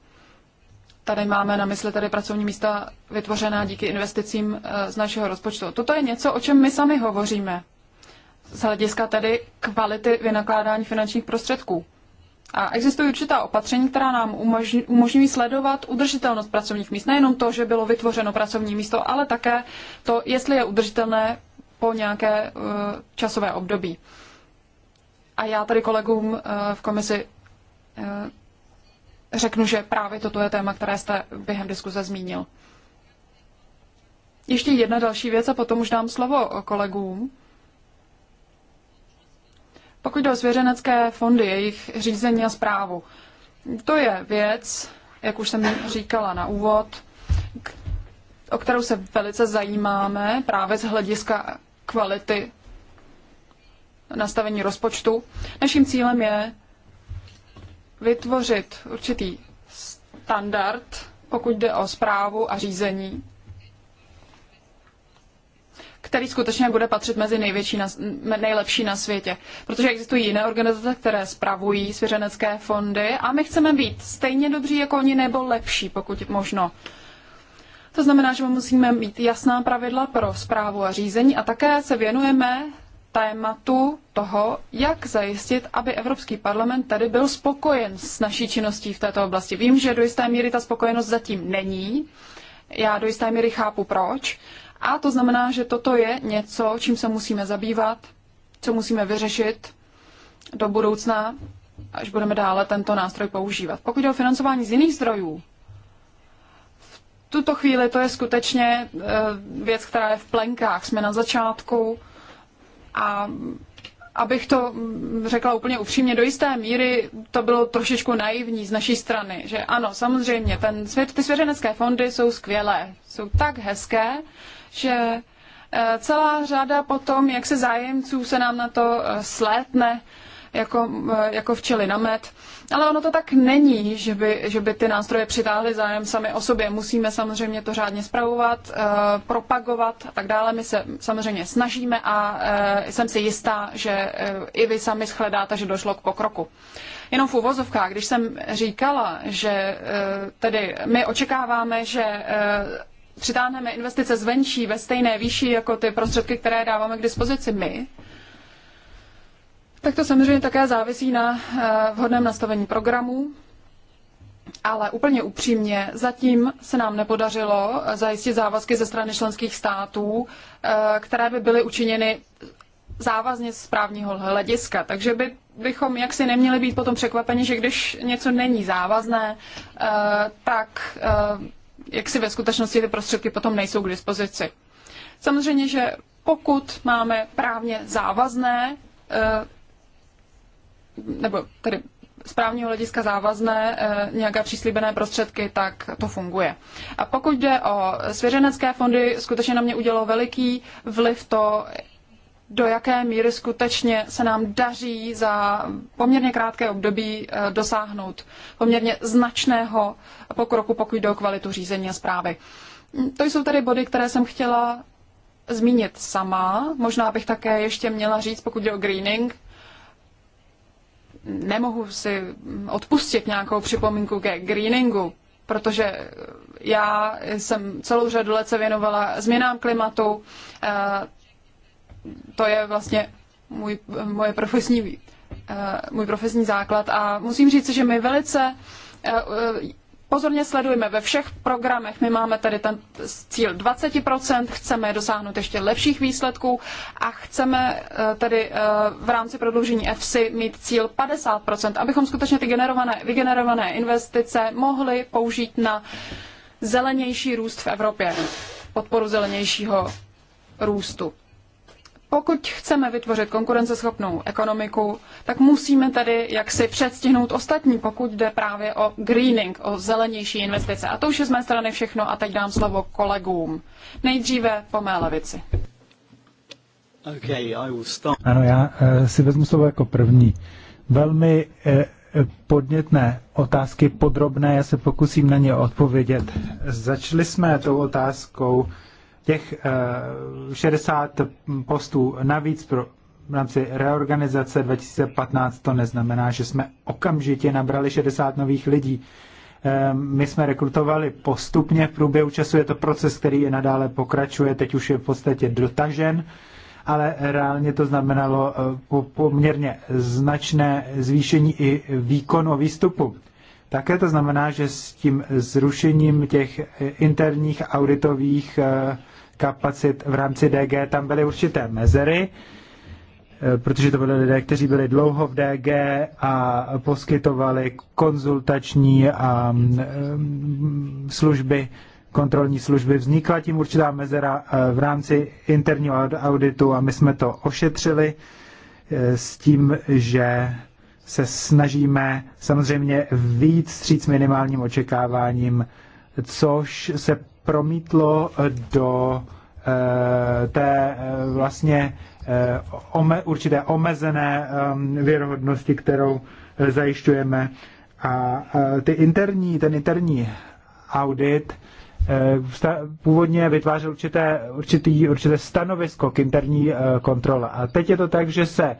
tady máme na mysli tady pracovní místa vytvořená díky investicím eh, z našeho rozpočtu. Toto je něco, o čem my sami hovoříme. Z hlediska tedy kvality vynakládání finančních prostředků. A existují určitá opatření, která nám umožňují sledovat udržitelnost pracovních míst. Nejenom to, že bylo vytvořeno pracovní místo, ale také to, jestli je udržitelné po nějaké eh, časové období. A já tady kolegům eh, v komisi řeknu, že právě toto je téma, které jste během diskuze zmínil. Ještě jedna další věc a potom už dám slovo kolegům. Pokud jde o svěřenecké fondy, jejich řízení a zprávu, to je věc, jak už jsem říkala na úvod, o kterou se velice zajímáme právě z hlediska kvality nastavení rozpočtu. Naším cílem je vytvořit určitý standard, pokud jde o zprávu a řízení, který skutečně bude patřit mezi největší na, nejlepší na světě. Protože existují jiné organizace, které spravují svěřenecké fondy a my chceme být stejně dobří jako oni nebo lepší, pokud možno. To znamená, že musíme mít jasná pravidla pro zprávu a řízení a také se věnujeme tématu toho, jak zajistit, aby Evropský parlament tady byl spokojen s naší činností v této oblasti. Vím, že do jisté míry ta spokojenost zatím není. Já do jisté míry chápu proč. A to znamená, že toto je něco, čím se musíme zabývat, co musíme vyřešit do budoucna, až budeme dále tento nástroj používat. Pokud jde o financování z jiných zdrojů, v tuto chvíli to je skutečně eh, věc, která je v plenkách. Jsme na začátku a abych to řekla úplně upřímně, do jisté míry to bylo trošičku naivní z naší strany, že ano, samozřejmě, ten svět, ty svěřenecké fondy jsou skvělé, jsou tak hezké, že eh, celá řada potom, jak se zájemců se nám na to eh, slétne, jako, eh, jako včely na med ale ono to tak není, že by, že by ty nástroje přitáhly zájem sami o sobě. Musíme samozřejmě to řádně zpravovat, eh, propagovat a tak dále. My se samozřejmě snažíme a eh, jsem si jistá, že eh, i vy sami shledáte, že došlo k pokroku. Jenom v uvozovkách, když jsem říkala, že tedy my očekáváme, že přitáhneme investice zvenčí ve stejné výši jako ty prostředky, které dáváme k dispozici my, tak to samozřejmě také závisí na eh, vhodném nastavení programu, ale úplně upřímně, zatím se nám nepodařilo eh, zajistit závazky ze strany členských států, eh, které by byly učiněny závazně z právního hlediska. Takže by, bychom jaksi neměli být potom překvapeni, že když něco není závazné, tak jaksi ve skutečnosti ty prostředky potom nejsou k dispozici. Samozřejmě, že pokud máme právně závazné nebo tedy z právního hlediska závazné eh, nějaké příslíbené prostředky, tak to funguje. A pokud jde o svěřenecké fondy, skutečně na mě udělalo veliký vliv to, do jaké míry skutečně se nám daří za poměrně krátké období eh, dosáhnout poměrně značného pokroku, pokud jde o kvalitu řízení a zprávy. To jsou tedy body, které jsem chtěla zmínit sama. Možná bych také ještě měla říct, pokud jde o greening, nemohu si odpustit nějakou připomínku ke greeningu, protože já jsem celou řadu let se věnovala změnám klimatu. Eh, to je vlastně můj, moje profesní, eh, můj profesní základ a musím říct, že mi velice eh, pozorně sledujeme ve všech programech. My máme tady ten cíl 20%, chceme dosáhnout ještě lepších výsledků a chceme eh, tedy eh, v rámci prodloužení EFSI mít cíl 50%, abychom skutečně ty generované, vygenerované investice mohli použít na zelenější růst v Evropě, podporu zelenějšího růstu pokud chceme vytvořit konkurenceschopnou ekonomiku, tak musíme tedy jaksi předstihnout ostatní, pokud jde právě o greening, o zelenější investice. A to už je z mé strany všechno a teď dám slovo kolegům. Nejdříve po mé levici. Okay, I will Ano, já eh, si vezmu slovo jako první. Velmi eh, podnětné otázky, podrobné, já se pokusím na ně odpovědět. Začali jsme tou otázkou těch 60 eh, postů navíc pro v rámci reorganizace 2015 to neznamená, že jsme okamžitě nabrali 60 nových lidí. Eh, my jsme rekrutovali postupně v průběhu času, je to proces, který je nadále pokračuje, teď už je v podstatě dotažen, ale reálně to znamenalo eh, poměrně značné zvýšení i výkonu a výstupu. Také to znamená, že s tím zrušením těch interních auditových kapacit v rámci DG, tam byly určité mezery, eh, protože to byly lidé, kteří byli dlouho v DG a poskytovali konzultační a mm, služby, kontrolní služby. Vznikla tím určitá mezera eh, v rámci interního auditu a my jsme to ošetřili eh, s tím, že se snažíme samozřejmě víc stříc minimálním očekáváním, což se promítlo do eh, té eh, vlastně eh, ome, určité omezené ehm, věrohodnosti, kterou zajišťujeme. A ty interní, ten interní audit původně vytvářel určité, určitý, určité stanovisko k interní kontrole. A teď je to tak, že se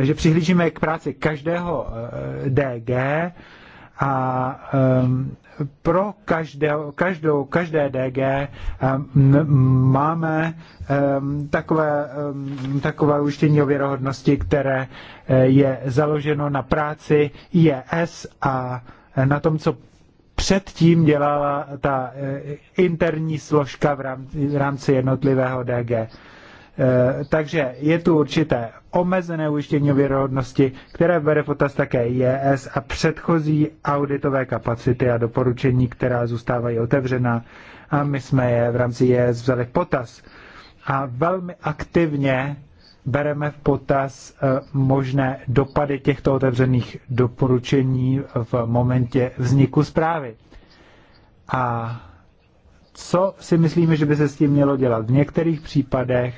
že přihlížíme k práci každého DG a um, pro každé, každou, každé DG eh, máme eh, takové, eh, takové ujištění o věrohodnosti, které je založeno na práci IES a na tom, co předtím dělala ta interní složka v rámci, v rámci jednotlivého DG. Eh, takže je tu určité omezené ujištění o věrohodnosti, které bere potaz také IES a předchozí auditové kapacity a doporučení, která zůstávají otevřená. A my jsme je v rámci IES vzali v potaz. A velmi aktivně bereme v potaz eh, možné dopady těchto otevřených doporučení v momentě vzniku zprávy. A co si myslíme, že by se s tím mělo dělat? V některých případech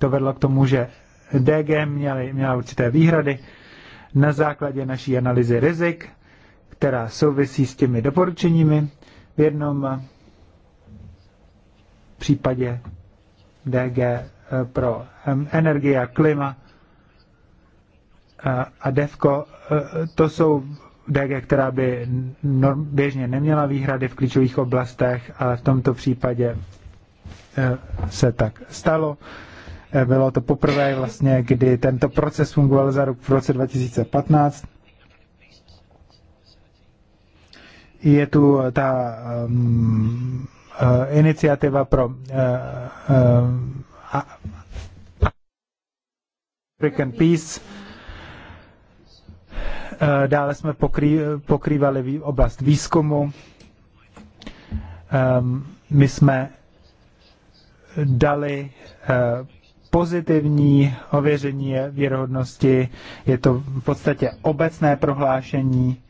to vedlo k tomu, že DG měli, měla určité výhrady na základě naší analýzy rizik, která souvisí s těmi doporučeními. V jednom případě DG eh, pro energii a klima eh, a DEFCO, eh, to jsou DG, která by běžně neměla výhrady v klíčových oblastech, ale v tomto případě se tak stalo. Eh, bylo to poprvé vlastně, kdy tento proces fungoval za rok v roce 2015. Je tu eh, ta um, uh, iniciativa pro uh, uh, African Peace. Dále jsme pokrý, pokrývali oblast výzkumu. Ehm, my jsme dali pozitivní ověření věrohodnosti, je to v podstatě obecné prohlášení.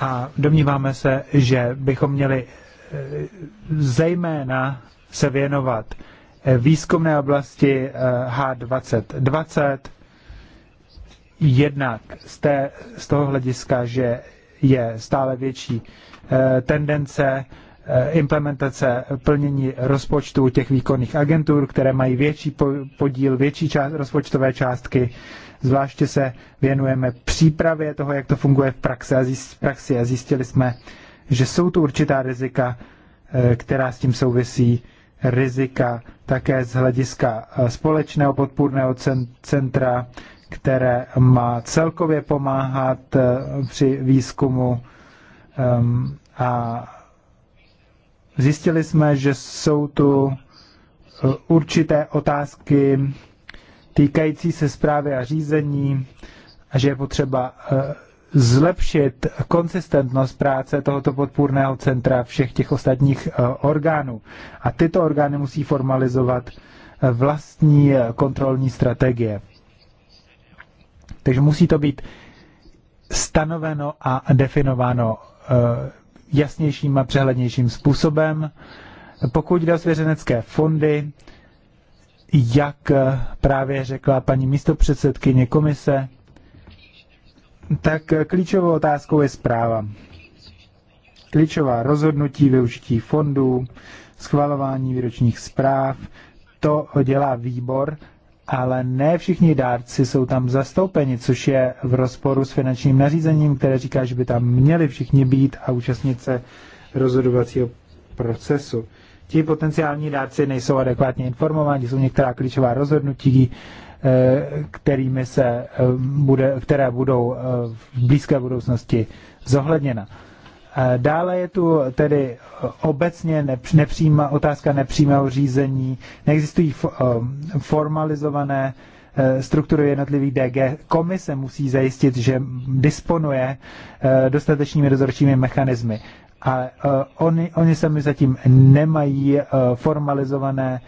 A domníváme se, že bychom měli eh, zejména se věnovat eh, výzkumné oblasti H2020, eh, jednak z, té, z toho hlediska, že je stále větší Eh, tendence eh, implementace plnění rozpočtu těch výkonných agentur, které mají větší podíl, větší část, rozpočtové částky. Zvláště se věnujeme přípravě toho, jak to funguje v praxi a, zjist, praxi a zjistili jsme, že jsou tu určitá rizika, eh, která s tím souvisí, rizika také z hlediska společného podpůrného centra, které má celkově pomáhat při výzkumu um, a zjistili jsme, že jsou tu e, určité otázky týkající se zprávy a řízení a že je potřeba e, zlepšit konsistentnost práce tohoto podpůrného centra všech těch ostatních e, orgánů. A tyto orgány musí formalizovat vlastní kontrolní strategie. Takže musí to být stanoveno a definováno jasnějším a přehlednějším způsobem. Pokud jde o svěřenecké fondy, jak právě řekla paní místopředsedkyně komise, tak klíčovou otázkou je zpráva. Klíčová rozhodnutí využití fondů, schvalování výročních zpráv, to dělá výbor ale ne všichni dárci jsou tam zastoupeni, což je v rozporu s finančním nařízením, které říká, že by tam měli všichni být a účastnit se rozhodovacího procesu. Ti potenciální dárci nejsou adekvátně informováni, jsou některá klíčová rozhodnutí, eh, kterými se eh, bude, které budou eh, v blízké budoucnosti zohledněna. Dále je tu tedy obecně nepřímá, otázka nepřímého řízení. Neexistují um, formalizované eh, struktury jednotlivých DG. Komise musí zajistit, že disponuje eh, dostatečnými dozorčími mechanismy. A eh, oni, oni sami zatím nemají formalizované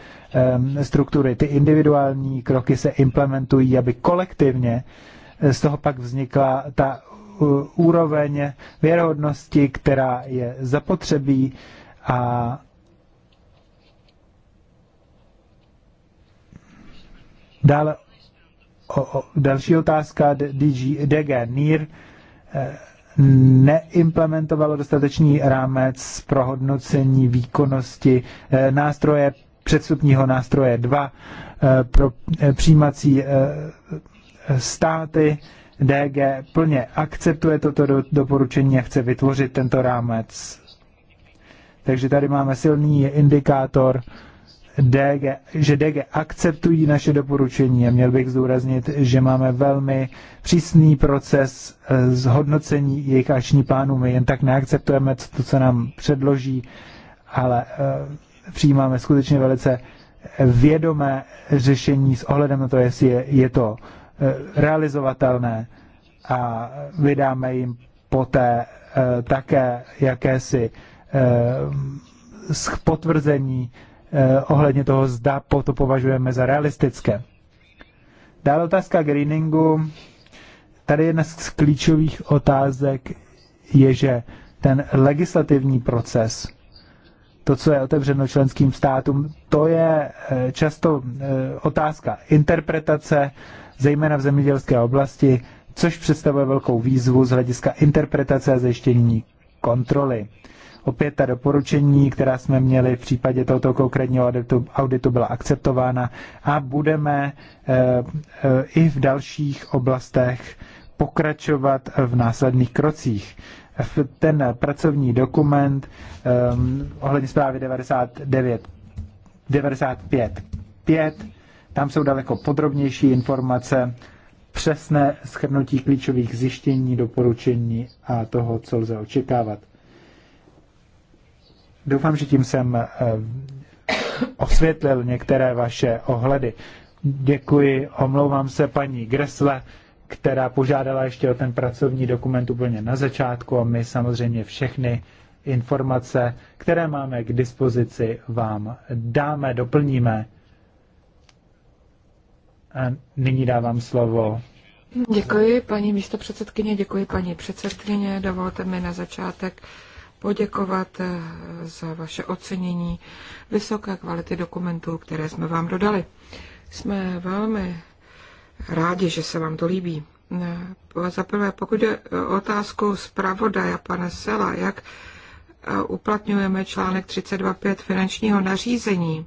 struktury. Ty individuální kroky se implementují, aby kolektivně z toho pak vznikla ta úroveň věrohodnosti, která je zapotřebí a dále o, o, další otázka DG, DG NIR eh, neimplementovalo dostatečný rámec pro hodnocení výkonnosti eh, nástroje předstupního nástroje 2 eh, pro přijímací státy DG plně akceptuje toto do, doporučení a chce vytvořit tento rámec. Takže tady máme silný indikátor, DG, že DG akceptují naše doporučení a měl bych zdůraznit, že máme velmi přísný proces eh, zhodnocení jejich akční plánů. My jen tak neakceptujeme to, co nám předloží, ale eh, přijímáme skutečně velice eh, vědomé řešení s ohledem na to, jestli je, je to realizovatelné a vydáme jim poté eh, také jakési eh, potvrzení eh, ohledně toho, zda to považujeme za realistické. Dále otázka greeningu. Tady jedna z klíčových otázek je, že ten legislativní proces, to, co je otevřeno členským státům, to je často otázka interpretace zejména v zemědělské oblasti, což představuje velkou výzvu z hlediska interpretace a zajištění kontroly. Opět ta doporučení, která jsme měli v případě tohoto konkrétního auditu, auditu byla akceptována a budeme e, e, i v dalších oblastech pokračovat v následných krocích. Ten pracovní dokument um, ohledně zprávy 99, 95 5 tam jsou daleko podrobnější informace, přesné schrnutí klíčových zjištění, doporučení a toho, co lze očekávat. Doufám, že tím jsem eh, osvětlil některé vaše ohledy. Děkuji, omlouvám se paní Gresle, která požádala ještě o ten pracovní dokument úplně na začátku a my samozřejmě všechny informace, které máme k dispozici, vám dáme, doplníme a nyní dávám slovo. Děkuji, paní místopředsedkyně, děkuji, paní předsedkyně. Dovolte mi na začátek poděkovat eh, za vaše ocenění vysoké kvality dokumentů, které jsme vám dodali. Jsme velmi rádi, že se vám to líbí. Eh, za prvé, pokud je otázku zpravodaja pana Sela, jak eh, uplatňujeme článek 32.5 finančního nařízení,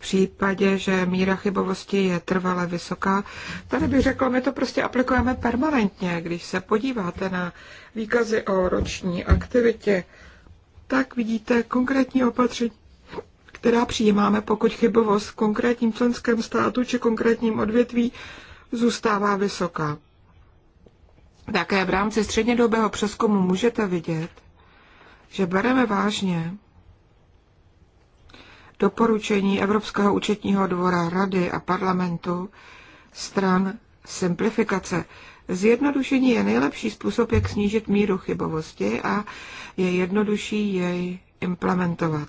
případě, že míra chybovosti je trvale vysoká. Tady bych řekla, my to prostě aplikujeme permanentně. Když se podíváte na výkazy o roční aktivitě, tak vidíte konkrétní opatření, která přijímáme, pokud chybovost v konkrétním členském státu či konkrétním odvětví zůstává vysoká. Také v rámci střednědobého přeskumu můžete vidět, že bereme vážně doporučení Evropského účetního dvora Rady a parlamentu stran simplifikace. Zjednodušení je nejlepší způsob, jak snížit míru chybovosti a je jednodušší jej implementovat.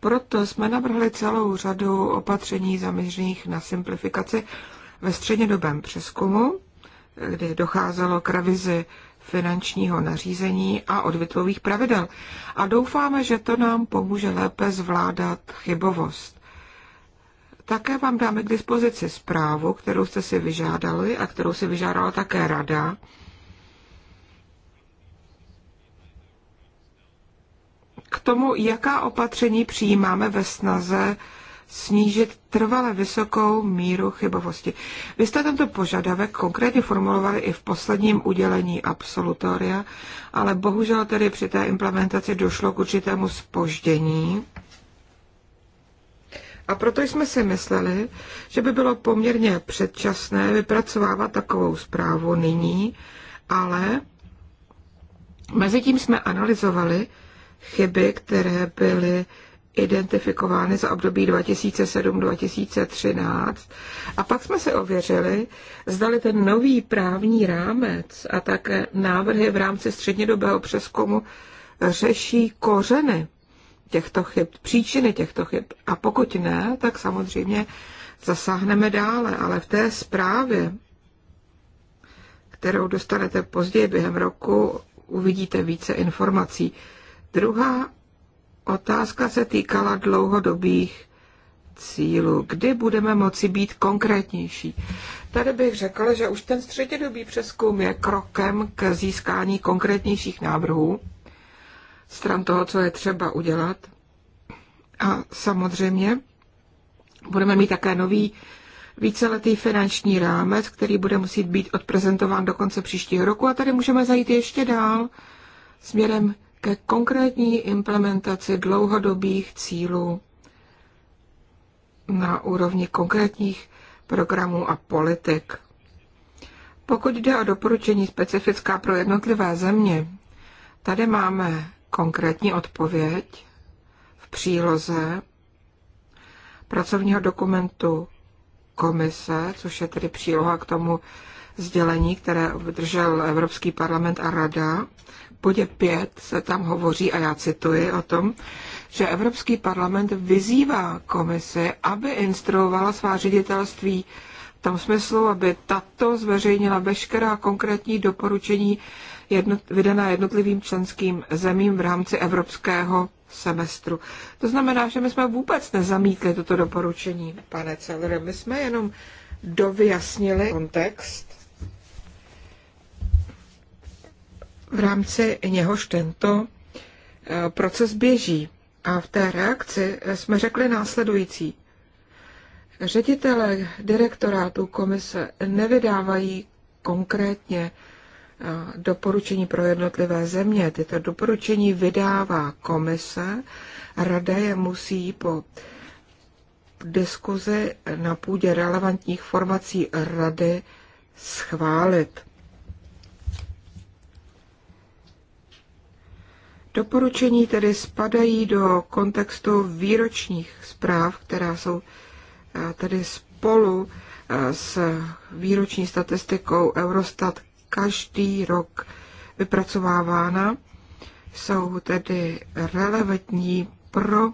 Proto jsme navrhli celou řadu opatření zaměřených na simplifikaci ve střednědobém přeskumu, kdy docházelo k revizi finančního nařízení a odvětvových pravidel. A doufáme, že to nám pomůže lépe zvládat chybovost. Také vám dáme k dispozici zprávu, kterou jste si vyžádali a kterou si vyžádala také rada. K tomu, jaká opatření přijímáme ve snaze snížit trvale vysokou míru chybovosti. Vy jste tento požadavek konkrétně formulovali i v posledním udělení absolutoria, ale bohužel tedy při té implementaci došlo k určitému spoždění. A proto jsme si mysleli, že by bylo poměrně předčasné vypracovávat takovou zprávu nyní, ale mezi tím jsme analyzovali chyby, které byly identifikovány za období 2007-2013. A pak jsme se ověřili, zdali ten nový právní rámec a také návrhy v rámci střednědobého přeskumu řeší kořeny těchto chyb, příčiny těchto chyb. A pokud ne, tak samozřejmě zasáhneme dále, ale v té zprávě, kterou dostanete později během roku, uvidíte více informací. Druhá Otázka se týkala dlouhodobých cílů. Kdy budeme moci být konkrétnější? Tady bych řekla, že už ten střednědobý přeskum je krokem k získání konkrétnějších návrhů stran toho, co je třeba udělat. A samozřejmě budeme mít také nový víceletý finanční rámec, který bude muset být odprezentován do konce příštího roku a tady můžeme zajít ještě dál směrem ke konkrétní implementaci dlouhodobých cílů na úrovni konkrétních programů a politik. Pokud jde o doporučení specifická pro jednotlivé země, tady máme konkrétní odpověď v příloze pracovního dokumentu komise, což je tedy příloha k tomu sdělení, které obdržel Evropský parlament a Rada bodě 5 se tam hovoří, a já cituji o tom, že Evropský parlament vyzývá komisi, aby instruovala svá ředitelství v tom smyslu, aby tato zveřejnila veškerá konkrétní doporučení jednot, vydaná jednotlivým členským zemím v rámci evropského semestru. To znamená, že my jsme vůbec nezamítli toto doporučení, pane Celere. My jsme jenom dovyjasnili kontext v rámci něhož tento eh, proces běží. A v té reakci eh, jsme řekli následující. Ředitele direktorátu komise nevydávají konkrétně eh, doporučení pro jednotlivé země. Tyto doporučení vydává komise, rada je musí po diskuzi na půdě relevantních formací rady schválit. Doporučení tedy spadají do kontextu výročních zpráv, která jsou eh, tedy spolu eh, s výroční statistikou Eurostat každý rok vypracovávána. Jsou tedy relevantní pro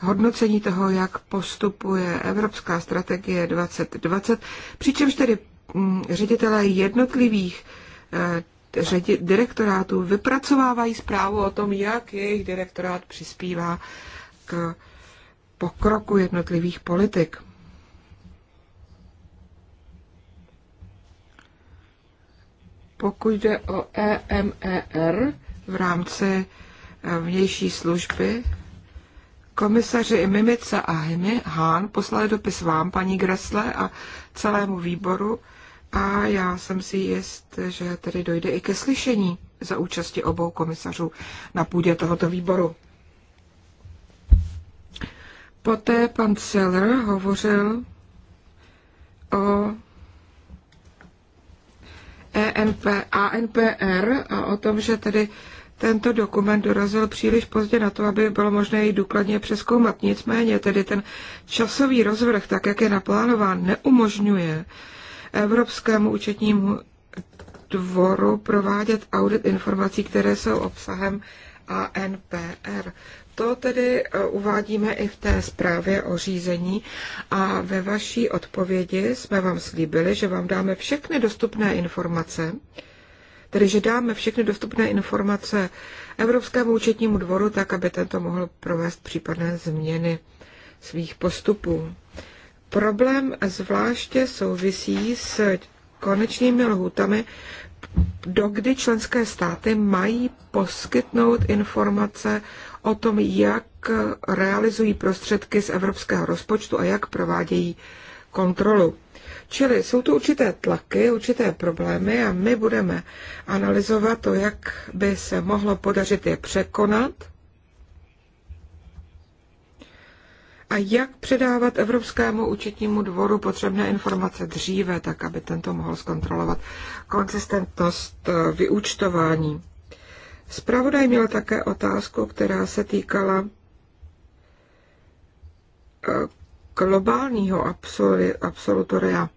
hodnocení toho, jak postupuje Evropská strategie 2020, přičemž tedy mm, ředitelé jednotlivých eh, řadě direktorátů vypracovávají zprávu o tom, jak jejich direktorát přispívá k pokroku jednotlivých politik. Pokud jde o EMER v rámci eh, vnější služby, komisaři Mimica a Hán poslali dopis vám, paní Gresle, a celému výboru, a já jsem si jist, že tedy dojde i ke slyšení za účasti obou komisařů na půdě tohoto výboru. Poté pan Seller hovořil o ENP, ANPR a o tom, že tedy tento dokument dorazil příliš pozdě na to, aby bylo možné jej důkladně přeskoumat. Nicméně tedy ten časový rozvrh, tak jak je naplánován, neumožňuje Evropskému účetnímu dvoru provádět audit informací, které jsou obsahem ANPR. To tedy eh, uvádíme i v té zprávě o řízení a ve vaší odpovědi jsme vám slíbili, že vám dáme všechny dostupné informace, tedy že dáme všechny dostupné informace Evropskému účetnímu dvoru tak, aby tento mohl provést případné změny svých postupů. Problém zvláště souvisí s konečnými lhutami, dokdy členské státy mají poskytnout informace o tom, jak realizují prostředky z evropského rozpočtu a jak provádějí kontrolu. Čili jsou tu určité tlaky, určité problémy a my budeme analyzovat to, jak by se mohlo podařit je překonat a jak předávat Evropskému účetnímu dvoru potřebné informace dříve, tak aby tento mohl zkontrolovat konzistentnost eh, vyúčtování. Spravodaj měl také otázku, která se týkala eh, globálního absolutoria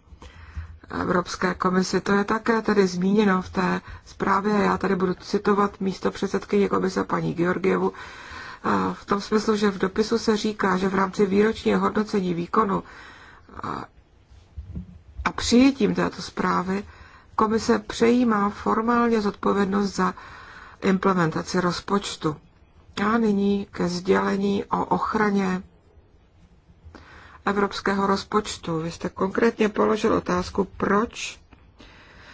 Evropské komise. To je také tady zmíněno v té zprávě. Já tady budu citovat místo předsedkyně komise paní Georgievu, v tom smyslu, že v dopisu se říká, že v rámci výročního hodnocení výkonu a přijetím této zprávy komise přejímá formálně zodpovědnost za implementaci rozpočtu. A nyní ke sdělení o ochraně evropského rozpočtu. Vy jste konkrétně položil otázku, proč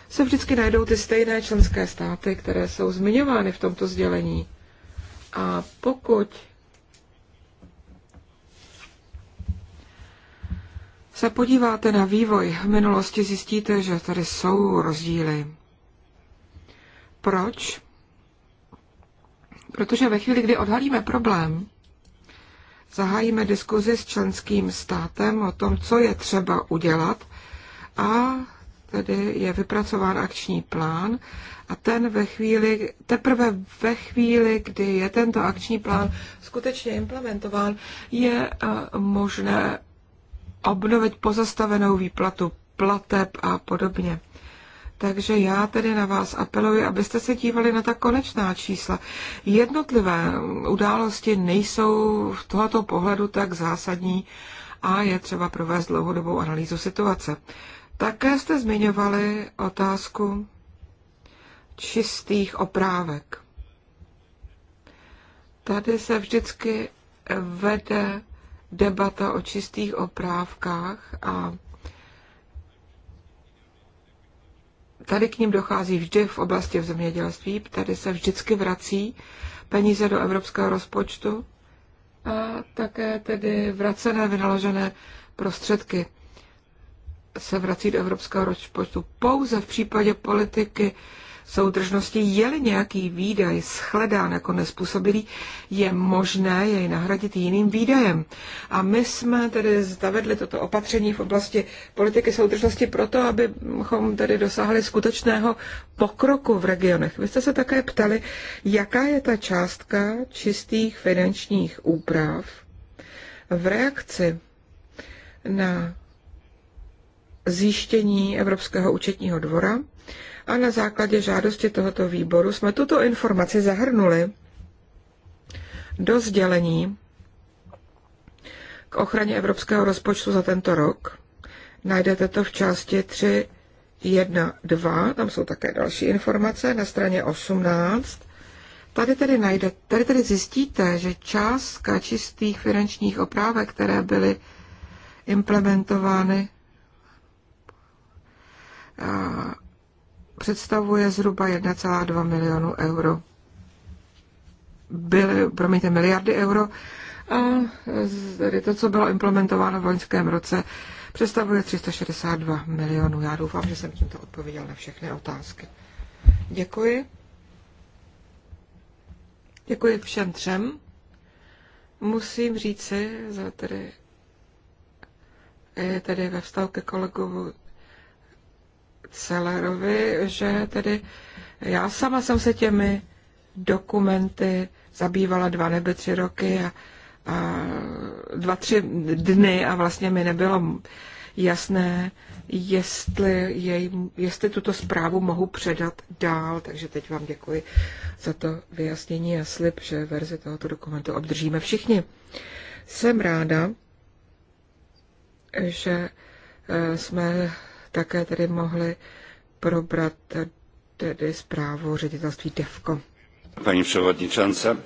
se vždycky najdou ty stejné členské státy, které jsou zmiňovány v tomto sdělení. A pokud se podíváte na vývoj v minulosti, zjistíte, že tady jsou rozdíly. Proč? Protože ve chvíli, kdy odhalíme problém, zahájíme diskuzi s členským státem o tom, co je třeba udělat a tedy je vypracován akční plán a ten ve chvíli, teprve ve chvíli, kdy je tento akční plán skutečně implementován, je eh, možné obnovit pozastavenou výplatu plateb a podobně. Takže já tedy na vás apeluji, abyste se dívali na ta konečná čísla. Jednotlivé události nejsou v tohoto pohledu tak zásadní a je třeba provést dlouhodobou analýzu situace. Také jste zmiňovali otázku čistých oprávek. Tady se vždycky vede debata o čistých oprávkách a tady k ním dochází vždy v oblasti v zemědělství, tady se vždycky vrací peníze do evropského rozpočtu a také tedy vracené vynaložené prostředky se vrací do evropského rozpočtu. Pouze v případě politiky soudržnosti, je-li nějaký výdaj shledán jako nespůsobilý, je možné jej nahradit jiným výdajem. A my jsme tedy zavedli toto opatření v oblasti politiky soudržnosti proto, abychom tedy dosáhli skutečného pokroku v regionech. Vy jste se také ptali, jaká je ta částka čistých finančních úprav v reakci na zjištění Evropského účetního dvora a na základě žádosti tohoto výboru jsme tuto informaci zahrnuli do sdělení k ochraně evropského rozpočtu za tento rok. Najdete to v části 3, 1, 2, tam jsou také další informace na straně 18. Tady tedy, najde, tady tedy zjistíte, že částka čistých finančních oprávek, které byly implementovány představuje zhruba 1,2 milionu euro. Byly, promiňte, miliardy euro. A tedy to, co bylo implementováno v loňském roce, představuje 362 milionů. Já doufám, že jsem tímto odpověděl na všechny otázky. Děkuji. Děkuji všem třem. Musím říci, že tedy, tedy ve vztahu ke kolegovu Sellerovi, že tedy já sama jsem se těmi dokumenty zabývala dva nebo tři roky a, a dva, tři dny a vlastně mi nebylo jasné, jestli, jej, jestli tuto zprávu mohu předat dál. Takže teď vám děkuji za to vyjasnění a slib, že verzi tohoto dokumentu obdržíme všichni. Jsem ráda, že eh, jsme také tedy mohli probrat tedy zprávu ředitelství DEVKO. Paní převodničance,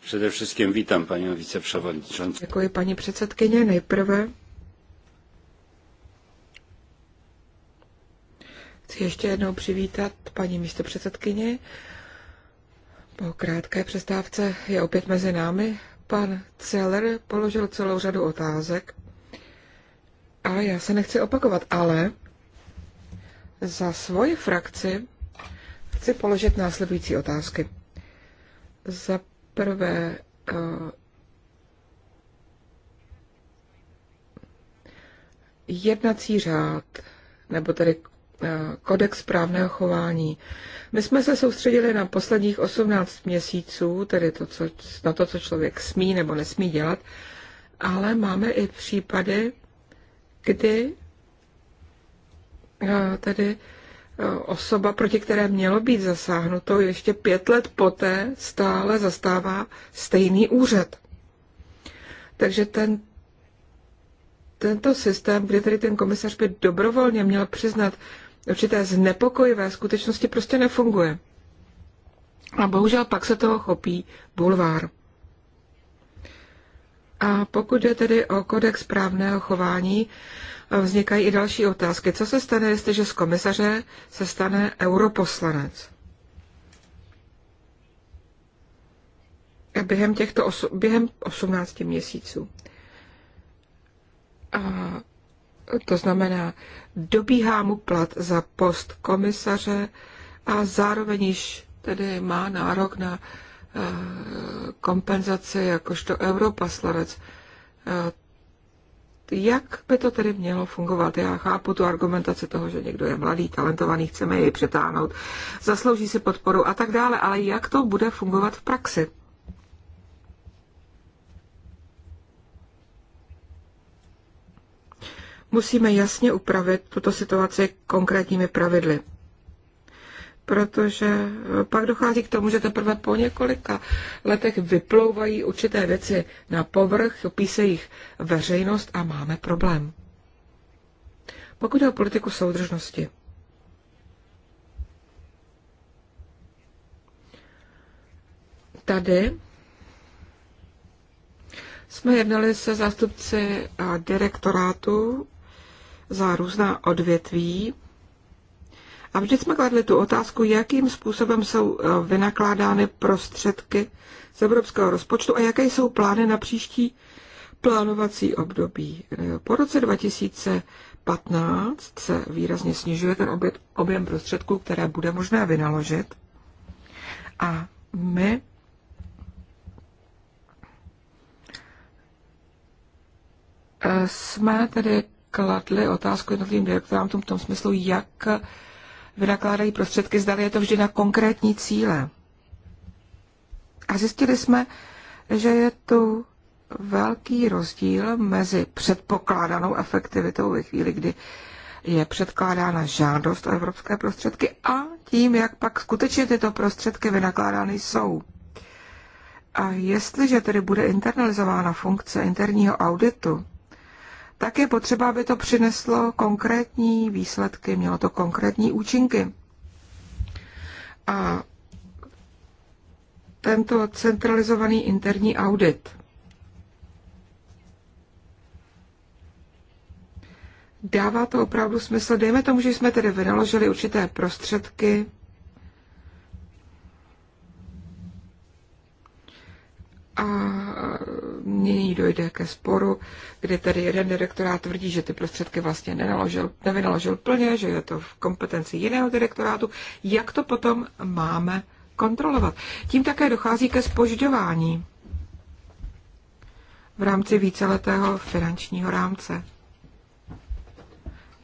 především vítám paní vicepřevodničance. Děkuji paní předsedkyně. Nejprve chci ještě jednou přivítat paní místopředsedkyně. Po krátké přestávce je opět mezi námi. Pan Celer položil celou řadu otázek a já se nechci opakovat, ale za svoji frakci chci položit následující otázky. Za prvé, eh, jednací řád, nebo tedy eh, kodex správného chování. My jsme se soustředili na posledních 18 měsíců, tedy to, co, na to, co člověk smí nebo nesmí dělat, ale máme i případy, kdy tedy e, osoba, proti které mělo být zasáhnuto, ještě pět let poté stále zastává stejný úřad. Takže ten, tento systém, kde tedy ten komisař by dobrovolně měl přiznat určité znepokojivé skutečnosti, prostě nefunguje. A bohužel pak se toho chopí bulvár. A pokud je tedy o kodex správného chování, vznikají i další otázky. Co se stane, jestliže z komisaře se stane europoslanec? A během, těchto osu, během 18 měsíců. A to znamená, dobíhá mu plat za post komisaře a zároveň již tedy má nárok na eh, kompenzaci jakožto europoslanec. Eh, jak by to tedy mělo fungovat? Já chápu tu argumentaci toho, že někdo je mladý, talentovaný, chceme jej přetáhnout, zaslouží si podporu a tak dále, ale jak to bude fungovat v praxi? Musíme jasně upravit tuto situaci konkrétními pravidly protože eh, pak dochází k tomu, že teprve po několika letech vyplouvají určité věci na povrch, opíse jich veřejnost a máme problém. Pokud je o politiku soudržnosti, tady jsme jednali se zástupci direktorátu za různá odvětví a vždy jsme kladli tu otázku, jakým způsobem jsou eh, vynakládány prostředky z evropského rozpočtu a jaké jsou plány na příští plánovací období. Eh, po roce 2015 se výrazně snižuje ten objem prostředků, které bude možné vynaložit. A my eh, jsme tedy kladli otázku jednotlivým direktorám v tom, tom smyslu, jak vynakládají prostředky, zdali je to vždy na konkrétní cíle. A zjistili jsme, že je tu velký rozdíl mezi předpokládanou efektivitou ve chvíli, kdy je předkládána žádost o evropské prostředky a tím, jak pak skutečně tyto prostředky vynakládány jsou. A jestliže tedy bude internalizována funkce interního auditu, tak je potřeba, aby to přineslo konkrétní výsledky, mělo to konkrétní účinky. A tento centralizovaný interní audit dává to opravdu smysl. Dejme tomu, že jsme tedy vynaložili určité prostředky a nyní dojde ke sporu, kdy tady jeden direktorát tvrdí, že ty prostředky vlastně nenaložil, nevynaložil plně, že je to v kompetenci jiného direktorátu. Jak to potom máme kontrolovat? Tím také dochází ke spožďování v rámci víceletého finančního rámce.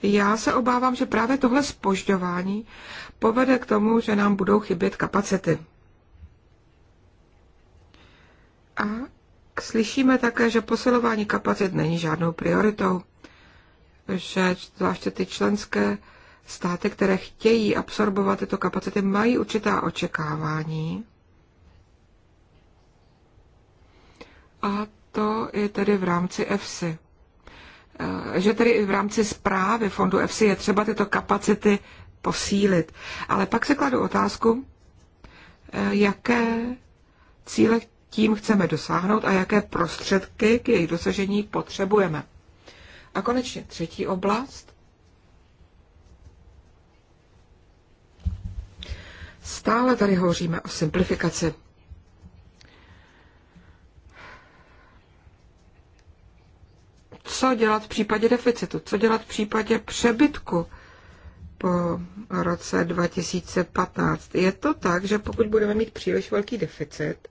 Já se obávám, že právě tohle spožďování povede k tomu, že nám budou chybět kapacity. A Slyšíme také, že posilování kapacit není žádnou prioritou, že zvláště ty členské státy, které chtějí absorbovat tyto kapacity, mají určitá očekávání. A to je tedy v rámci EFSI. Eh, že tedy i v rámci zprávy fondu EFSI je třeba tyto kapacity posílit. Ale pak se kladu otázku, eh, jaké cíle tím chceme dosáhnout a jaké prostředky k jejich dosažení potřebujeme. A konečně třetí oblast. Stále tady hovoříme o simplifikaci. Co dělat v případě deficitu? Co dělat v případě přebytku? po roce 2015. Je to tak, že pokud budeme mít příliš velký deficit,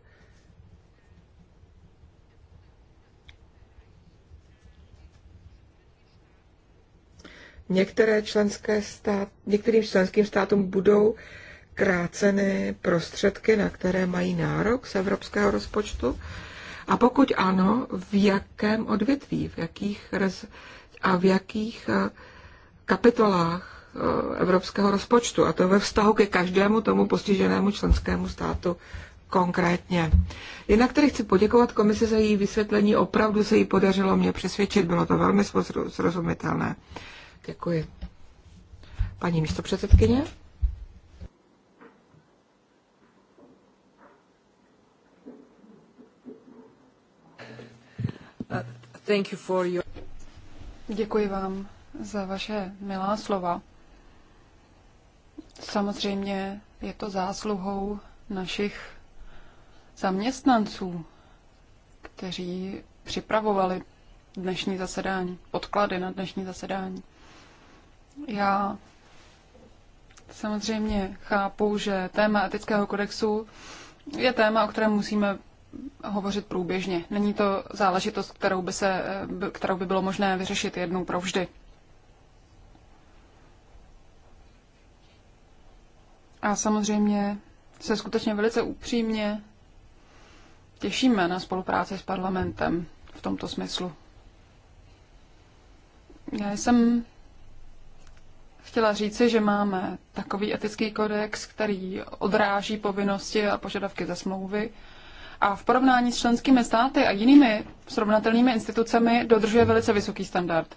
Některé členské stát, některým členským státům budou kráceny prostředky, na které mají nárok z evropského rozpočtu? A pokud ano, v jakém odvětví, v jakých rez, a v jakých eh, kapitolách eh, evropského rozpočtu, a to ve vztahu ke každému tomu postiženému členskému státu konkrétně. Jinak tedy chci poděkovat komisi za její vysvětlení, opravdu se jí podařilo mě přesvědčit, bylo to velmi srozumitelné. Děkuji. Paní místo předsedkyně? Thank you for your... Děkuji vám za vaše milá slova. Samozřejmě je to zásluhou našich zaměstnanců, kteří připravovali dnešní zasedání, podklady na dnešní zasedání. Já samozřejmě chápu, že téma etického kodexu je téma, o kterém musíme hovořit průběžně. Není to záležitost, kterou by, se, eh, kterou by bylo možné vyřešit jednou provždy. A samozřejmě se skutečně velice upřímně těšíme na spolupráci s parlamentem v tomto smyslu. Já jsem chtěla říci, že máme takový etický kodex, který odráží povinnosti a požadavky ze smlouvy a v porovnání s členskými státy a jinými srovnatelnými institucemi dodržuje velice vysoký standard.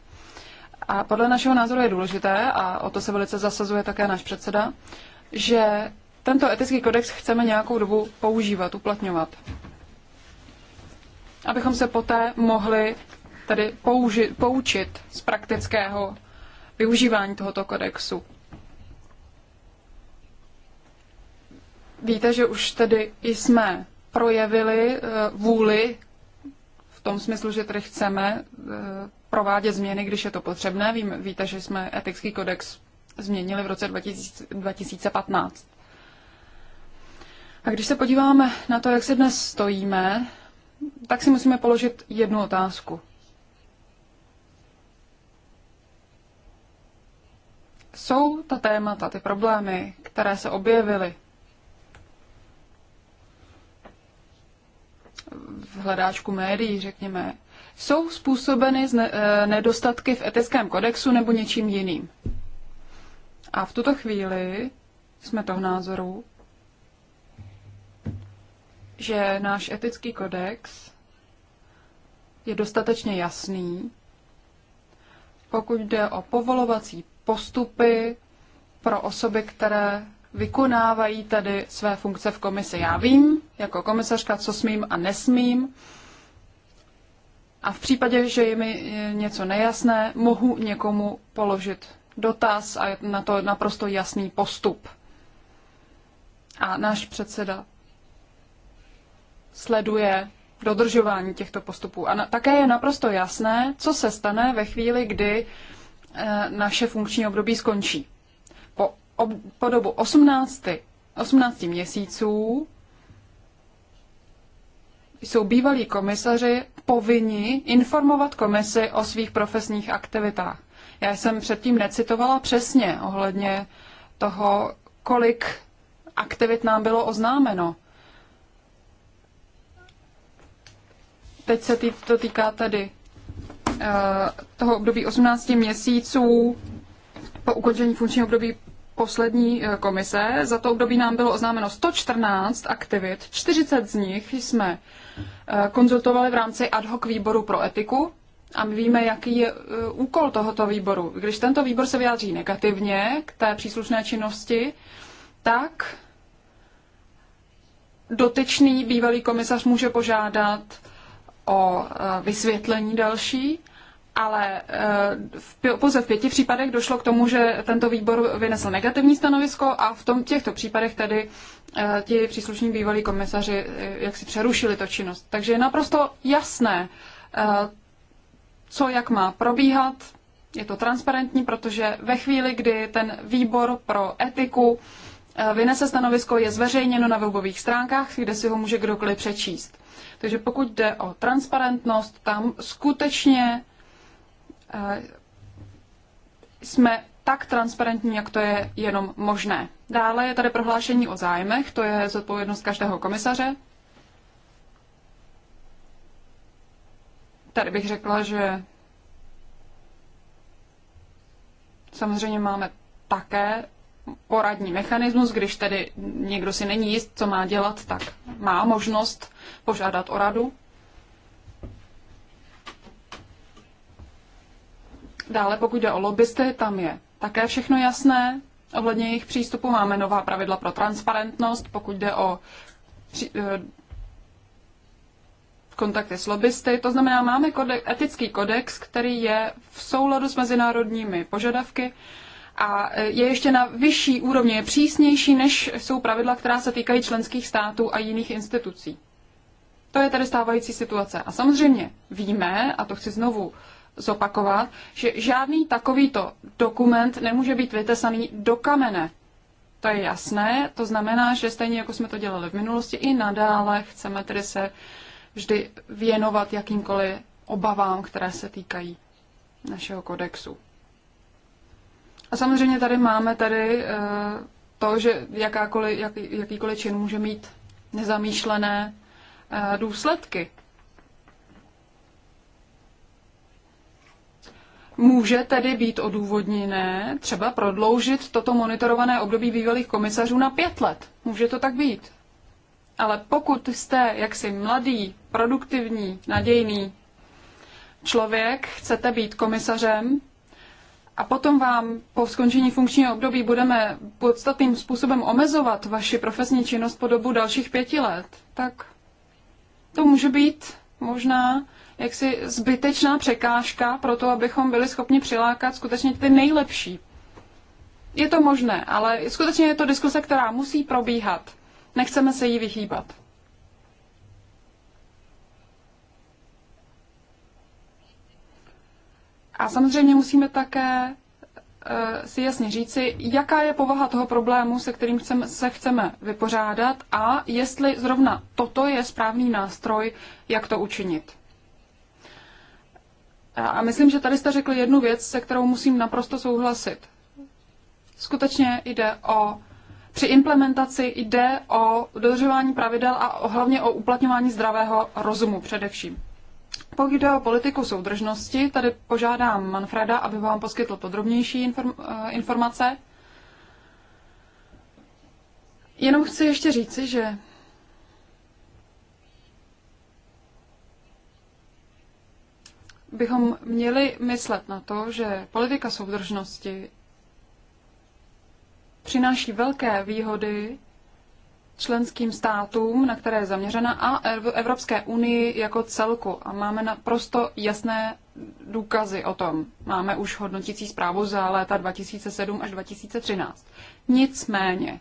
A podle našeho názoru je důležité, a o to se velice zasazuje také náš předseda, že tento etický kodex chceme nějakou dobu používat, uplatňovat. Abychom se poté mohli tedy použi- poučit z praktického využívání tohoto kodexu. Víte, že už tedy jsme projevili eh, vůli v tom smyslu, že tedy chceme eh, provádět změny, když je to potřebné. Víte, že jsme etický kodex změnili v roce 2015. A když se podíváme na to, jak se dnes stojíme, tak si musíme položit jednu otázku. jsou ta témata, ty problémy, které se objevily v hledáčku médií, řekněme, jsou způsobeny z eh, nedostatky v etickém kodexu nebo něčím jiným. A v tuto chvíli jsme toho názoru, že náš etický kodex je dostatečně jasný, pokud jde o povolovací postupy pro osoby, které vykonávají tedy své funkce v komisi. Já vím, jako komisařka, co smím a nesmím. A v případě, že je mi něco nejasné, mohu někomu položit dotaz a je na to naprosto jasný postup. A náš předseda sleduje dodržování těchto postupů. A na, také je naprosto jasné, co se stane ve chvíli, kdy uh, Eh, naše funkční období skončí. Po, ob, po dobu 18, 18 měsíců jsou bývalí komisaři povinni informovat komisi o svých profesních aktivitách. Já jsem předtím necitovala přesně ohledně toho, kolik aktivit nám bylo oznámeno. Teď se to týká tedy Eh, toho období 18 měsíců po ukončení funkčního období poslední eh, komise. Za to období nám bylo oznámeno 114 aktivit, 40 z nich jsme eh, konzultovali v rámci ad hoc výboru pro etiku a my víme, jaký je úkol tohoto výboru. Když tento výbor se vyjádří negativně k té příslušné činnosti, tak dotyčný bývalý komisař může požádat o e, vysvětlení další, ale e, v, pouze v pěti případech došlo k tomu, že tento výbor vynesl negativní stanovisko a v tom těchto případech tedy e, ti příslušní bývalí komisaři jak si přerušili to činnost. Takže je naprosto jasné, co jak má probíhat, je to transparentní, protože ve chvíli, kdy ten výbor pro etiku vynese stanovisko, je zveřejněno na webových stránkách, kde si ho může kdokoliv přečíst. Takže pokud jde o transparentnost, tam skutečně eh, jsme tak transparentní, jak to je jenom možné. Dále je tady prohlášení o zájmech, to je zodpovědnost každého komisaře. Tady bych řekla, že samozřejmě máme také poradní mechanismus, když tedy někdo si není jist, co má dělat, tak má možnost požádat o radu. Dále, pokud jde o lobbysty, tam je také všechno jasné. Ohledně jejich přístupu máme nová pravidla pro transparentnost, pokud jde o eh, kontakty s lobbysty. To znamená, máme kodex, etický kodex, který je v souladu s mezinárodními požadavky a e, je ještě na vyšší úrovni, je přísnější, než jsou pravidla, která se týkají členských států a jiných institucí. To je tedy stávající situace. A samozřejmě víme, a to chci znovu zopakovat, že žádný takovýto dokument nemůže být vytesaný do kamene. To je jasné, to znamená, že stejně jako jsme to dělali v minulosti, i nadále chceme tedy se vždy věnovat jakýmkoliv obavám, které se týkají našeho kodexu. A samozřejmě tady máme tady eh, to, že jakákoliv, jak, jakýkoliv čin může mít nezamýšlené eh, důsledky. Může tedy být odůvodněné třeba prodloužit toto monitorované období bývalých komisařů na pět let. Může to tak být. Ale pokud jste jaksi mladý, produktivní, nadějný člověk, chcete být komisařem, a potom vám po skončení funkčního období budeme podstatným způsobem omezovat vaši profesní činnost po dobu dalších pěti let, tak to může být možná jaksi zbytečná překážka pro to, abychom byli schopni přilákat skutečně ty nejlepší. Je to možné, ale skutečně je to diskuse, která musí probíhat. Nechceme se jí vyhýbat. A samozřejmě musíme také eh, si jasně říci, jaká je povaha toho problému, se kterým chceme, se chceme vypořádat a jestli zrovna toto je správný nástroj, jak to učinit. A myslím, že tady jste řekl jednu věc, se kterou musím naprosto souhlasit. Skutečně jde o při implementaci jde o dodržování pravidel a hlavně o uplatňování zdravého rozumu především. Pokud jde o politiku soudržnosti, tady požádám Manfreda, aby vám poskytl podrobnější eh, informace. Jenom chci ještě říci, že bychom měli myslet na to, že politika soudržnosti přináší velké výhody členským státům, na které je zaměřena, a Evropské unii jako celku. A máme naprosto jasné důkazy o tom. Máme už hodnotící zprávu za léta 2007 až 2013. Nicméně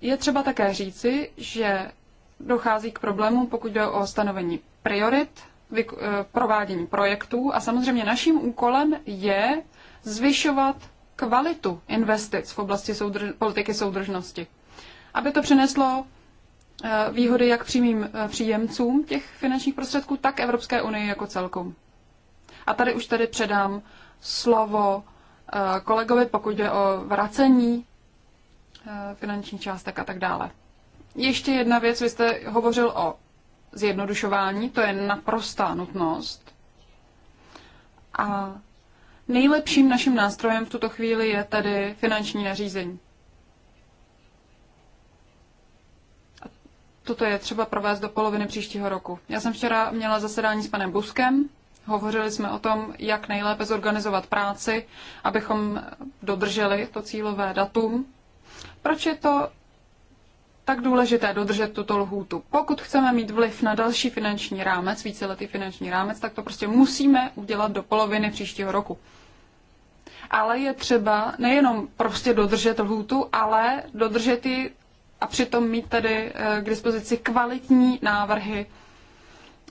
je třeba také říci, že dochází k problému pokud jde o stanovení priorit, eh, provádění projektů a samozřejmě naším úkolem je zvyšovat kvalitu investic v oblasti soudrž- politiky soudržnosti, aby to přineslo eh, výhody jak přímým eh, příjemcům těch finančních prostředků, tak Evropské unii jako celku. A tady už tady předám slovo eh, kolegovi, pokud jde o vracení finančních částek a tak dále. Ještě jedna věc, vy jste hovořil o zjednodušování, to je naprostá nutnost. A Nejlepším naším nástrojem v tuto chvíli je tedy finanční nařízení. Toto je třeba provést do poloviny příštího roku. Já jsem včera měla zasedání s panem Buskem. Hovořili jsme o tom, jak nejlépe zorganizovat práci, abychom dodrželi to cílové datum. Proč je to tak důležité dodržet tuto lhůtu. Pokud chceme mít vliv na další finanční rámec, víceletý finanční rámec, tak to prostě musíme udělat do poloviny příštího roku. Ale je třeba nejenom prostě dodržet lhůtu, ale dodržet ji a přitom mít tady eh, k dispozici kvalitní návrhy,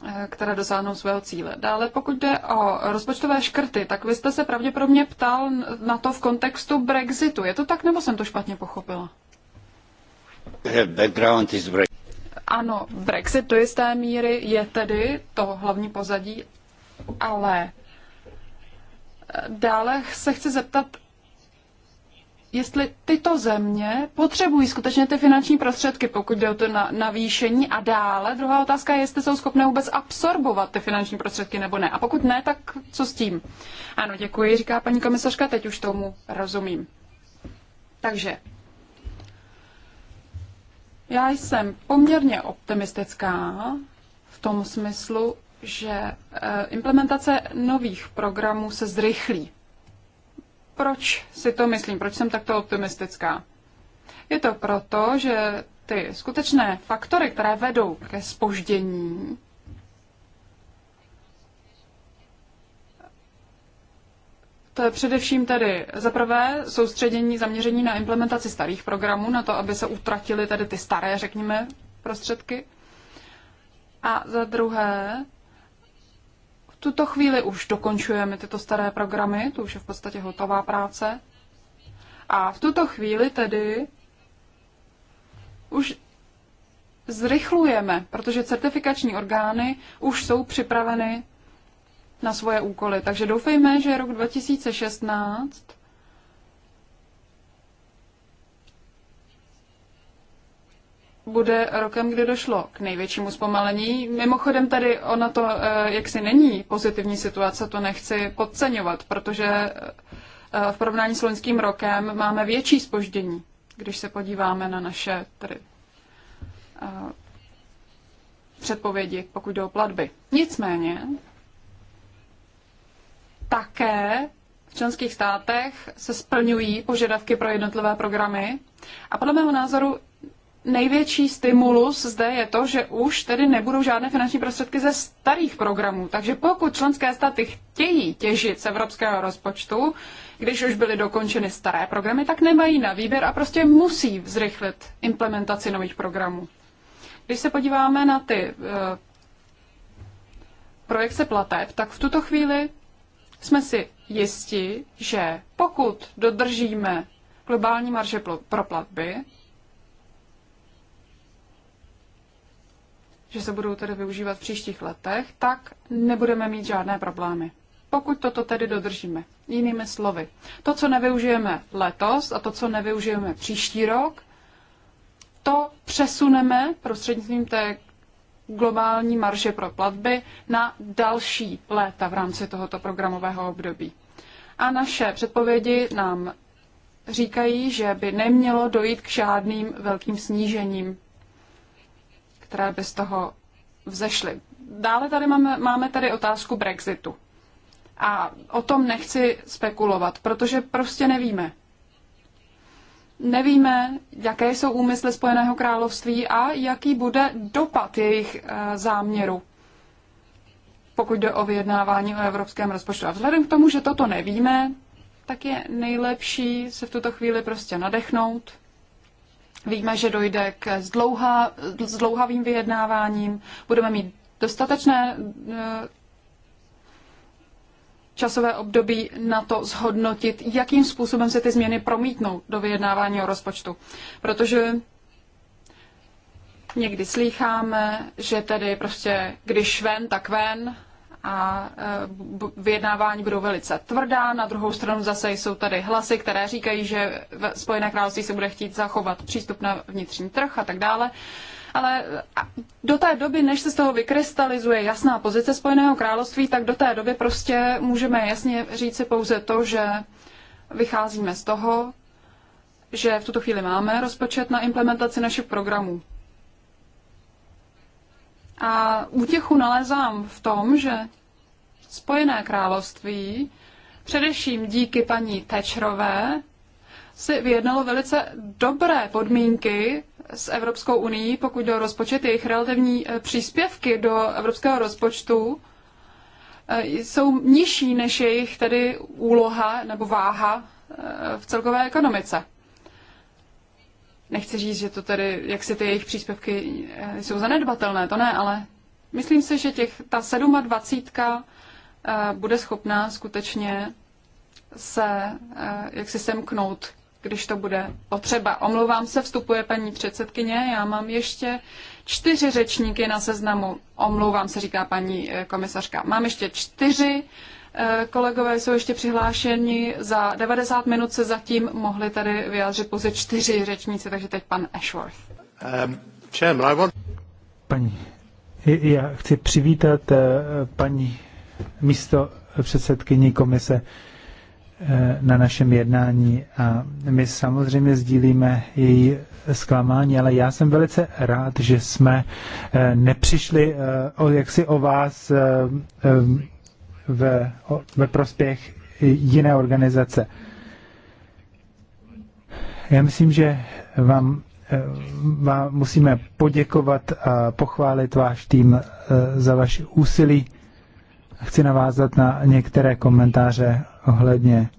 eh, které dosáhnou svého cíle. Dále, pokud jde o rozpočtové škrty, tak vy jste se pravděpodobně ptal na to v kontextu Brexitu. Je to tak, nebo jsem to špatně pochopila? Ano, Brexit do jisté míry je tedy to hlavní pozadí, ale eh, dále se chci zeptat, jestli tyto země potřebují skutečně ty finanční prostředky, pokud jde o to na, navýšení. A dále, druhá otázka je, jestli jsou schopné vůbec absorbovat ty finanční prostředky nebo ne. A pokud ne, tak co s tím? Ano, děkuji, říká paní komisařka, teď už tomu rozumím. Takže já jsem poměrně optimistická v tom smyslu, že e, implementace nových programů se zrychlí. Proč si to myslím? Proč jsem takto optimistická? Je to proto, že ty skutečné faktory, které vedou ke spoždění, To je především tedy za prvé soustředění, zaměření na implementaci starých programů, na to, aby se utratily tedy ty staré, řekněme, prostředky. A za druhé, v tuto chvíli už dokončujeme tyto staré programy, to už je v podstatě hotová práce. A v tuto chvíli tedy už zrychlujeme, protože certifikační orgány už jsou připraveny na svoje úkoly. Takže doufejme, že rok 2016 bude rokem, kdy došlo k největšímu zpomalení. Mimochodem tady ona to eh, jaksi není pozitivní situace, to nechci podceňovat, protože eh, v porovnání s loňským rokem máme větší spoždění, když se podíváme na naše tedy, eh, předpovědi, pokud jde o platby. Nicméně, také v členských státech se splňují požadavky pro jednotlivé programy. A podle mého názoru největší stimulus zde je to, že už tedy nebudou žádné finanční prostředky ze starých programů. Takže pokud členské státy chtějí těžit z evropského rozpočtu, když už byly dokončeny staré programy, tak nemají na výběr a prostě musí zrychlit implementaci nových programů. Když se podíváme na ty uh, projekce plateb, tak v tuto chvíli jsme si jisti, že pokud dodržíme globální marže pro platby, že se budou tedy využívat v příštích letech, tak nebudeme mít žádné problémy. Pokud toto tedy dodržíme. Jinými slovy, to, co nevyužijeme letos a to, co nevyužijeme příští rok, to přesuneme prostřednictvím té globální marže pro platby na další léta v rámci tohoto programového období. A naše předpovědi nám říkají, že by nemělo dojít k žádným velkým snížením, které by z toho vzešly. Dále tady máme, máme tady otázku Brexitu. A o tom nechci spekulovat, protože prostě nevíme. Nevíme, jaké jsou úmysly Spojeného království a jaký bude dopad jejich eh, záměru, pokud jde o vyjednávání o evropském rozpočtu. A vzhledem k tomu, že toto nevíme, tak je nejlepší se v tuto chvíli prostě nadechnout. Víme, že dojde k zdlouha, zdlouhavým vyjednáváním. Budeme mít dostatečné eh, časové období na to zhodnotit, jakým způsobem se ty změny promítnou do vyjednávání o rozpočtu. Protože někdy slýcháme, že tedy prostě když ven, tak ven a e, vyjednávání budou velice tvrdá. Na druhou stranu zase jsou tady hlasy, které říkají, že Spojené království se bude chtít zachovat přístup na vnitřní trh a tak dále. Uh, ale do té doby, než se z toho vykrystalizuje jasná pozice Spojeného království, tak do té doby prostě můžeme jasně říci pouze to, že vycházíme z toho, že v tuto chvíli máme rozpočet na implementaci našich programů. A útěchu nalézám v tom, že Spojené království, především díky paní Tečrové, si vyjednalo velice dobré podmínky s Evropskou unii, pokud jde o rozpočet, jejich relativní eh, příspěvky do evropského rozpočtu eh, jsou nižší než jejich tedy úloha nebo váha eh, v celkové ekonomice. Nechci říct, že to tedy, jak si ty jejich příspěvky jsou zanedbatelné, to ne, ale myslím si, že těch, ta 27 bude schopná skutečně se, jak si semknout když to bude potřeba. Omlouvám se, vstupuje paní předsedkyně, já mám ještě čtyři řečníky na seznamu. Omlouvám se, říká paní eh, komisařka. Mám ještě čtyři eh, kolegové jsou ještě přihlášeni. Za 90 minut se zatím mohli tady vyjádřit pouze čtyři řečníci, takže teď pan Ashworth. Um, Paní, já chci přivítat eh, paní místo předsedkyní komise na našem jednání a my samozřejmě sdílíme její zklamání, ale já jsem velice rád, že jsme eh, nepřišli eh, o, jaksi o vás eh, ve, ve prospěch jiné organizace. Já myslím, že vám, vám musíme poděkovat a pochválit váš tým za vaše úsilí. Chci navázat na některé komentáře ohledně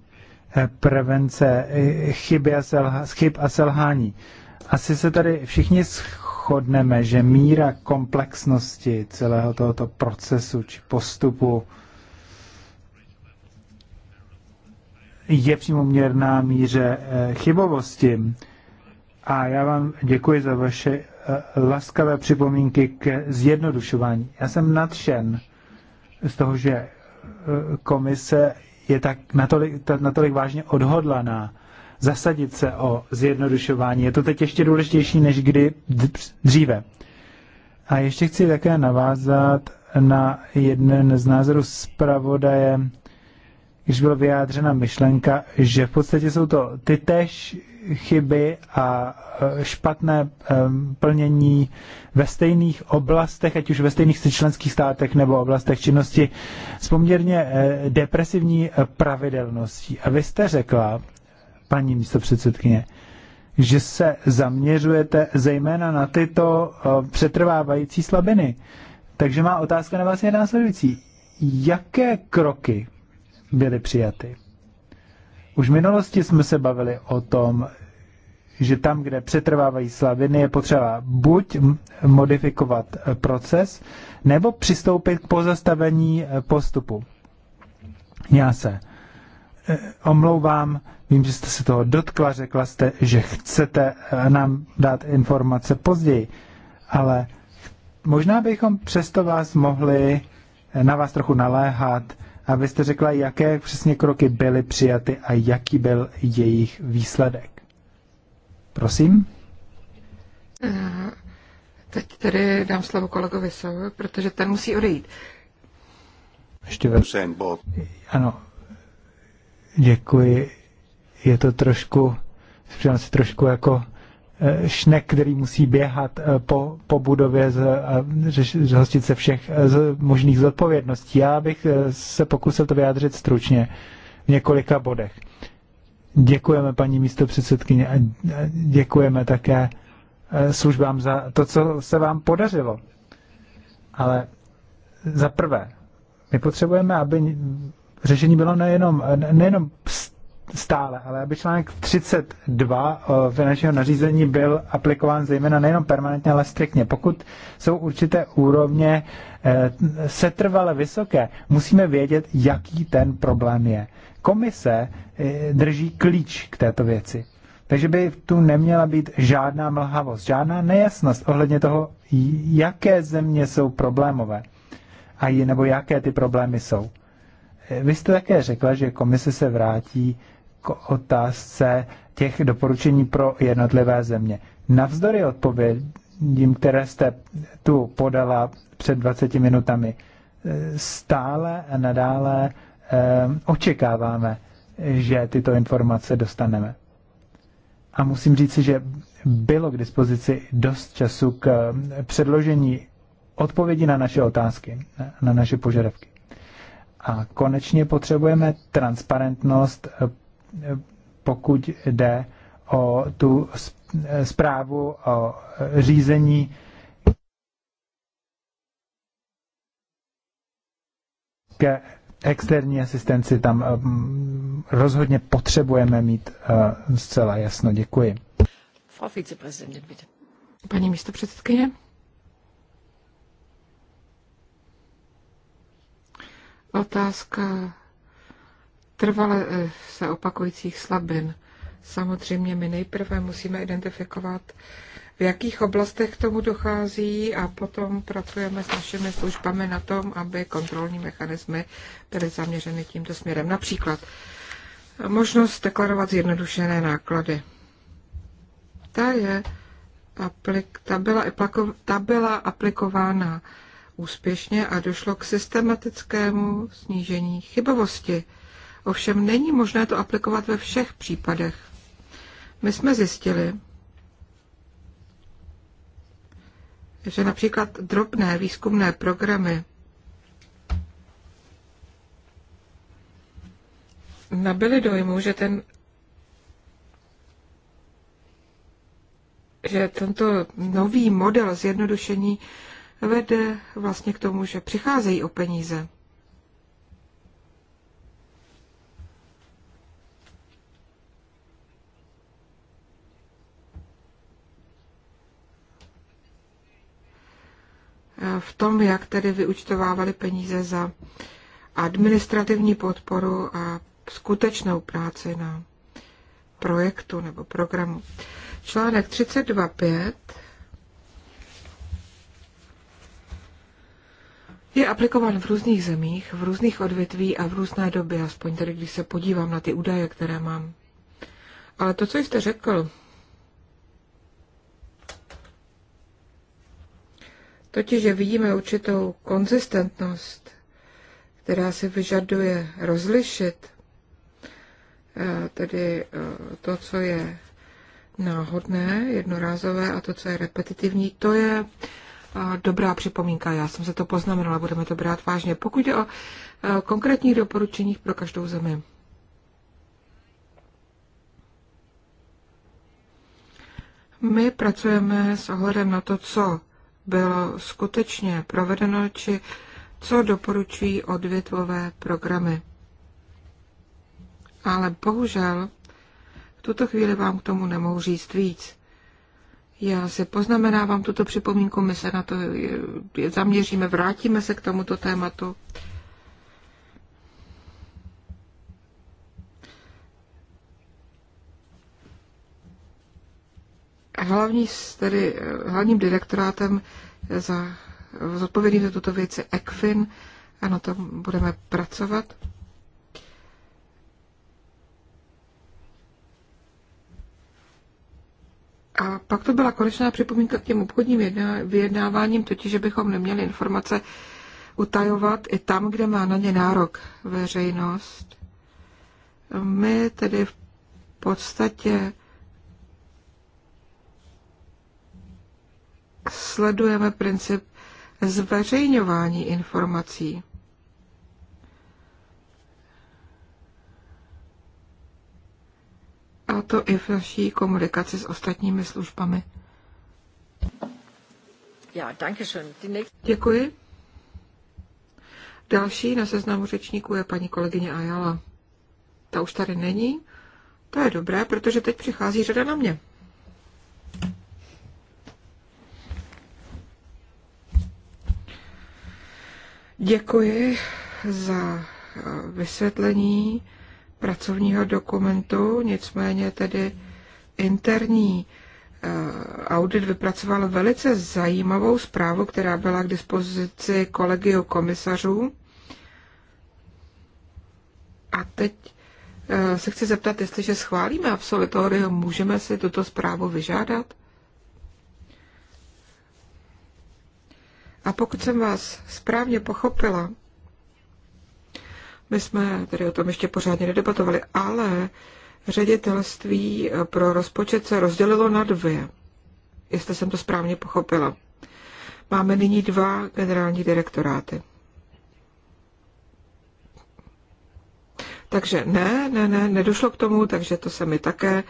eh, prevence eh, chyby a selha, chyb a selhání. Asi se tady všichni shodneme, že míra komplexnosti celého tohoto procesu či postupu je přímo měrná míře eh, chybovosti. A já vám děkuji za vaše laskavé připomínky k zjednodušování. Já jsem nadšen z toho, že komise je tak natolik, natolik vážně odhodlaná zasadit se o zjednodušování. Je to teď ještě důležitější než kdy dříve. A ještě chci také navázat na jeden z názorů zpravodaje, když byla vyjádřena myšlenka, že v podstatě jsou to ty tež chyby a e, špatné plnění ve stejných oblastech, ať už ve stejných členských státech nebo oblastech činnosti, s poměrně e, depresivní e, pravidelností. A vy jste řekla, paní předsedkyně, že se zaměřujete zejména na tyto přetrvávající slabiny. Takže má otázka na vás je následující. Jaké kroky byly přijaty? Už v minulosti jsme se bavili o tom, že tam, kde přetrvávají slabiny, je potřeba buď modifikovat eh, proces, nebo přistoupit k pozastavení eh, postupu. Já se eh, omlouvám, vím, že jste se toho dotkla, řekla jste, že chcete nám dát informace později, ale možná bychom přesto vás mohli na vás trochu naléhat, abyste řekla, jaké přesně kroky byly přijaty a jaký byl jejich výsledek. Prosím. Eh, teď tedy dám slovo kolegovi Sovi, protože ten musí odejít. Ještě ve... Ano. Děkuji. Je to trošku, přijám si trošku jako eh, šnek, který musí běhat eh, po, po budově z, a zhostit se všech z možných zodpovědností. Já bych se pokusil to vyjádřit stručně v několika bodech. Děkujeme, paní místo předsedkyně, a děkujeme také eh, službám za to, co se vám podařilo. Ale za prvé, my potřebujeme, aby řešení bylo nejenom, nejenom stále, ale aby článek 32 eh, finančního nařízení byl aplikován zejména nejenom permanentně, ale striktně. Pokud jsou určité úrovně eh, setrvale vysoké, musíme vědět, jaký ten problém je. Komise E, drží klíč k této věci. Takže by tu neměla být žádná mlhavost, žádná nejasnost ohledně toho, jaké země jsou problémové a je, nebo jaké ty problémy jsou. E, vy jste také řekla, že komise se vrátí k otázce těch doporučení pro jednotlivé země. Navzdory odpovědím, které jste tu podala před 20 minutami, e, stále a nadále očekáváme že tyto informace dostaneme. A musím říci, že bylo k dispozici dost času k předložení odpovědi na naše otázky, na naše požadavky. A konečně potřebujeme transparentnost, pokud jde o tu zprávu o řízení ke externí asistenci tam eh, mm, rozhodně potřebujeme mít eh, zcela jasno. Děkuji. Frau Vizepräsidentin, bitte. Paní místopředsedkyně. Otázka trvale eh, se opakujících slabin. Samozřejmě my nejprve musíme identifikovat v jakých oblastech k tomu dochází a potom pracujeme s našimi službami na tom, aby kontrolní mechanismy byly zaměřeny tímto směrem. Například možnost deklarovat zjednodušené náklady. Ta, je, aplik, ta, byla, ta byla aplikována úspěšně a došlo k systematickému snížení chybovosti. Ovšem není možné to aplikovat ve všech případech. My jsme zjistili, že například drobné výzkumné programy nabyly dojmu, že ten že tento nový model zjednodušení vede vlastně k tomu, že přicházejí o peníze. E, v tom, jak tedy vyučtovávali peníze za administrativní podporu a skutečnou práci na projektu nebo programu. Článek 32.5 je aplikován v různých zemích, v různých odvětví a v různé době, aspoň tedy, když se podívám na ty údaje, které mám. Ale to, co jste řekl totiž že vidíme určitou konzistentnost, která se vyžaduje rozlišit, eh, tedy eh, to, co je náhodné, jednorázové a to, co je repetitivní, to je eh, dobrá připomínka. Já jsem se to poznamenala, budeme to brát vážně. Pokud jde o konkrétních doporučeních pro každou zemi. My pracujeme s ohledem na to, co bylo skutečně provedeno, či co doporučují odvětvové programy. Ale bohužel v tuto chvíli vám k tomu nemohu říct víc. Já si poznamenávám tuto připomínku, my se na to zaměříme, vrátíme se k tomuto tématu. Hlavní, tedy, eh, hlavním direktorátem eh, za zodpovědným za tuto věc je ECFIN a na tom budeme pracovat. A pak to byla konečná připomínka k těm obchodním vyjednáváním, totiž, že bychom neměli informace utajovat i tam, kde má na ně nárok veřejnost. My tedy v podstatě sledujeme princip zveřejňování informací. A to i v naší komunikaci s ostatními službami. Děkuji. Další na seznamu řečníků je paní kolegyně Ajala. Ta už tady není. To je dobré, protože teď přichází řada na mě. Děkuji za eh, vysvětlení pracovního dokumentu, nicméně tedy interní eh, audit vypracoval velice zajímavou zprávu, která byla k dispozici kolegiu komisařů. A teď eh, se chci zeptat, jestliže schválíme absolutorium, můžeme si tuto zprávu vyžádat? A pokud jsem vás správně pochopila, my jsme tady o tom ještě pořádně nedebatovali, ale ředitelství pro rozpočet se rozdělilo na dvě, jestli jsem to správně pochopila. Máme nyní dva generální direktoráty. Takže ne, ne, ne, nedošlo k tomu, takže to se mi také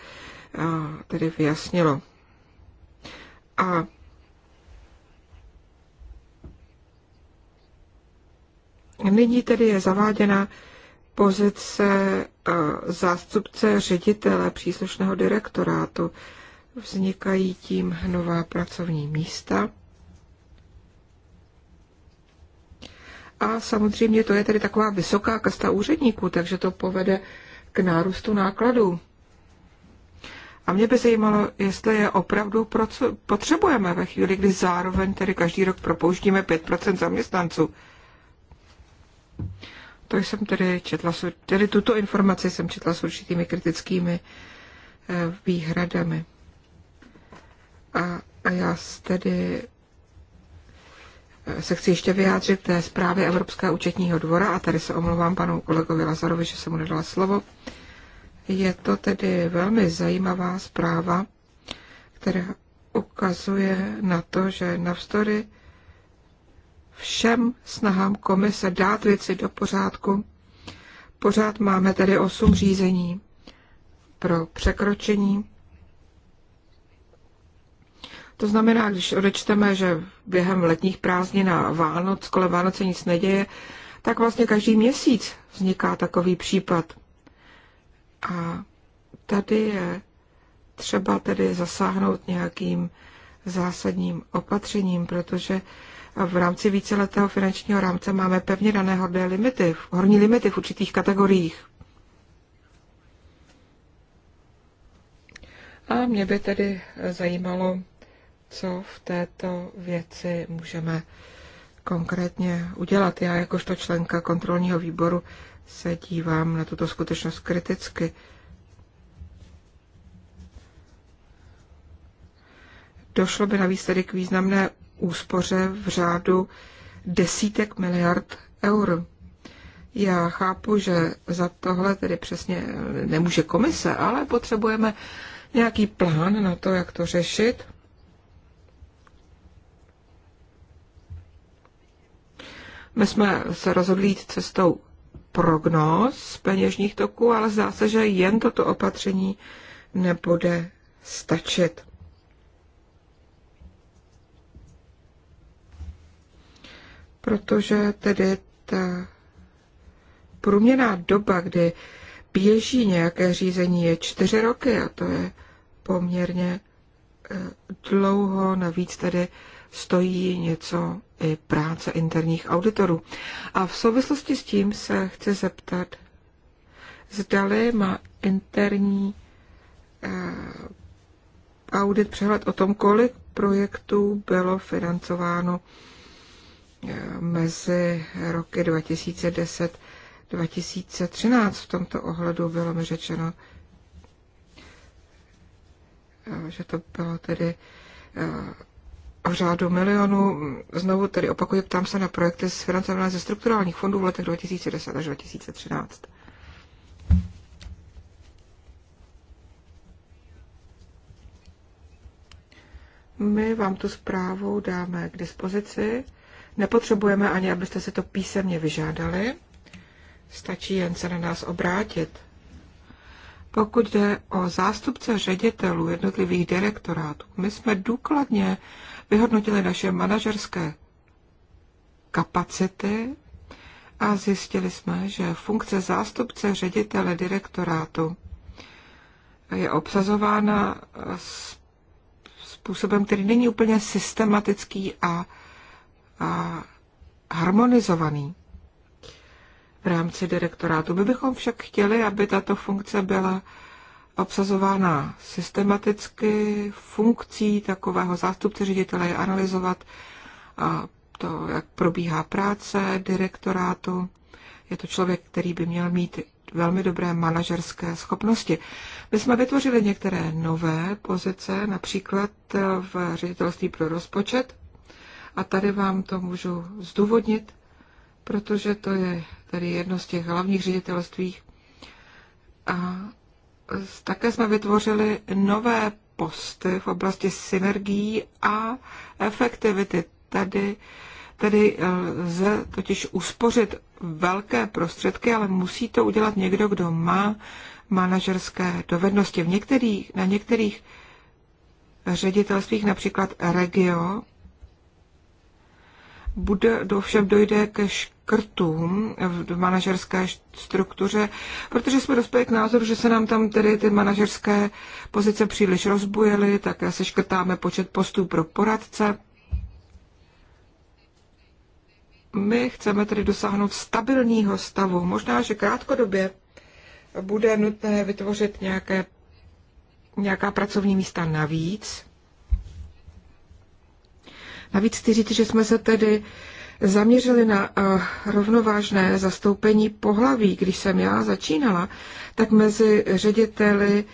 a, eh, tedy vyjasnilo. A Nyní tedy je zaváděna pozice eh, zástupce ředitele příslušného direktorátu. Vznikají tím nová pracovní místa. A samozřejmě to je tedy taková vysoká kasta úředníků, takže to povede k nárůstu nákladů. A mě by zajímalo, jestli je opravdu potřebujeme ve chvíli, kdy zároveň tedy každý rok propouštíme 5% zaměstnanců. To jsem tedy četla, tedy tuto informaci jsem četla s určitými kritickými eh, výhradami. A, a já tedy eh, se chci ještě vyjádřit té zprávě Evropského účetního dvora a tady se omlouvám panu kolegovi Lazarovi, že jsem mu nedala slovo. Je to tedy velmi zajímavá zpráva, která ukazuje na to, že navzdory všem snahám komise dát věci do pořádku. Pořád máme tedy osm řízení pro překročení. To znamená, když odečteme, že během letních prázdnin a Vánoc, kolem Vánoce nic neděje, tak vlastně každý měsíc vzniká takový případ. A tady je třeba tedy zasáhnout nějakým zásadním opatřením, protože v rámci víceletého finančního rámce máme pevně dané horné limity, horní limity v určitých kategoriích. A mě by tedy zajímalo, co v této věci můžeme konkrétně udělat. Já jakožto členka kontrolního výboru se dívám na tuto skutečnost kriticky. Došlo by navíc tedy k významné úspoře v řádu desítek miliard eur. Já chápu, že za tohle tedy přesně nemůže komise, ale potřebujeme nějaký plán na to, jak to řešit. My jsme se rozhodli jít cestou prognóz peněžních toků, ale zdá se, že jen toto opatření nebude stačit. protože tedy ta průměrná doba, kdy běží nějaké řízení, je čtyři roky a to je poměrně eh, dlouho, navíc tedy stojí něco i práce interních auditorů. A v souvislosti s tím se chci zeptat, zdali má interní eh, audit přehled o tom, kolik projektů bylo financováno mezi roky 2010 2013 v tomto ohledu bylo mi řečeno, eh, že to bylo tedy eh, v řádu milionů. Znovu tedy opakuju, ptám se na projekty financování ze strukturálních fondů v letech 2010 až 2013. My vám tu zprávu dáme k dispozici. Nepotřebujeme ani, abyste si to písemně vyžádali. Stačí jen se na nás obrátit. Pokud jde o zástupce ředitelů jednotlivých direktorátů, my jsme důkladně vyhodnotili naše manažerské kapacity a zjistili jsme, že funkce zástupce ředitele direktorátu je obsazována způsobem, který není úplně systematický a a harmonizovaný v rámci direktorátu. My bychom však chtěli, aby tato funkce byla obsazována systematicky. Funkcí takového zástupce ředitele je analyzovat to, jak probíhá práce direktorátu. Je to člověk, který by měl mít velmi dobré manažerské schopnosti. My jsme vytvořili některé nové pozice, například v ředitelství pro rozpočet, a tady vám to můžu zdůvodnit, protože to je tady jedno z těch hlavních ředitelství. A také jsme vytvořili nové posty v oblasti synergií a efektivity. Tady, tady eh, lze totiž uspořit velké prostředky, ale musí to udělat někdo, kdo má manažerské dovednosti. V některých, na některých ředitelstvích, například Regio, bude, ovšem dojde ke škrtům v manažerské struktuře, protože jsme dospěli k názoru, že se nám tam tedy ty manažerské pozice příliš rozbujely, tak se škrtáme počet postů pro poradce. My chceme tedy dosáhnout stabilního stavu. Možná, že krátkodobě bude nutné vytvořit nějaké, nějaká pracovní místa navíc, Navíc chci říct, že jsme se tedy zaměřili na eh, rovnovážné zastoupení pohlaví. Když jsem já začínala, tak mezi řediteli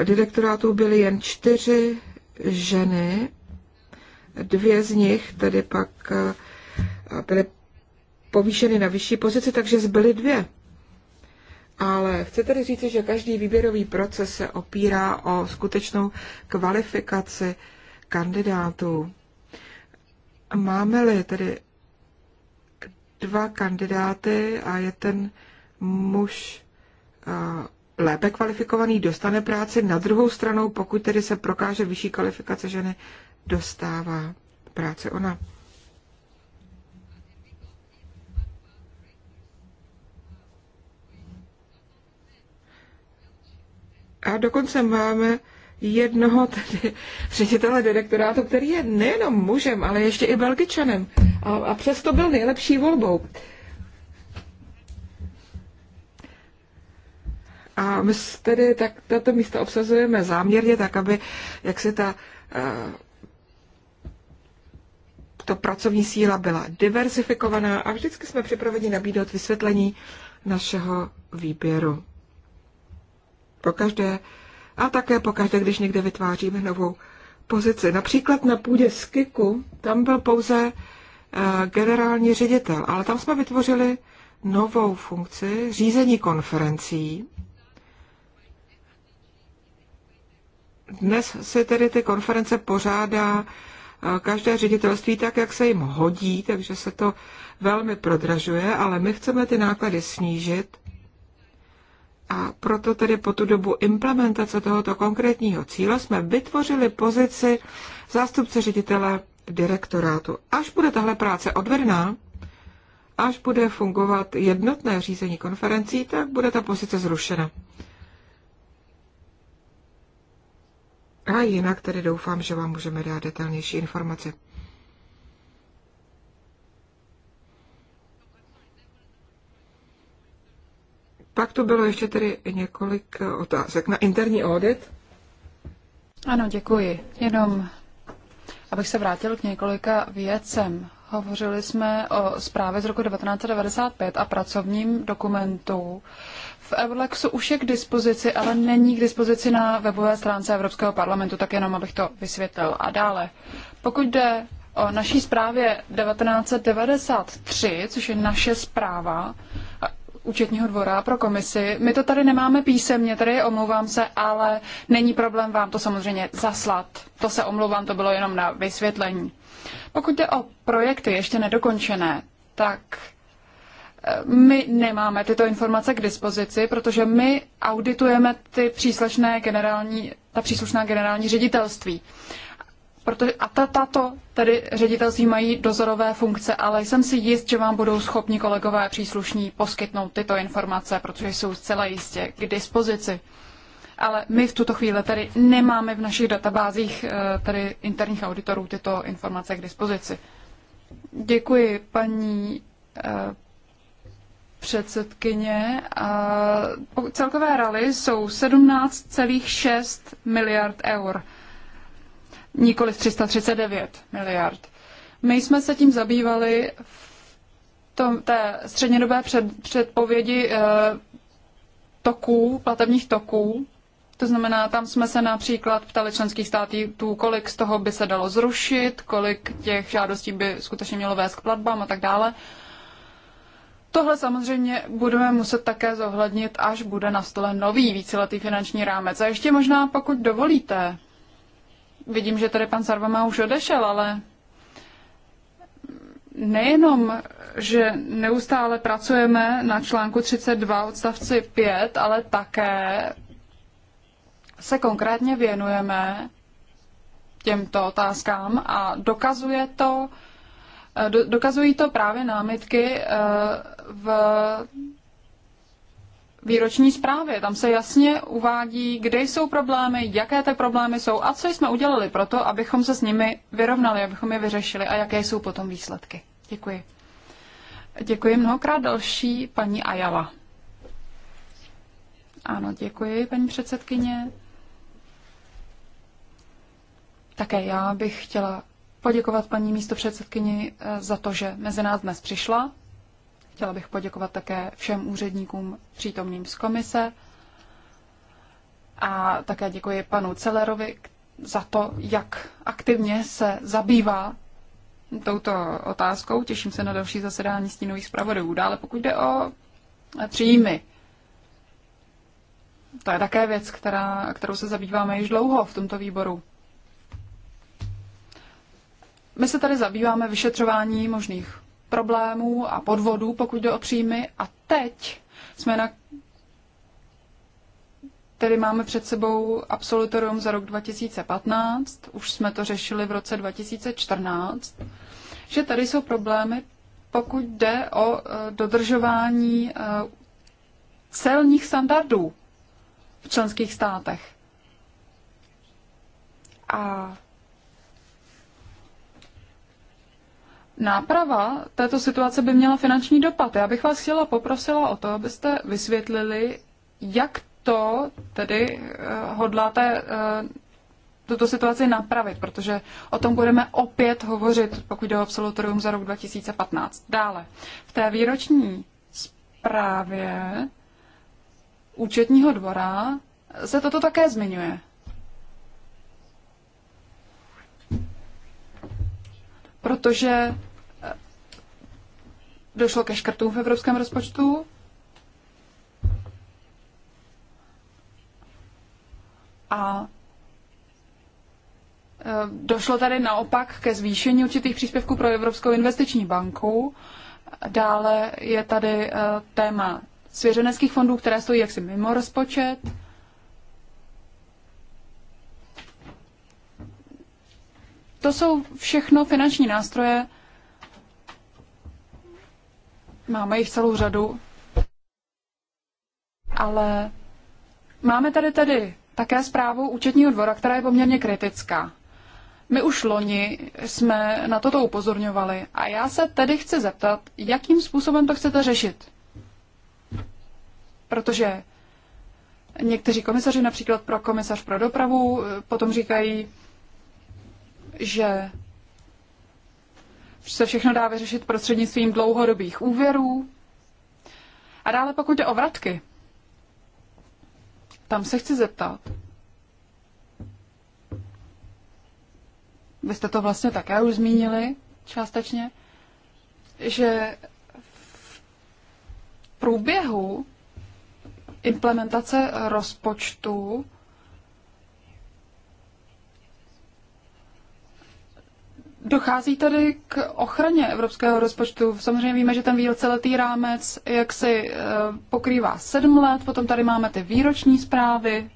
eh, direktorátů byly jen čtyři ženy. Dvě z nich tedy pak eh, byly povýšeny na vyšší pozici, takže zbyly dvě. Ale chci tedy říci, že každý výběrový proces se opírá o skutečnou kvalifikaci kandidátů. Máme-li tedy dva kandidáty a je ten muž eh, lépe kvalifikovaný, dostane práci. Na druhou stranu, pokud tedy se prokáže vyšší kvalifikace ženy, dostává práci ona. A dokonce máme jednoho tedy ředitele direktorátu, který je nejenom mužem, ale ještě i belgičanem. A, a přesto byl nejlepší volbou. A my tedy tak tato místa obsazujeme záměrně tak, aby jak se ta eh, to pracovní síla byla diversifikovaná a vždycky jsme připraveni nabídnout vysvětlení našeho výběru. Po každé a také pokaždé, když někde vytváříme novou pozici. Například na půdě Skiku, tam byl pouze eh, generální ředitel, ale tam jsme vytvořili novou funkci řízení konferencí. Dnes si tedy ty konference pořádá eh, každé ředitelství tak, jak se jim hodí, takže se to velmi prodražuje, ale my chceme ty náklady snížit a proto tedy po tu dobu implementace tohoto konkrétního cíle jsme vytvořili pozici zástupce ředitele direktorátu. Až bude tahle práce odvedená, až bude fungovat jednotné řízení konferencí, tak bude ta pozice zrušena. A jinak tedy doufám, že vám můžeme dát detailnější informace. Pak tu bylo ještě tedy několik eh, otázek na interní audit. Ano, děkuji. Jenom abych se vrátil k několika věcem. Hovořili jsme o zprávě z roku 1995 a pracovním dokumentu. V Eurlexu už je k dispozici, ale není k dispozici na webové stránce Evropského parlamentu, tak jenom abych to vysvětlil. A dále, pokud jde o naší zprávě 1993, což je naše zpráva, účetního dvora pro komisi. My to tady nemáme písemně, tady omlouvám se, ale není problém vám to samozřejmě zaslat. To se omlouvám, to bylo jenom na vysvětlení. Pokud jde o projekty ještě nedokončené, tak eh, my nemáme tyto informace k dispozici, protože my auditujeme ty příslušné generální, ta příslušná generální ředitelství protože, a tato tedy ředitelství mají dozorové funkce, ale jsem si jist, že vám budou schopni kolegové příslušní poskytnout tyto informace, protože jsou zcela jistě k dispozici. Ale my v tuto chvíli tedy nemáme v našich databázích eh, tedy interních auditorů tyto informace k dispozici. Děkuji, paní eh, předsedkyně. Celkové rally jsou 17,6 miliard eur nikoli 339 miliard. My jsme se tím zabývali v tom, té střednědobé před, předpovědi eh, toků, platebních toků. To znamená, tam jsme se například ptali členských států, kolik z toho by se dalo zrušit, kolik těch žádostí by skutečně mělo vést k platbám a tak dále. Tohle samozřejmě budeme muset také zohlednit, až bude na stole nový víceletý finanční rámec. A ještě možná, pokud dovolíte, vidím, že tady pan Sarvama už odešel, ale nejenom, že neustále pracujeme na článku 32 odstavci 5, ale také se konkrétně věnujeme těmto otázkám a dokazuje to, dokazují to právě námitky eh, v výroční zprávě. Tam se jasně uvádí, kde jsou problémy, jaké ty problémy jsou a co jsme udělali pro to, abychom se s nimi vyrovnali, abychom je vyřešili a jaké jsou potom výsledky. Děkuji. Děkuji mnohokrát další paní Ajala. Ano, děkuji, paní předsedkyně. Také já bych chtěla poděkovat paní místo předsedkyni eh, za to, že mezi nás dnes přišla Chtěla bych poděkovat také všem úředníkům přítomným z komise a také děkuji panu Celerovi za to, jak aktivně se zabývá touto otázkou. Těším se na další zasedání stínových zpravodajů. Dále pokud jde o příjmy, to je také věc, která, kterou se zabýváme již dlouho v tomto výboru. My se tady zabýváme vyšetřování možných problémů a podvodů, pokud jde o příjmy. A teď jsme na Tedy máme před sebou absolutorium za rok 2015, už jsme to řešili v roce 2014, že tady jsou problémy, pokud jde o e, dodržování e, celních standardů v členských státech. A náprava této situace by měla finanční dopad. Já bych vás chtěla poprosila o to, abyste vysvětlili, jak to tedy eh, hodláte eh, tuto situaci napravit, protože o tom budeme opět hovořit, pokud jde o absolutorium za rok 2015. Dále, v té výroční zprávě účetního dvora se toto také zmiňuje. Protože došlo ke škrtům v evropském rozpočtu. A e, došlo tady naopak ke zvýšení určitých příspěvků pro Evropskou investiční banku. Dále je tady e, téma svěřeneckých fondů, které stojí jaksi mimo rozpočet. To jsou všechno finanční nástroje, Máme jich celou řadu. Ale máme tady tedy také zprávu účetního dvora, která je poměrně kritická. My už loni jsme na toto upozorňovali a já se tedy chci zeptat, jakým způsobem to chcete řešit. Protože někteří komisaři, například pro komisař pro dopravu, eh, potom říkají, že se všechno dá vyřešit prostřednictvím dlouhodobých úvěrů. A dále pokud jde o vratky, tam se chci zeptat. Vy jste to vlastně také už zmínili částečně, že v průběhu implementace rozpočtu Dochází tady k ochraně evropského rozpočtu. Samozřejmě víme, že ten víceletý rámec jaksi eh, pokrývá sedm let, potom tady máme ty výroční zprávy.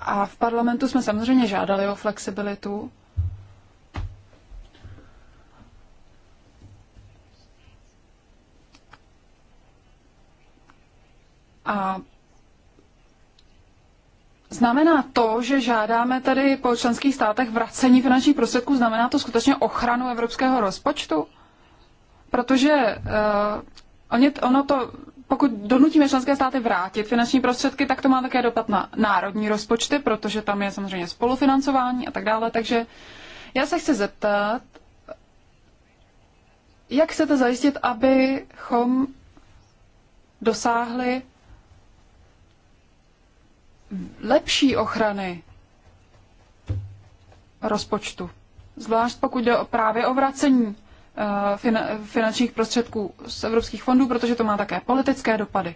A v parlamentu jsme samozřejmě žádali o flexibilitu. A Znamená to, že žádáme tady po členských státech vracení finančních prostředků, znamená to skutečně ochranu evropského rozpočtu? Protože uh, ono to, pokud donutíme členské státy vrátit finanční prostředky, tak to má také dopad na národní rozpočty, protože tam je samozřejmě spolufinancování a tak dále. Takže já se chci zeptat, jak chcete zajistit, abychom dosáhli lepší ochrany rozpočtu. Zvlášť pokud jde právě o vracení eh, finančních prostředků z evropských fondů, protože to má také politické dopady.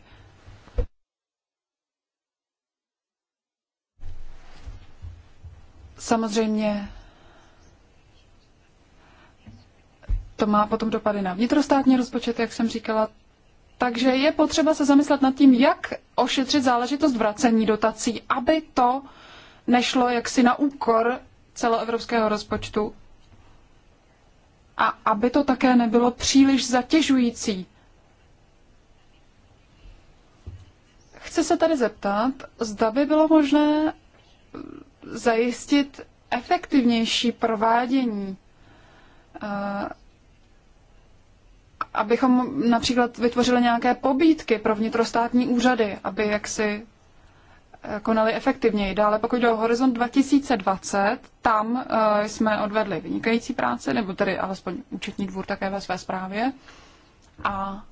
Samozřejmě to má potom dopady na vnitrostátní rozpočet, jak jsem říkala, takže je potřeba se zamyslet nad tím, jak ošetřit záležitost vracení dotací, aby to nešlo jaksi na úkor celoevropského rozpočtu a aby to také nebylo příliš zatěžující. Chci se tady zeptat, zda by bylo možné zajistit efektivnější provádění eh, abychom například vytvořili nějaké pobídky pro vnitrostátní úřady, aby jaksi eh, konali efektivněji. Dále pokud jde o Horizont 2020, tam eh, jsme odvedli vynikající práce, nebo tedy alespoň účetní dvůr také ve své zprávě. A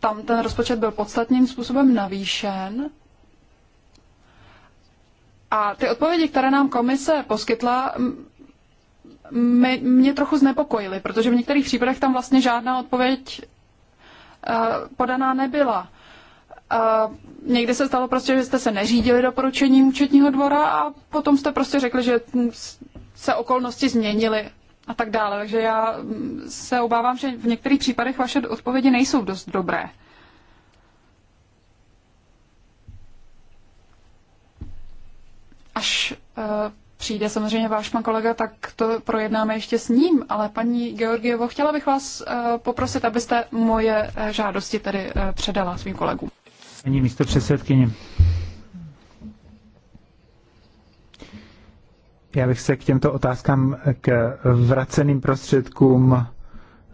tam ten rozpočet byl podstatným způsobem navýšen. A ty odpovědi, které nám komise poskytla, mě trochu znepokojily, protože v některých případech tam vlastně žádná odpověď eh, podaná nebyla. Eh, někdy se stalo prostě, že jste se neřídili doporučením účetního dvora a potom jste prostě řekli, že hm, se okolnosti změnily a tak dále. Takže já hm, se obávám, že v některých případech vaše odpovědi nejsou dost dobré. Až eh, přijde samozřejmě váš pan kolega, tak to projednáme ještě s ním. Ale paní Georgievo, chtěla bych vás eh, poprosit, abyste moje eh, žádosti tedy eh, předala svým kolegům. Paní místo předsedkyně. Já bych se k těmto otázkám, k vraceným prostředkům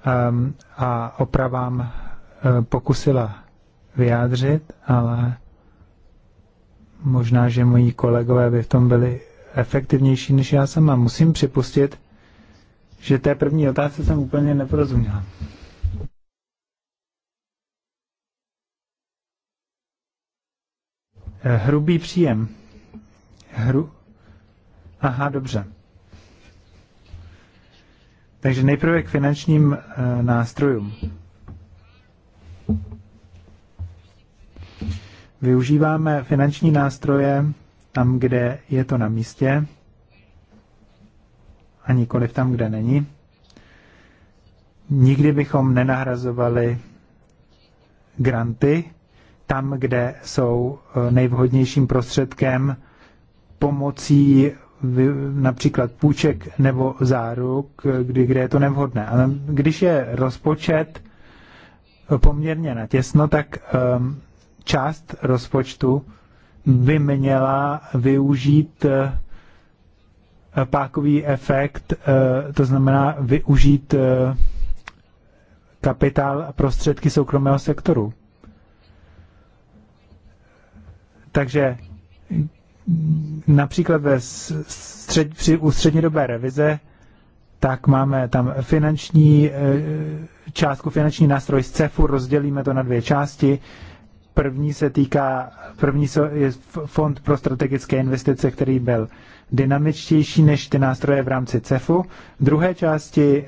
ehm, a opravám pokusila vyjádřit, ale možná, že moji kolegové by v tom byli efektivnější než já sama. Musím připustit, že té první otázce jsem úplně neporozuměla. Eh, hrubý příjem. Hru... Aha, dobře. Takže nejprve k finančním eh, nástrojům. Využíváme finanční nástroje tam, kde je to na místě a nikoliv tam, kde není. Nikdy bychom nenahrazovali granty tam, kde jsou eh, nejvhodnějším prostředkem pomocí například půjček nebo záruk, kdy, kde je to nevhodné. Ale když je rozpočet eh, poměrně natěsno, tak um, část rozpočtu by měla využít eh, pákový efekt, eh, to znamená využít eh, kapitál a prostředky soukromého sektoru. Takže například ve střed, při, u střednědobé revize tak máme tam finanční částku, finanční nástroj z CEFu, rozdělíme to na dvě části. První se týká, první je fond pro strategické investice, který byl dynamičtější než ty nástroje v rámci CEFu. V druhé části,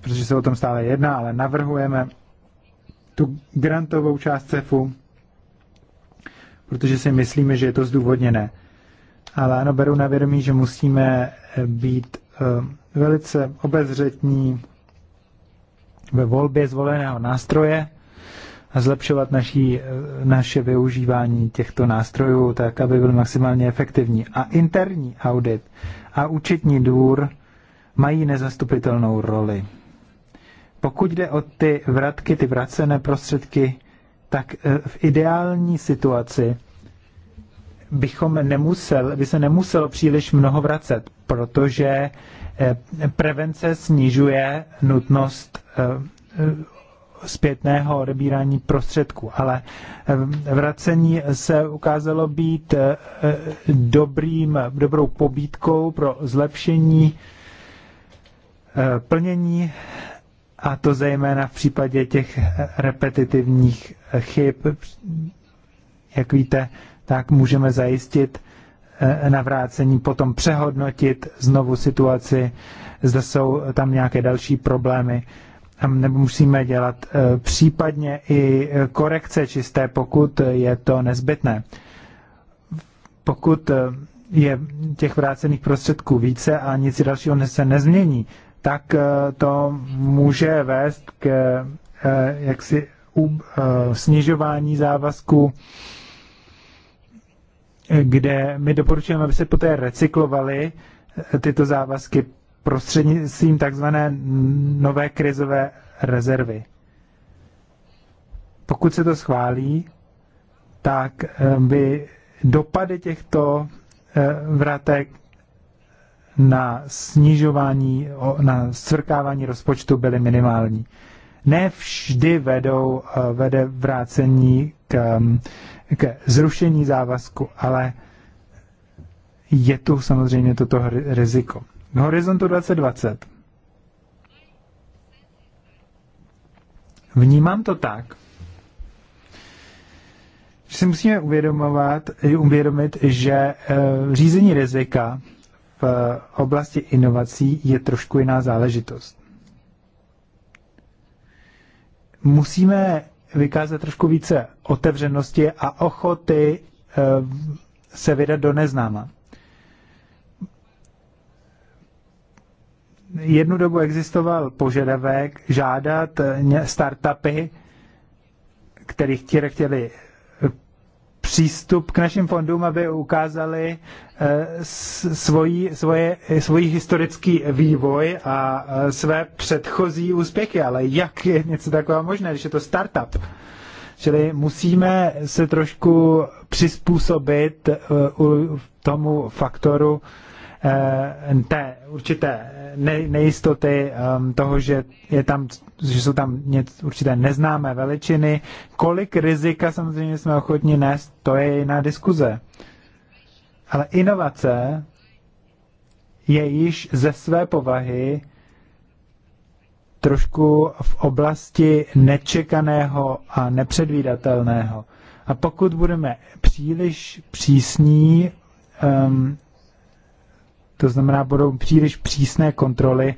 protože se o tom stále jedná, ale navrhujeme tu grantovou část CEFu, protože si myslíme, že je to zdůvodněné. Ale ano, beru na vědomí, že musíme být eh, velice obezřetní ve volbě zvoleného nástroje a zlepšovat naší, eh, naše využívání těchto nástrojů tak, aby byl maximálně efektivní. A interní audit a účetní důr mají nezastupitelnou roli. Pokud jde o ty vratky, ty vracené prostředky, tak eh, v ideální situaci bychom nemusel, by se nemuselo příliš mnoho vracet, protože Eh, prevence snižuje nutnost eh, zpětného odebírání prostředků, ale eh, vracení se ukázalo být dobrým, dobrou pobídkou pro zlepšení plnění a to zejména v případě těch repetitivních chyb. Jak víte, tak můžeme zajistit Eh, navrácení, potom přehodnotit znovu situaci, zda jsou tam nějaké další problémy, nebo musíme dělat eh, případně i korekce čisté, pokud je to nezbytné. Pokud eh, je těch vrácených prostředků více a nic dalšího se nezmění, tak to může vést k jaksi snižování závazků kde my doporučujeme, aby se poté recyklovaly eh, tyto závazky prostřednictvím takzvané nové krizové rezervy. Pokud se to schválí, tak eh, by dopady těchto eh, vratek na snižování, na svrkávání rozpočtu byly minimální. Ne vždy vedou, vede vrácení k ke zrušení závazku, ale je tu samozřejmě toto riziko. V horizontu 2020 vnímám to tak, že si musíme uvědomovat, uvědomit, že eh, řízení rizika v oblasti inovací je trošku jiná záležitost. Musíme vykázat trošku více otevřenosti a ochoty eh, se vydat do neznáma. Jednu dobu existoval požadavek žádat eh, startupy, kterých chtěli přístup k našim fondům, aby ukázali eh, svoji, svoje, svoji historický vývoj a eh, své předchozí úspěchy. Ale jak je něco takového možné, když je to startup? Čili musíme se trošku přizpůsobit eh, tomu faktoru Eh, té určité nejistoty ehm, toho, že, je tam, že jsou tam určité neznámé veličiny. Kolik rizika samozřejmě jsme ochotni nést, to je jiná diskuze. Ale inovace je již ze své povahy trošku v oblasti nečekaného a nepředvídatelného. A pokud budeme příliš přísní, um, to znamená budou příliš přísné kontroly,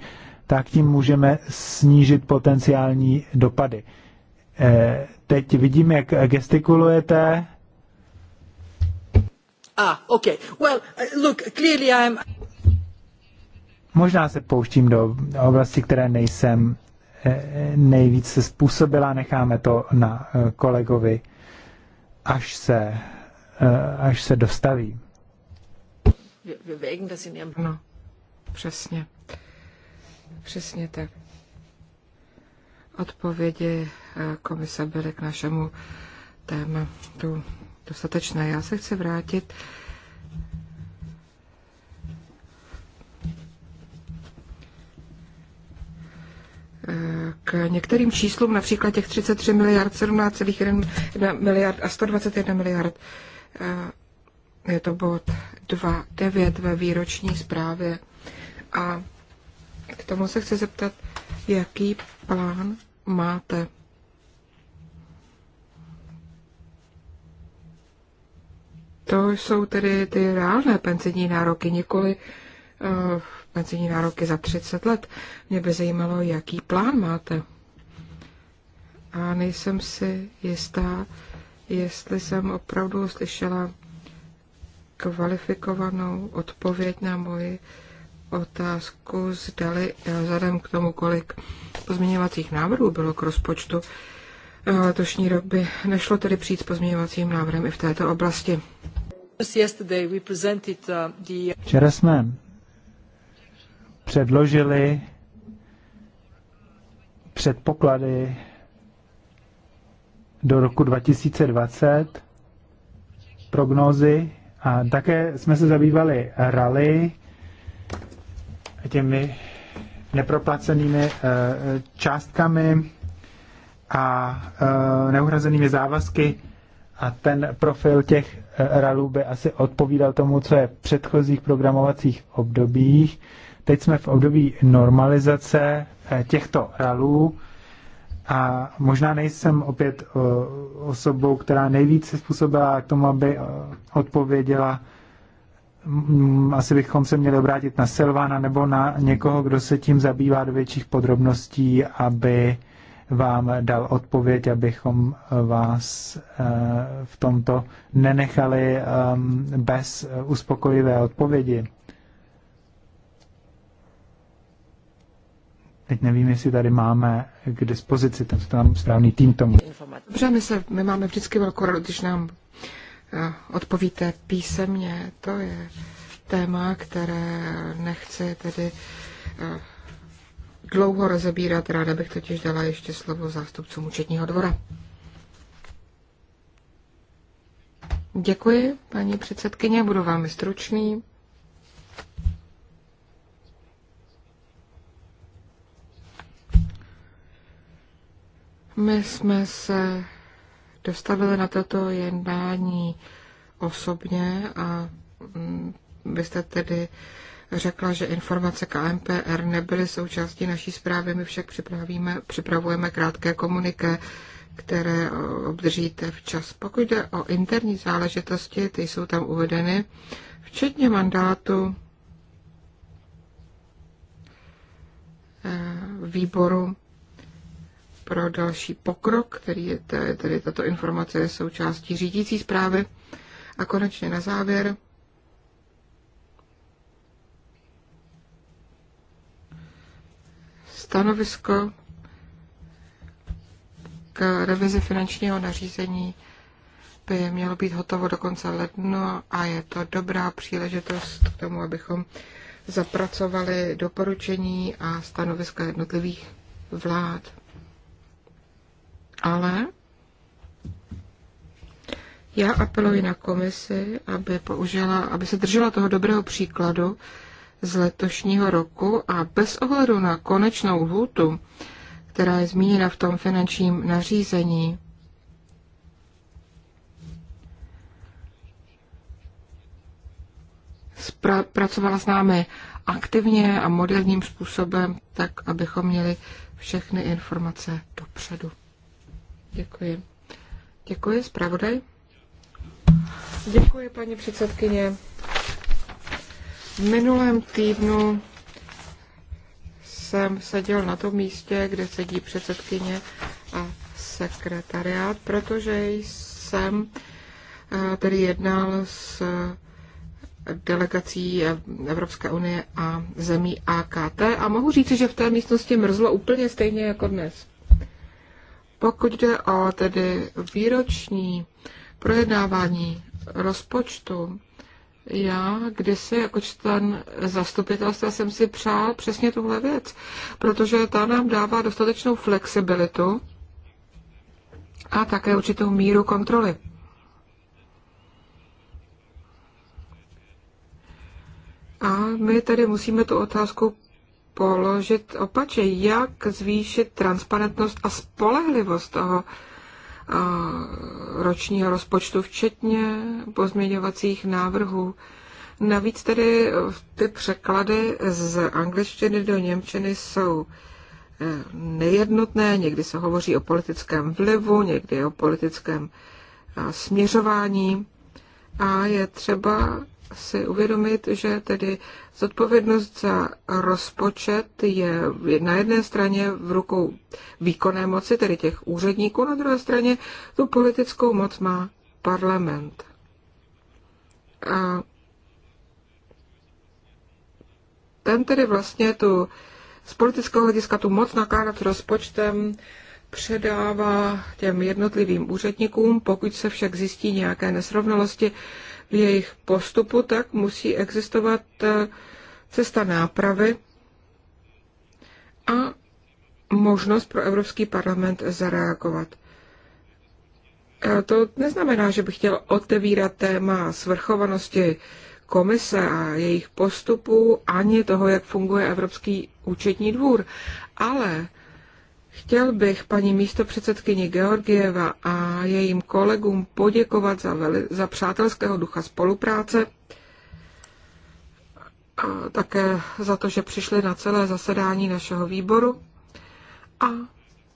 tak tím můžeme snížit potenciální dopady. Eh, teď vidím, jak gestikulujete. Ah, OK. Well, eh, look, clearly I'm... Možná se pouštím do oblasti, které nejsem eh, nejvíce způsobila, necháme to na kolegovi, až se, až se dostaví. Ano, přesně. Přesně tak. Odpovědi eh, komise byly k našemu tématu dostatečné. Já se chci vrátit k některým číslům, například těch 33 miliard, 17,1 miliard a 121 miliard eh, je to bod 2.9 ve výroční zprávě. A k tomu se chci zeptat, jaký plán máte? To jsou tedy ty reálné penzijní nároky, nikoli uh, penzijní nároky za 30 let. Mě by zajímalo, jaký plán máte. A nejsem si jistá, jestli jsem opravdu slyšela kvalifikovanou odpověď na moji otázku, zdali eh, vzhledem k tomu, kolik pozměňovacích návrhů bylo k rozpočtu eh, letošní rok by nešlo tedy přijít s pozměňovacím návrhem i v této oblasti. Uh, uh, Včera jsme předložili předpoklady do roku 2020, prognózy a také jsme se zabývali rally, těmi neproplacenými eh, částkami a eh, neuhrazenými závazky a ten profil těch eh, ralů by asi odpovídal tomu, co je v předchozích programovacích obdobích. Teď jsme v období normalizace těchto ralů a možná nejsem opět eh, osobou, která nejvíce způsobila k tomu, aby eh, odpověděla. Mm, asi bychom se měli obrátit na Silvana nebo na někoho, kdo se tím zabývá do větších podrobností, aby vám dal odpověď, abychom eh, vás v tomto nenechali ehm, bez uspokojivé odpovědi. Teď nevím, jestli tady máme k dispozici ten tam správný tým tomu. Dobře, my, se, my máme vždycky velkou radost, když nám eh, odpovíte písemně. To je téma, které nechci tedy eh, dlouho rozebírat. Ráda bych totiž dala ještě slovo zástupcům účetního dvora. Děkuji, paní předsedkyně, budu vám stručný. My jsme se dostavili na toto jednání osobně a mm, vy jste tedy řekla, že informace KMPR nebyly součástí naší zprávy, my však připravíme, připravujeme krátké komuniké, které obdržíte včas. Pokud jde o interní záležitosti, ty jsou tam uvedeny, včetně mandátu eh, výboru pro další pokrok, který je tedy tato informace je součástí řídící zprávy. A konečně na závěr stanovisko k revizi finančního nařízení by mělo být hotovo do konce ledna a je to dobrá příležitost k tomu, abychom zapracovali doporučení a stanoviska jednotlivých vlád ale já apeluji na komisi, aby použila, aby se držela toho dobrého příkladu z letošního roku a bez ohledu na konečnou lhůtu, která je zmíněna v tom finančním nařízení, pracovala s námi aktivně a moderním způsobem, tak abychom měli všechny informace dopředu. Děkuji. Děkuji, zpravodaj. Děkuji, paní předsedkyně. V minulém týdnu jsem seděl na tom místě, kde sedí předsedkyně a sekretariát, protože jsem eh, tedy jednal s delegací Evropské unie a zemí AKT a mohu říct, že v té místnosti mrzlo úplně stejně jako dnes. Pokud jde o tedy výroční projednávání rozpočtu, já kdysi jako člen zastupitelstva jsem si přál přesně tuhle věc, protože ta nám dává dostatečnou flexibilitu a také určitou míru kontroly. A my tedy musíme tu otázku položit opačně, jak zvýšit transparentnost a spolehlivost toho ročního rozpočtu, včetně pozměňovacích návrhů. Navíc tedy e, ty překlady z angličtiny do němčiny jsou e, nejednotné, někdy se hovoří o politickém vlivu, někdy o politickém směřování a je třeba si uvědomit, že tedy zodpovědnost za rozpočet je na jedné straně v rukou výkonné moci, tedy těch úředníků, na druhé straně tu politickou moc má parlament. A ten tedy vlastně tu z politického hlediska tu moc nakládat s rozpočtem předává těm jednotlivým úředníkům, pokud se však zjistí nějaké nesrovnalosti, jejich postupu, tak musí existovat eh, cesta nápravy a možnost pro Evropský parlament zareagovat. Eh, to neznamená, že bych chtěl otevírat téma svrchovanosti komise a jejich postupů, ani toho, jak funguje Evropský účetní dvůr, ale Chtěl bych paní místopředsedkyni Georgieva a jejím kolegům poděkovat za, veli, za přátelského ducha spolupráce a také za to, že přišli na celé zasedání našeho výboru a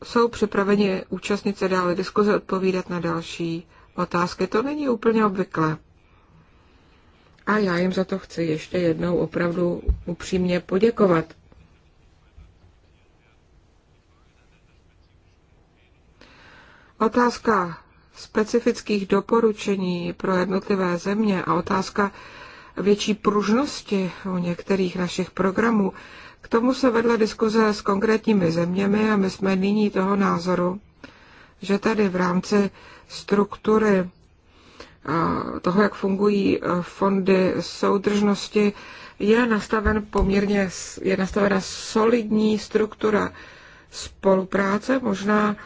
jsou připraveni účastnit se dále diskuze odpovídat na další otázky. To není úplně obvyklé. A já jim za to chci ještě jednou opravdu upřímně poděkovat. Otázka specifických doporučení pro jednotlivé země a otázka větší pružnosti u některých našich programů, k tomu se vedla diskuze s konkrétními zeměmi a my jsme nyní toho názoru, že tady v rámci struktury toho, jak fungují e, fondy soudržnosti, je nastaven poměrně, je nastavena solidní struktura spolupráce, možná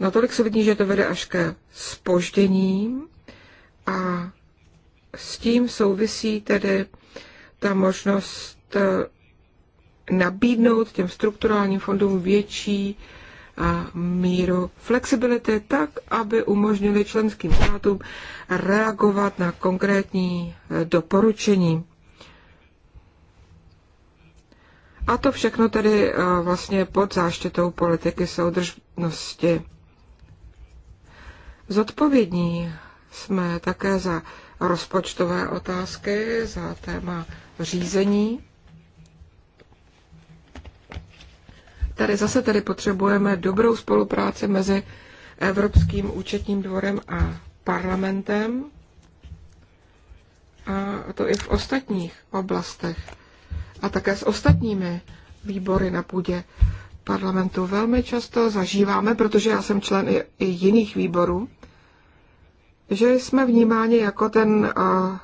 natolik solidní, že to vede až ke spožděním a s tím souvisí tedy ta možnost eh, nabídnout těm strukturálním fondům větší eh, míru flexibility tak, aby umožnili členským státům reagovat na konkrétní eh, doporučení. A to všechno tedy vlastně pod záštitou politiky soudržnosti. Zodpovědní jsme také za rozpočtové otázky, za téma řízení. Tady zase tedy potřebujeme dobrou spolupráci mezi Evropským účetním dvorem a parlamentem, a to i v ostatních oblastech a také s ostatními výbory na půdě parlamentu velmi často zažíváme, protože já jsem člen i, i jiných výborů, že jsme vnímáni jako ten uh,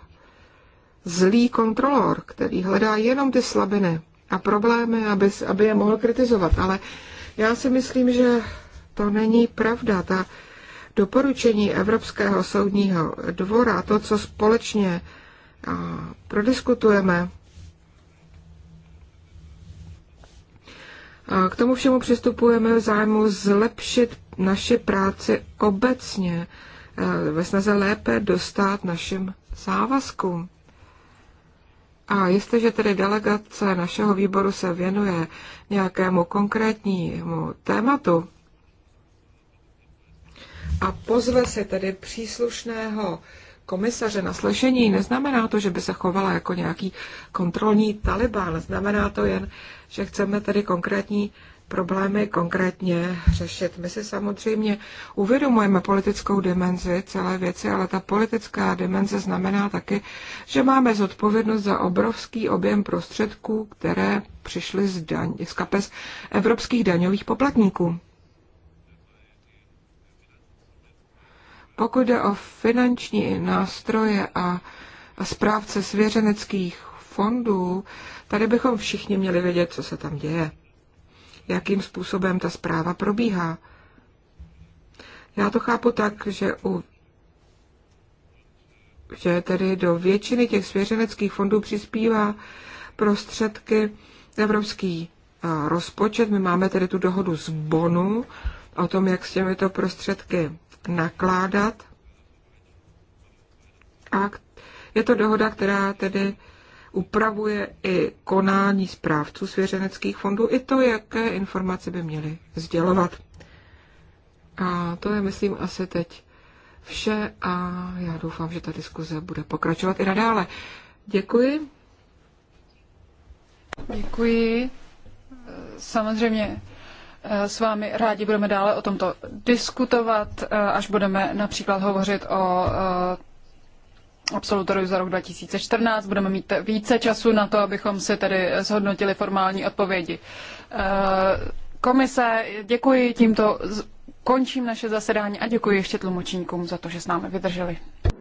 zlý kontrolor, který hledá jenom ty slabiny a problémy, aby, aby je mohl kritizovat. Ale já si myslím, že to není pravda. Ta doporučení Evropského soudního dvora, to, co společně uh, prodiskutujeme, K tomu všemu přistupujeme v zájmu zlepšit naše práci obecně, eh, ve snaze lépe dostat našim závazkům. A jestliže tedy delegace našeho výboru se věnuje nějakému konkrétnímu tématu a pozve se tedy příslušného komisaře na slyšení, neznamená to, že by se chovala jako nějaký kontrolní talibán. Znamená to jen, že chceme tedy konkrétní problémy konkrétně řešit. My si samozřejmě uvědomujeme politickou dimenzi celé věci, ale ta politická dimenze znamená taky, že máme zodpovědnost za obrovský objem prostředků, které přišly z, daň, z kapes evropských daňových poplatníků. Pokud jde o finanční nástroje a správce svěřeneckých fondů, tady bychom všichni měli vědět, co se tam děje, jakým způsobem ta zpráva probíhá. Já to chápu tak, že u že tedy do většiny těch svěřeneckých fondů přispívá prostředky evropský rozpočet. My máme tedy tu dohodu z Bonu o tom, jak s těmito prostředky nakládat. A je to dohoda, která tedy upravuje i konání zprávců svěřeneckých fondů, i to, jaké informace by měli sdělovat. A to je, myslím, asi teď vše a já doufám, že ta diskuze bude pokračovat i nadále. Děkuji. Děkuji. Samozřejmě s vámi rádi budeme dále o tomto diskutovat, eh, až budeme například hovořit o eh, absolutoriu za rok 2014. Budeme mít více času na to, abychom si tedy zhodnotili formální odpovědi. Eh, komise, děkuji tímto, končím naše zasedání a děkuji ještě tlumočníkům za to, že s námi vydrželi.